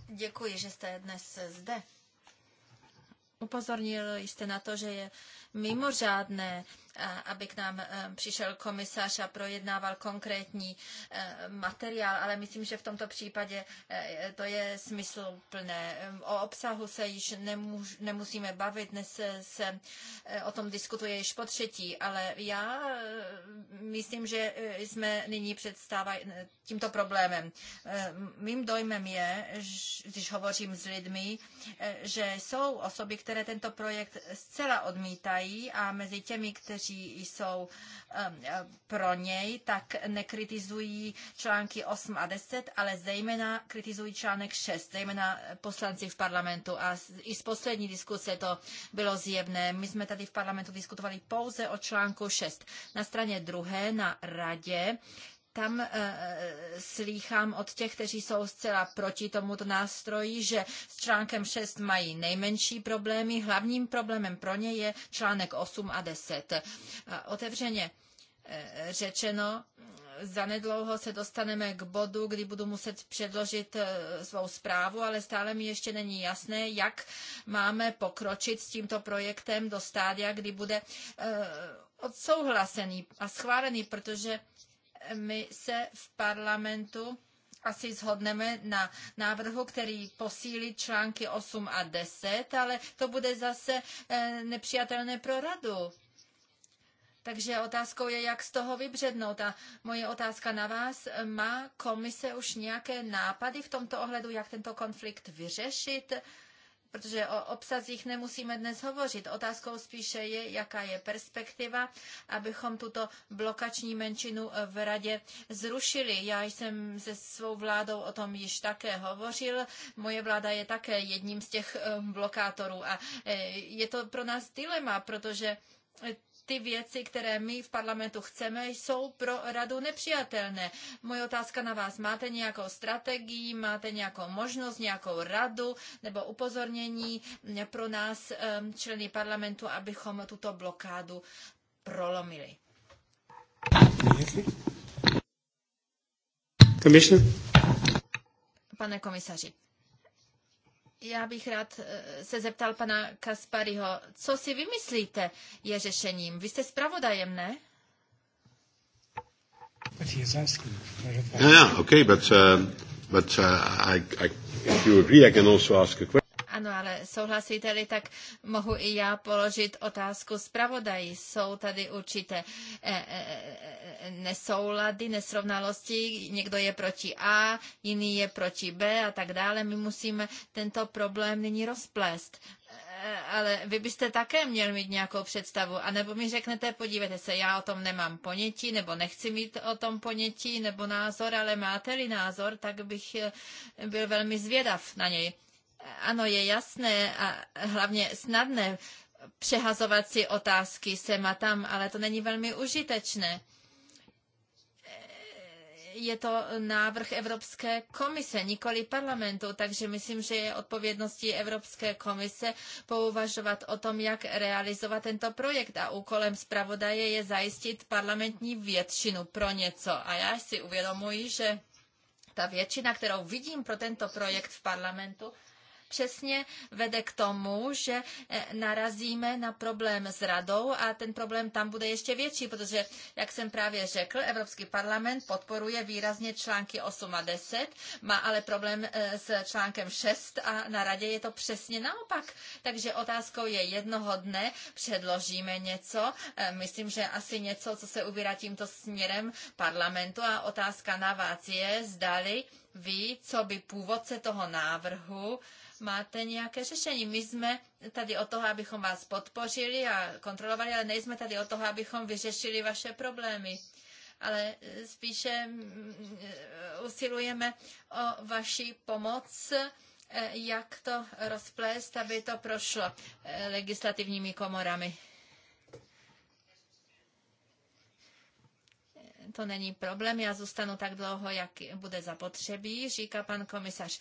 děkuji, že jste dnes zde. Upozornil jste na to, že je mimořádné, eh, aby k nám eh, přišel komisař a projednával konkrétní eh, materiál, ale myslím, že v tomto případě to je smysluplné. O obsahu se již nemůž, nemusíme bavit, dnes se o tom diskutuje již po třetí, ale já myslím, že jsme nyní představili tímto problémem. Mým dojmem je, když hovořím s lidmi, že jsou osoby, které které tento projekt zcela odmítají a mezi těmi, kteří jsou um, pro něj, tak nekritizují články 8 a 10, ale zejména kritizují článek 6, zejména poslanci v parlamentu. A i z poslední diskuse to bylo zjevné. My jsme tady v parlamentu diskutovali pouze o článku 6. Na straně druhé, na radě, tam e, slýchám od těch, kteří jsou zcela proti tomuto nástroji, že s článkem 6 mají nejmenší problémy. Hlavním problémem pro ně je článek 8 a 10. Eh, otevřeně e, řečeno, zanedlouho se dostaneme k bodu, kdy budu muset předložit svou zprávu, ale stále mi ještě není jasné, jak máme pokročit s tímto projektem do stádia, kdy bude odsouhlasený a schválený, protože my se v parlamentu asi shodneme na návrhu, který posílí články 8 a 10, ale to bude zase eh, nepřijatelné pro radu. Takže otázkou je, jak z toho vybřednout. A moje otázka na vás, má komise už nějaké nápady v tomto ohledu, jak tento konflikt vyřešit? protože o obsazích nemusíme dnes hovořit. Otázkou spíše je, jaká je perspektiva, abychom tuto blokační menšinu eh, v radě zrušili. Já jsem se svou vládou o tom již také hovořil. Moje vláda je také jedním z těch eh, blokátorů a eh, je to pro nás dilema, protože ty věci, které my v parlamentu chceme, jsou pro radu nepřijatelné. Moje otázka na vás. Máte nějakou strategii, máte nějakou možnost, nějakou radu nebo upozornění pro nás, členy parlamentu, abychom tuto blokádu prolomili? Pane komisaři. Já bych rád eh, se zeptal pana Kaspariho, co si vymyslíte je řešením? Vy jste zpravodajem, ne? Yeah, okay, but, uh, but uh, I, I, if you agree, I can also ask a question. Ano, ale souhlasíte-li, tak mohu i já položit otázku zpravodaji. Jsou tady určité eh, eh, eh, nesoulady, nesrovnalosti, někdo je proti A, jiný je proti B a tak dále. My musíme tento problém nyní rozplést ale vy byste také měl mít nějakou představu, anebo mi řeknete, podívejte se, já o tom nemám ponětí, nebo nechci mít o tom ponětí, nebo názor, ale máte-li názor, tak bych byl velmi zvědav na něj. Ano, je jasné a hlavně snadné přehazovat si otázky sem a tam, ale to není velmi užitečné. Je to návrh Evropské komise, nikoli parlamentu, takže myslím, že je odpovědností Evropské komise pouvažovat o tom, jak realizovat tento projekt a úkolem zpravodaje je zajistit parlamentní většinu pro něco. A já si uvědomuji, že ta většina, kterou vidím pro tento projekt v parlamentu, přesně vede k tomu, že eh, narazíme na problém s radou a ten problém tam bude ještě větší, protože, jak jsem právě řekl, Evropský parlament podporuje výrazně články 8 a 10, má ale problém eh, s článkem 6 a na radě je to přesně naopak. Takže otázkou je jednoho dne předložíme něco, eh, myslím, že asi něco, co se ubírá tímto směrem parlamentu a otázka na vás je, zdali vy, co by původce toho návrhu, máte nějaké řešení. My jsme tady o toho, abychom vás podpořili a kontrolovali, ale nejsme tady o toho, abychom vyřešili vaše problémy. Ale eh, spíše mm, eh, usilujeme o vaši pomoc, eh, jak to rozplést, aby to prošlo legislativními komorami. to není problém, já zůstanu tak dlouho, jak bude zapotřebí, říká pan komisař.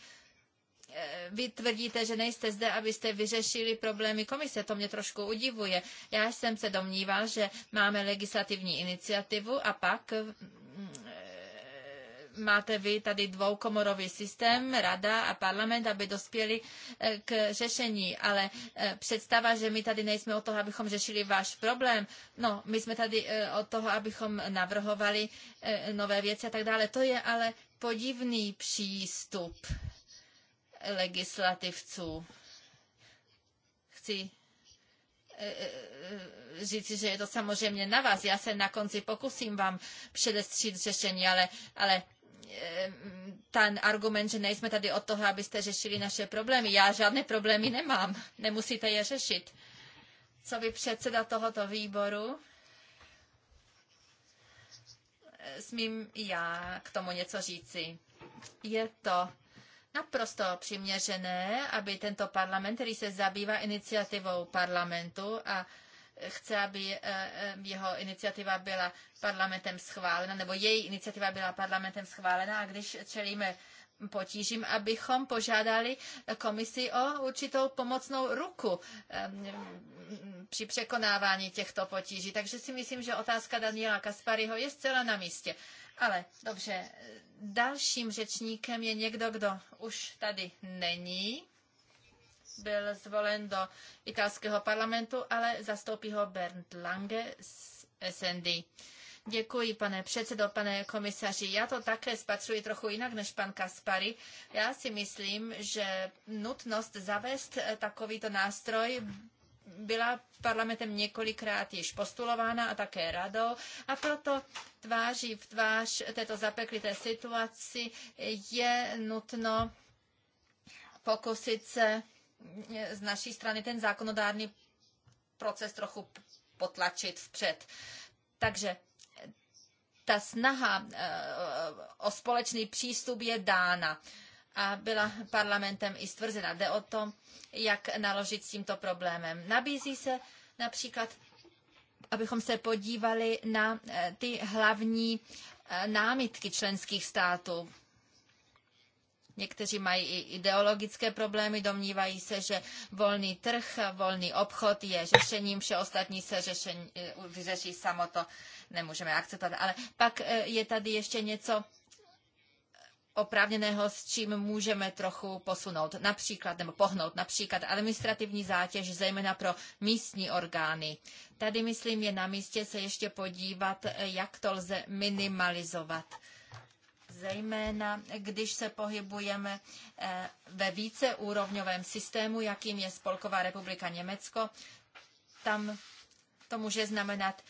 Eh, vy tvrdíte, že nejste zde, abyste vyřešili problémy komise. To mě trošku udivuje. Já jsem se domníval, že máme legislativní iniciativu a pak máte vy tady dvoukomorový systém, rada a parlament, aby dospěli eh, k řešení, ale eh, představa, že my tady nejsme o toho, abychom řešili váš problém, no, my jsme tady eh, o toho, abychom navrhovali nové věci a tak dále, to je ale podivný přístup legislativců. Chci říci, že je to samozřejmě na vás. Já se na konci pokusím vám předestřít řešení, ale, ale Eh, ten argument, že nejsme tady od toho, abyste řešili naše problémy. Já žádné problémy nemám, nemusíte je řešit. Co vy předseda tohoto výboru? Eh, smím já k tomu něco říci. Je to naprosto přiměřené, aby tento parlament, který se zabývá iniciativou parlamentu a chce, aby eh, eh, jeho iniciativa byla parlamentem schválena, nebo její iniciativa byla parlamentem schválena a když čelíme potížím, abychom požádali komisi o určitou pomocnou ruku eh, při překonávání těchto potíží. Takže si myslím, že otázka Daniela Kaspariho je zcela na místě. Ale dobře, dalším řečníkem je někdo, kdo už tady není byl zvolen do italského parlamentu, ale zastoupí ho Bernd Lange z SND. Děkuji, pane předsedo, pane komisaři. Já to také spatřuji trochu jinak než pan Kaspary. Já si myslím, že nutnost zavést takovýto nástroj byla parlamentem několikrát již postulována a také radou a proto tváří v tvář této zapeklité situaci je nutno pokusit se z naší strany ten zákonodárný proces trochu potlačit vpřed. Takže ta snaha eh, o společný přístup je dána a byla parlamentem i stvrzena. Jde o to, jak naložit s tímto problémem. Nabízí se například, abychom se podívali na eh, ty hlavní eh, námitky členských států Někteří mají i ideologické problémy, domnívají se, že volný trh, volný obchod je řešením, vše ostatní se řešení, eh, vyřeší samo, to nemůžeme akceptovat. Ale pak eh, je tady ještě něco oprávněného, s čím můžeme trochu posunout, například, nebo pohnout, například administrativní zátěž, zejména pro místní orgány. Tady, myslím, je na místě se ještě podívat, eh, jak to lze minimalizovat zejména když se pohybujeme eh, ve víceúrovňovém systému, jakým je Spolková republika Německo. Tam to může znamenat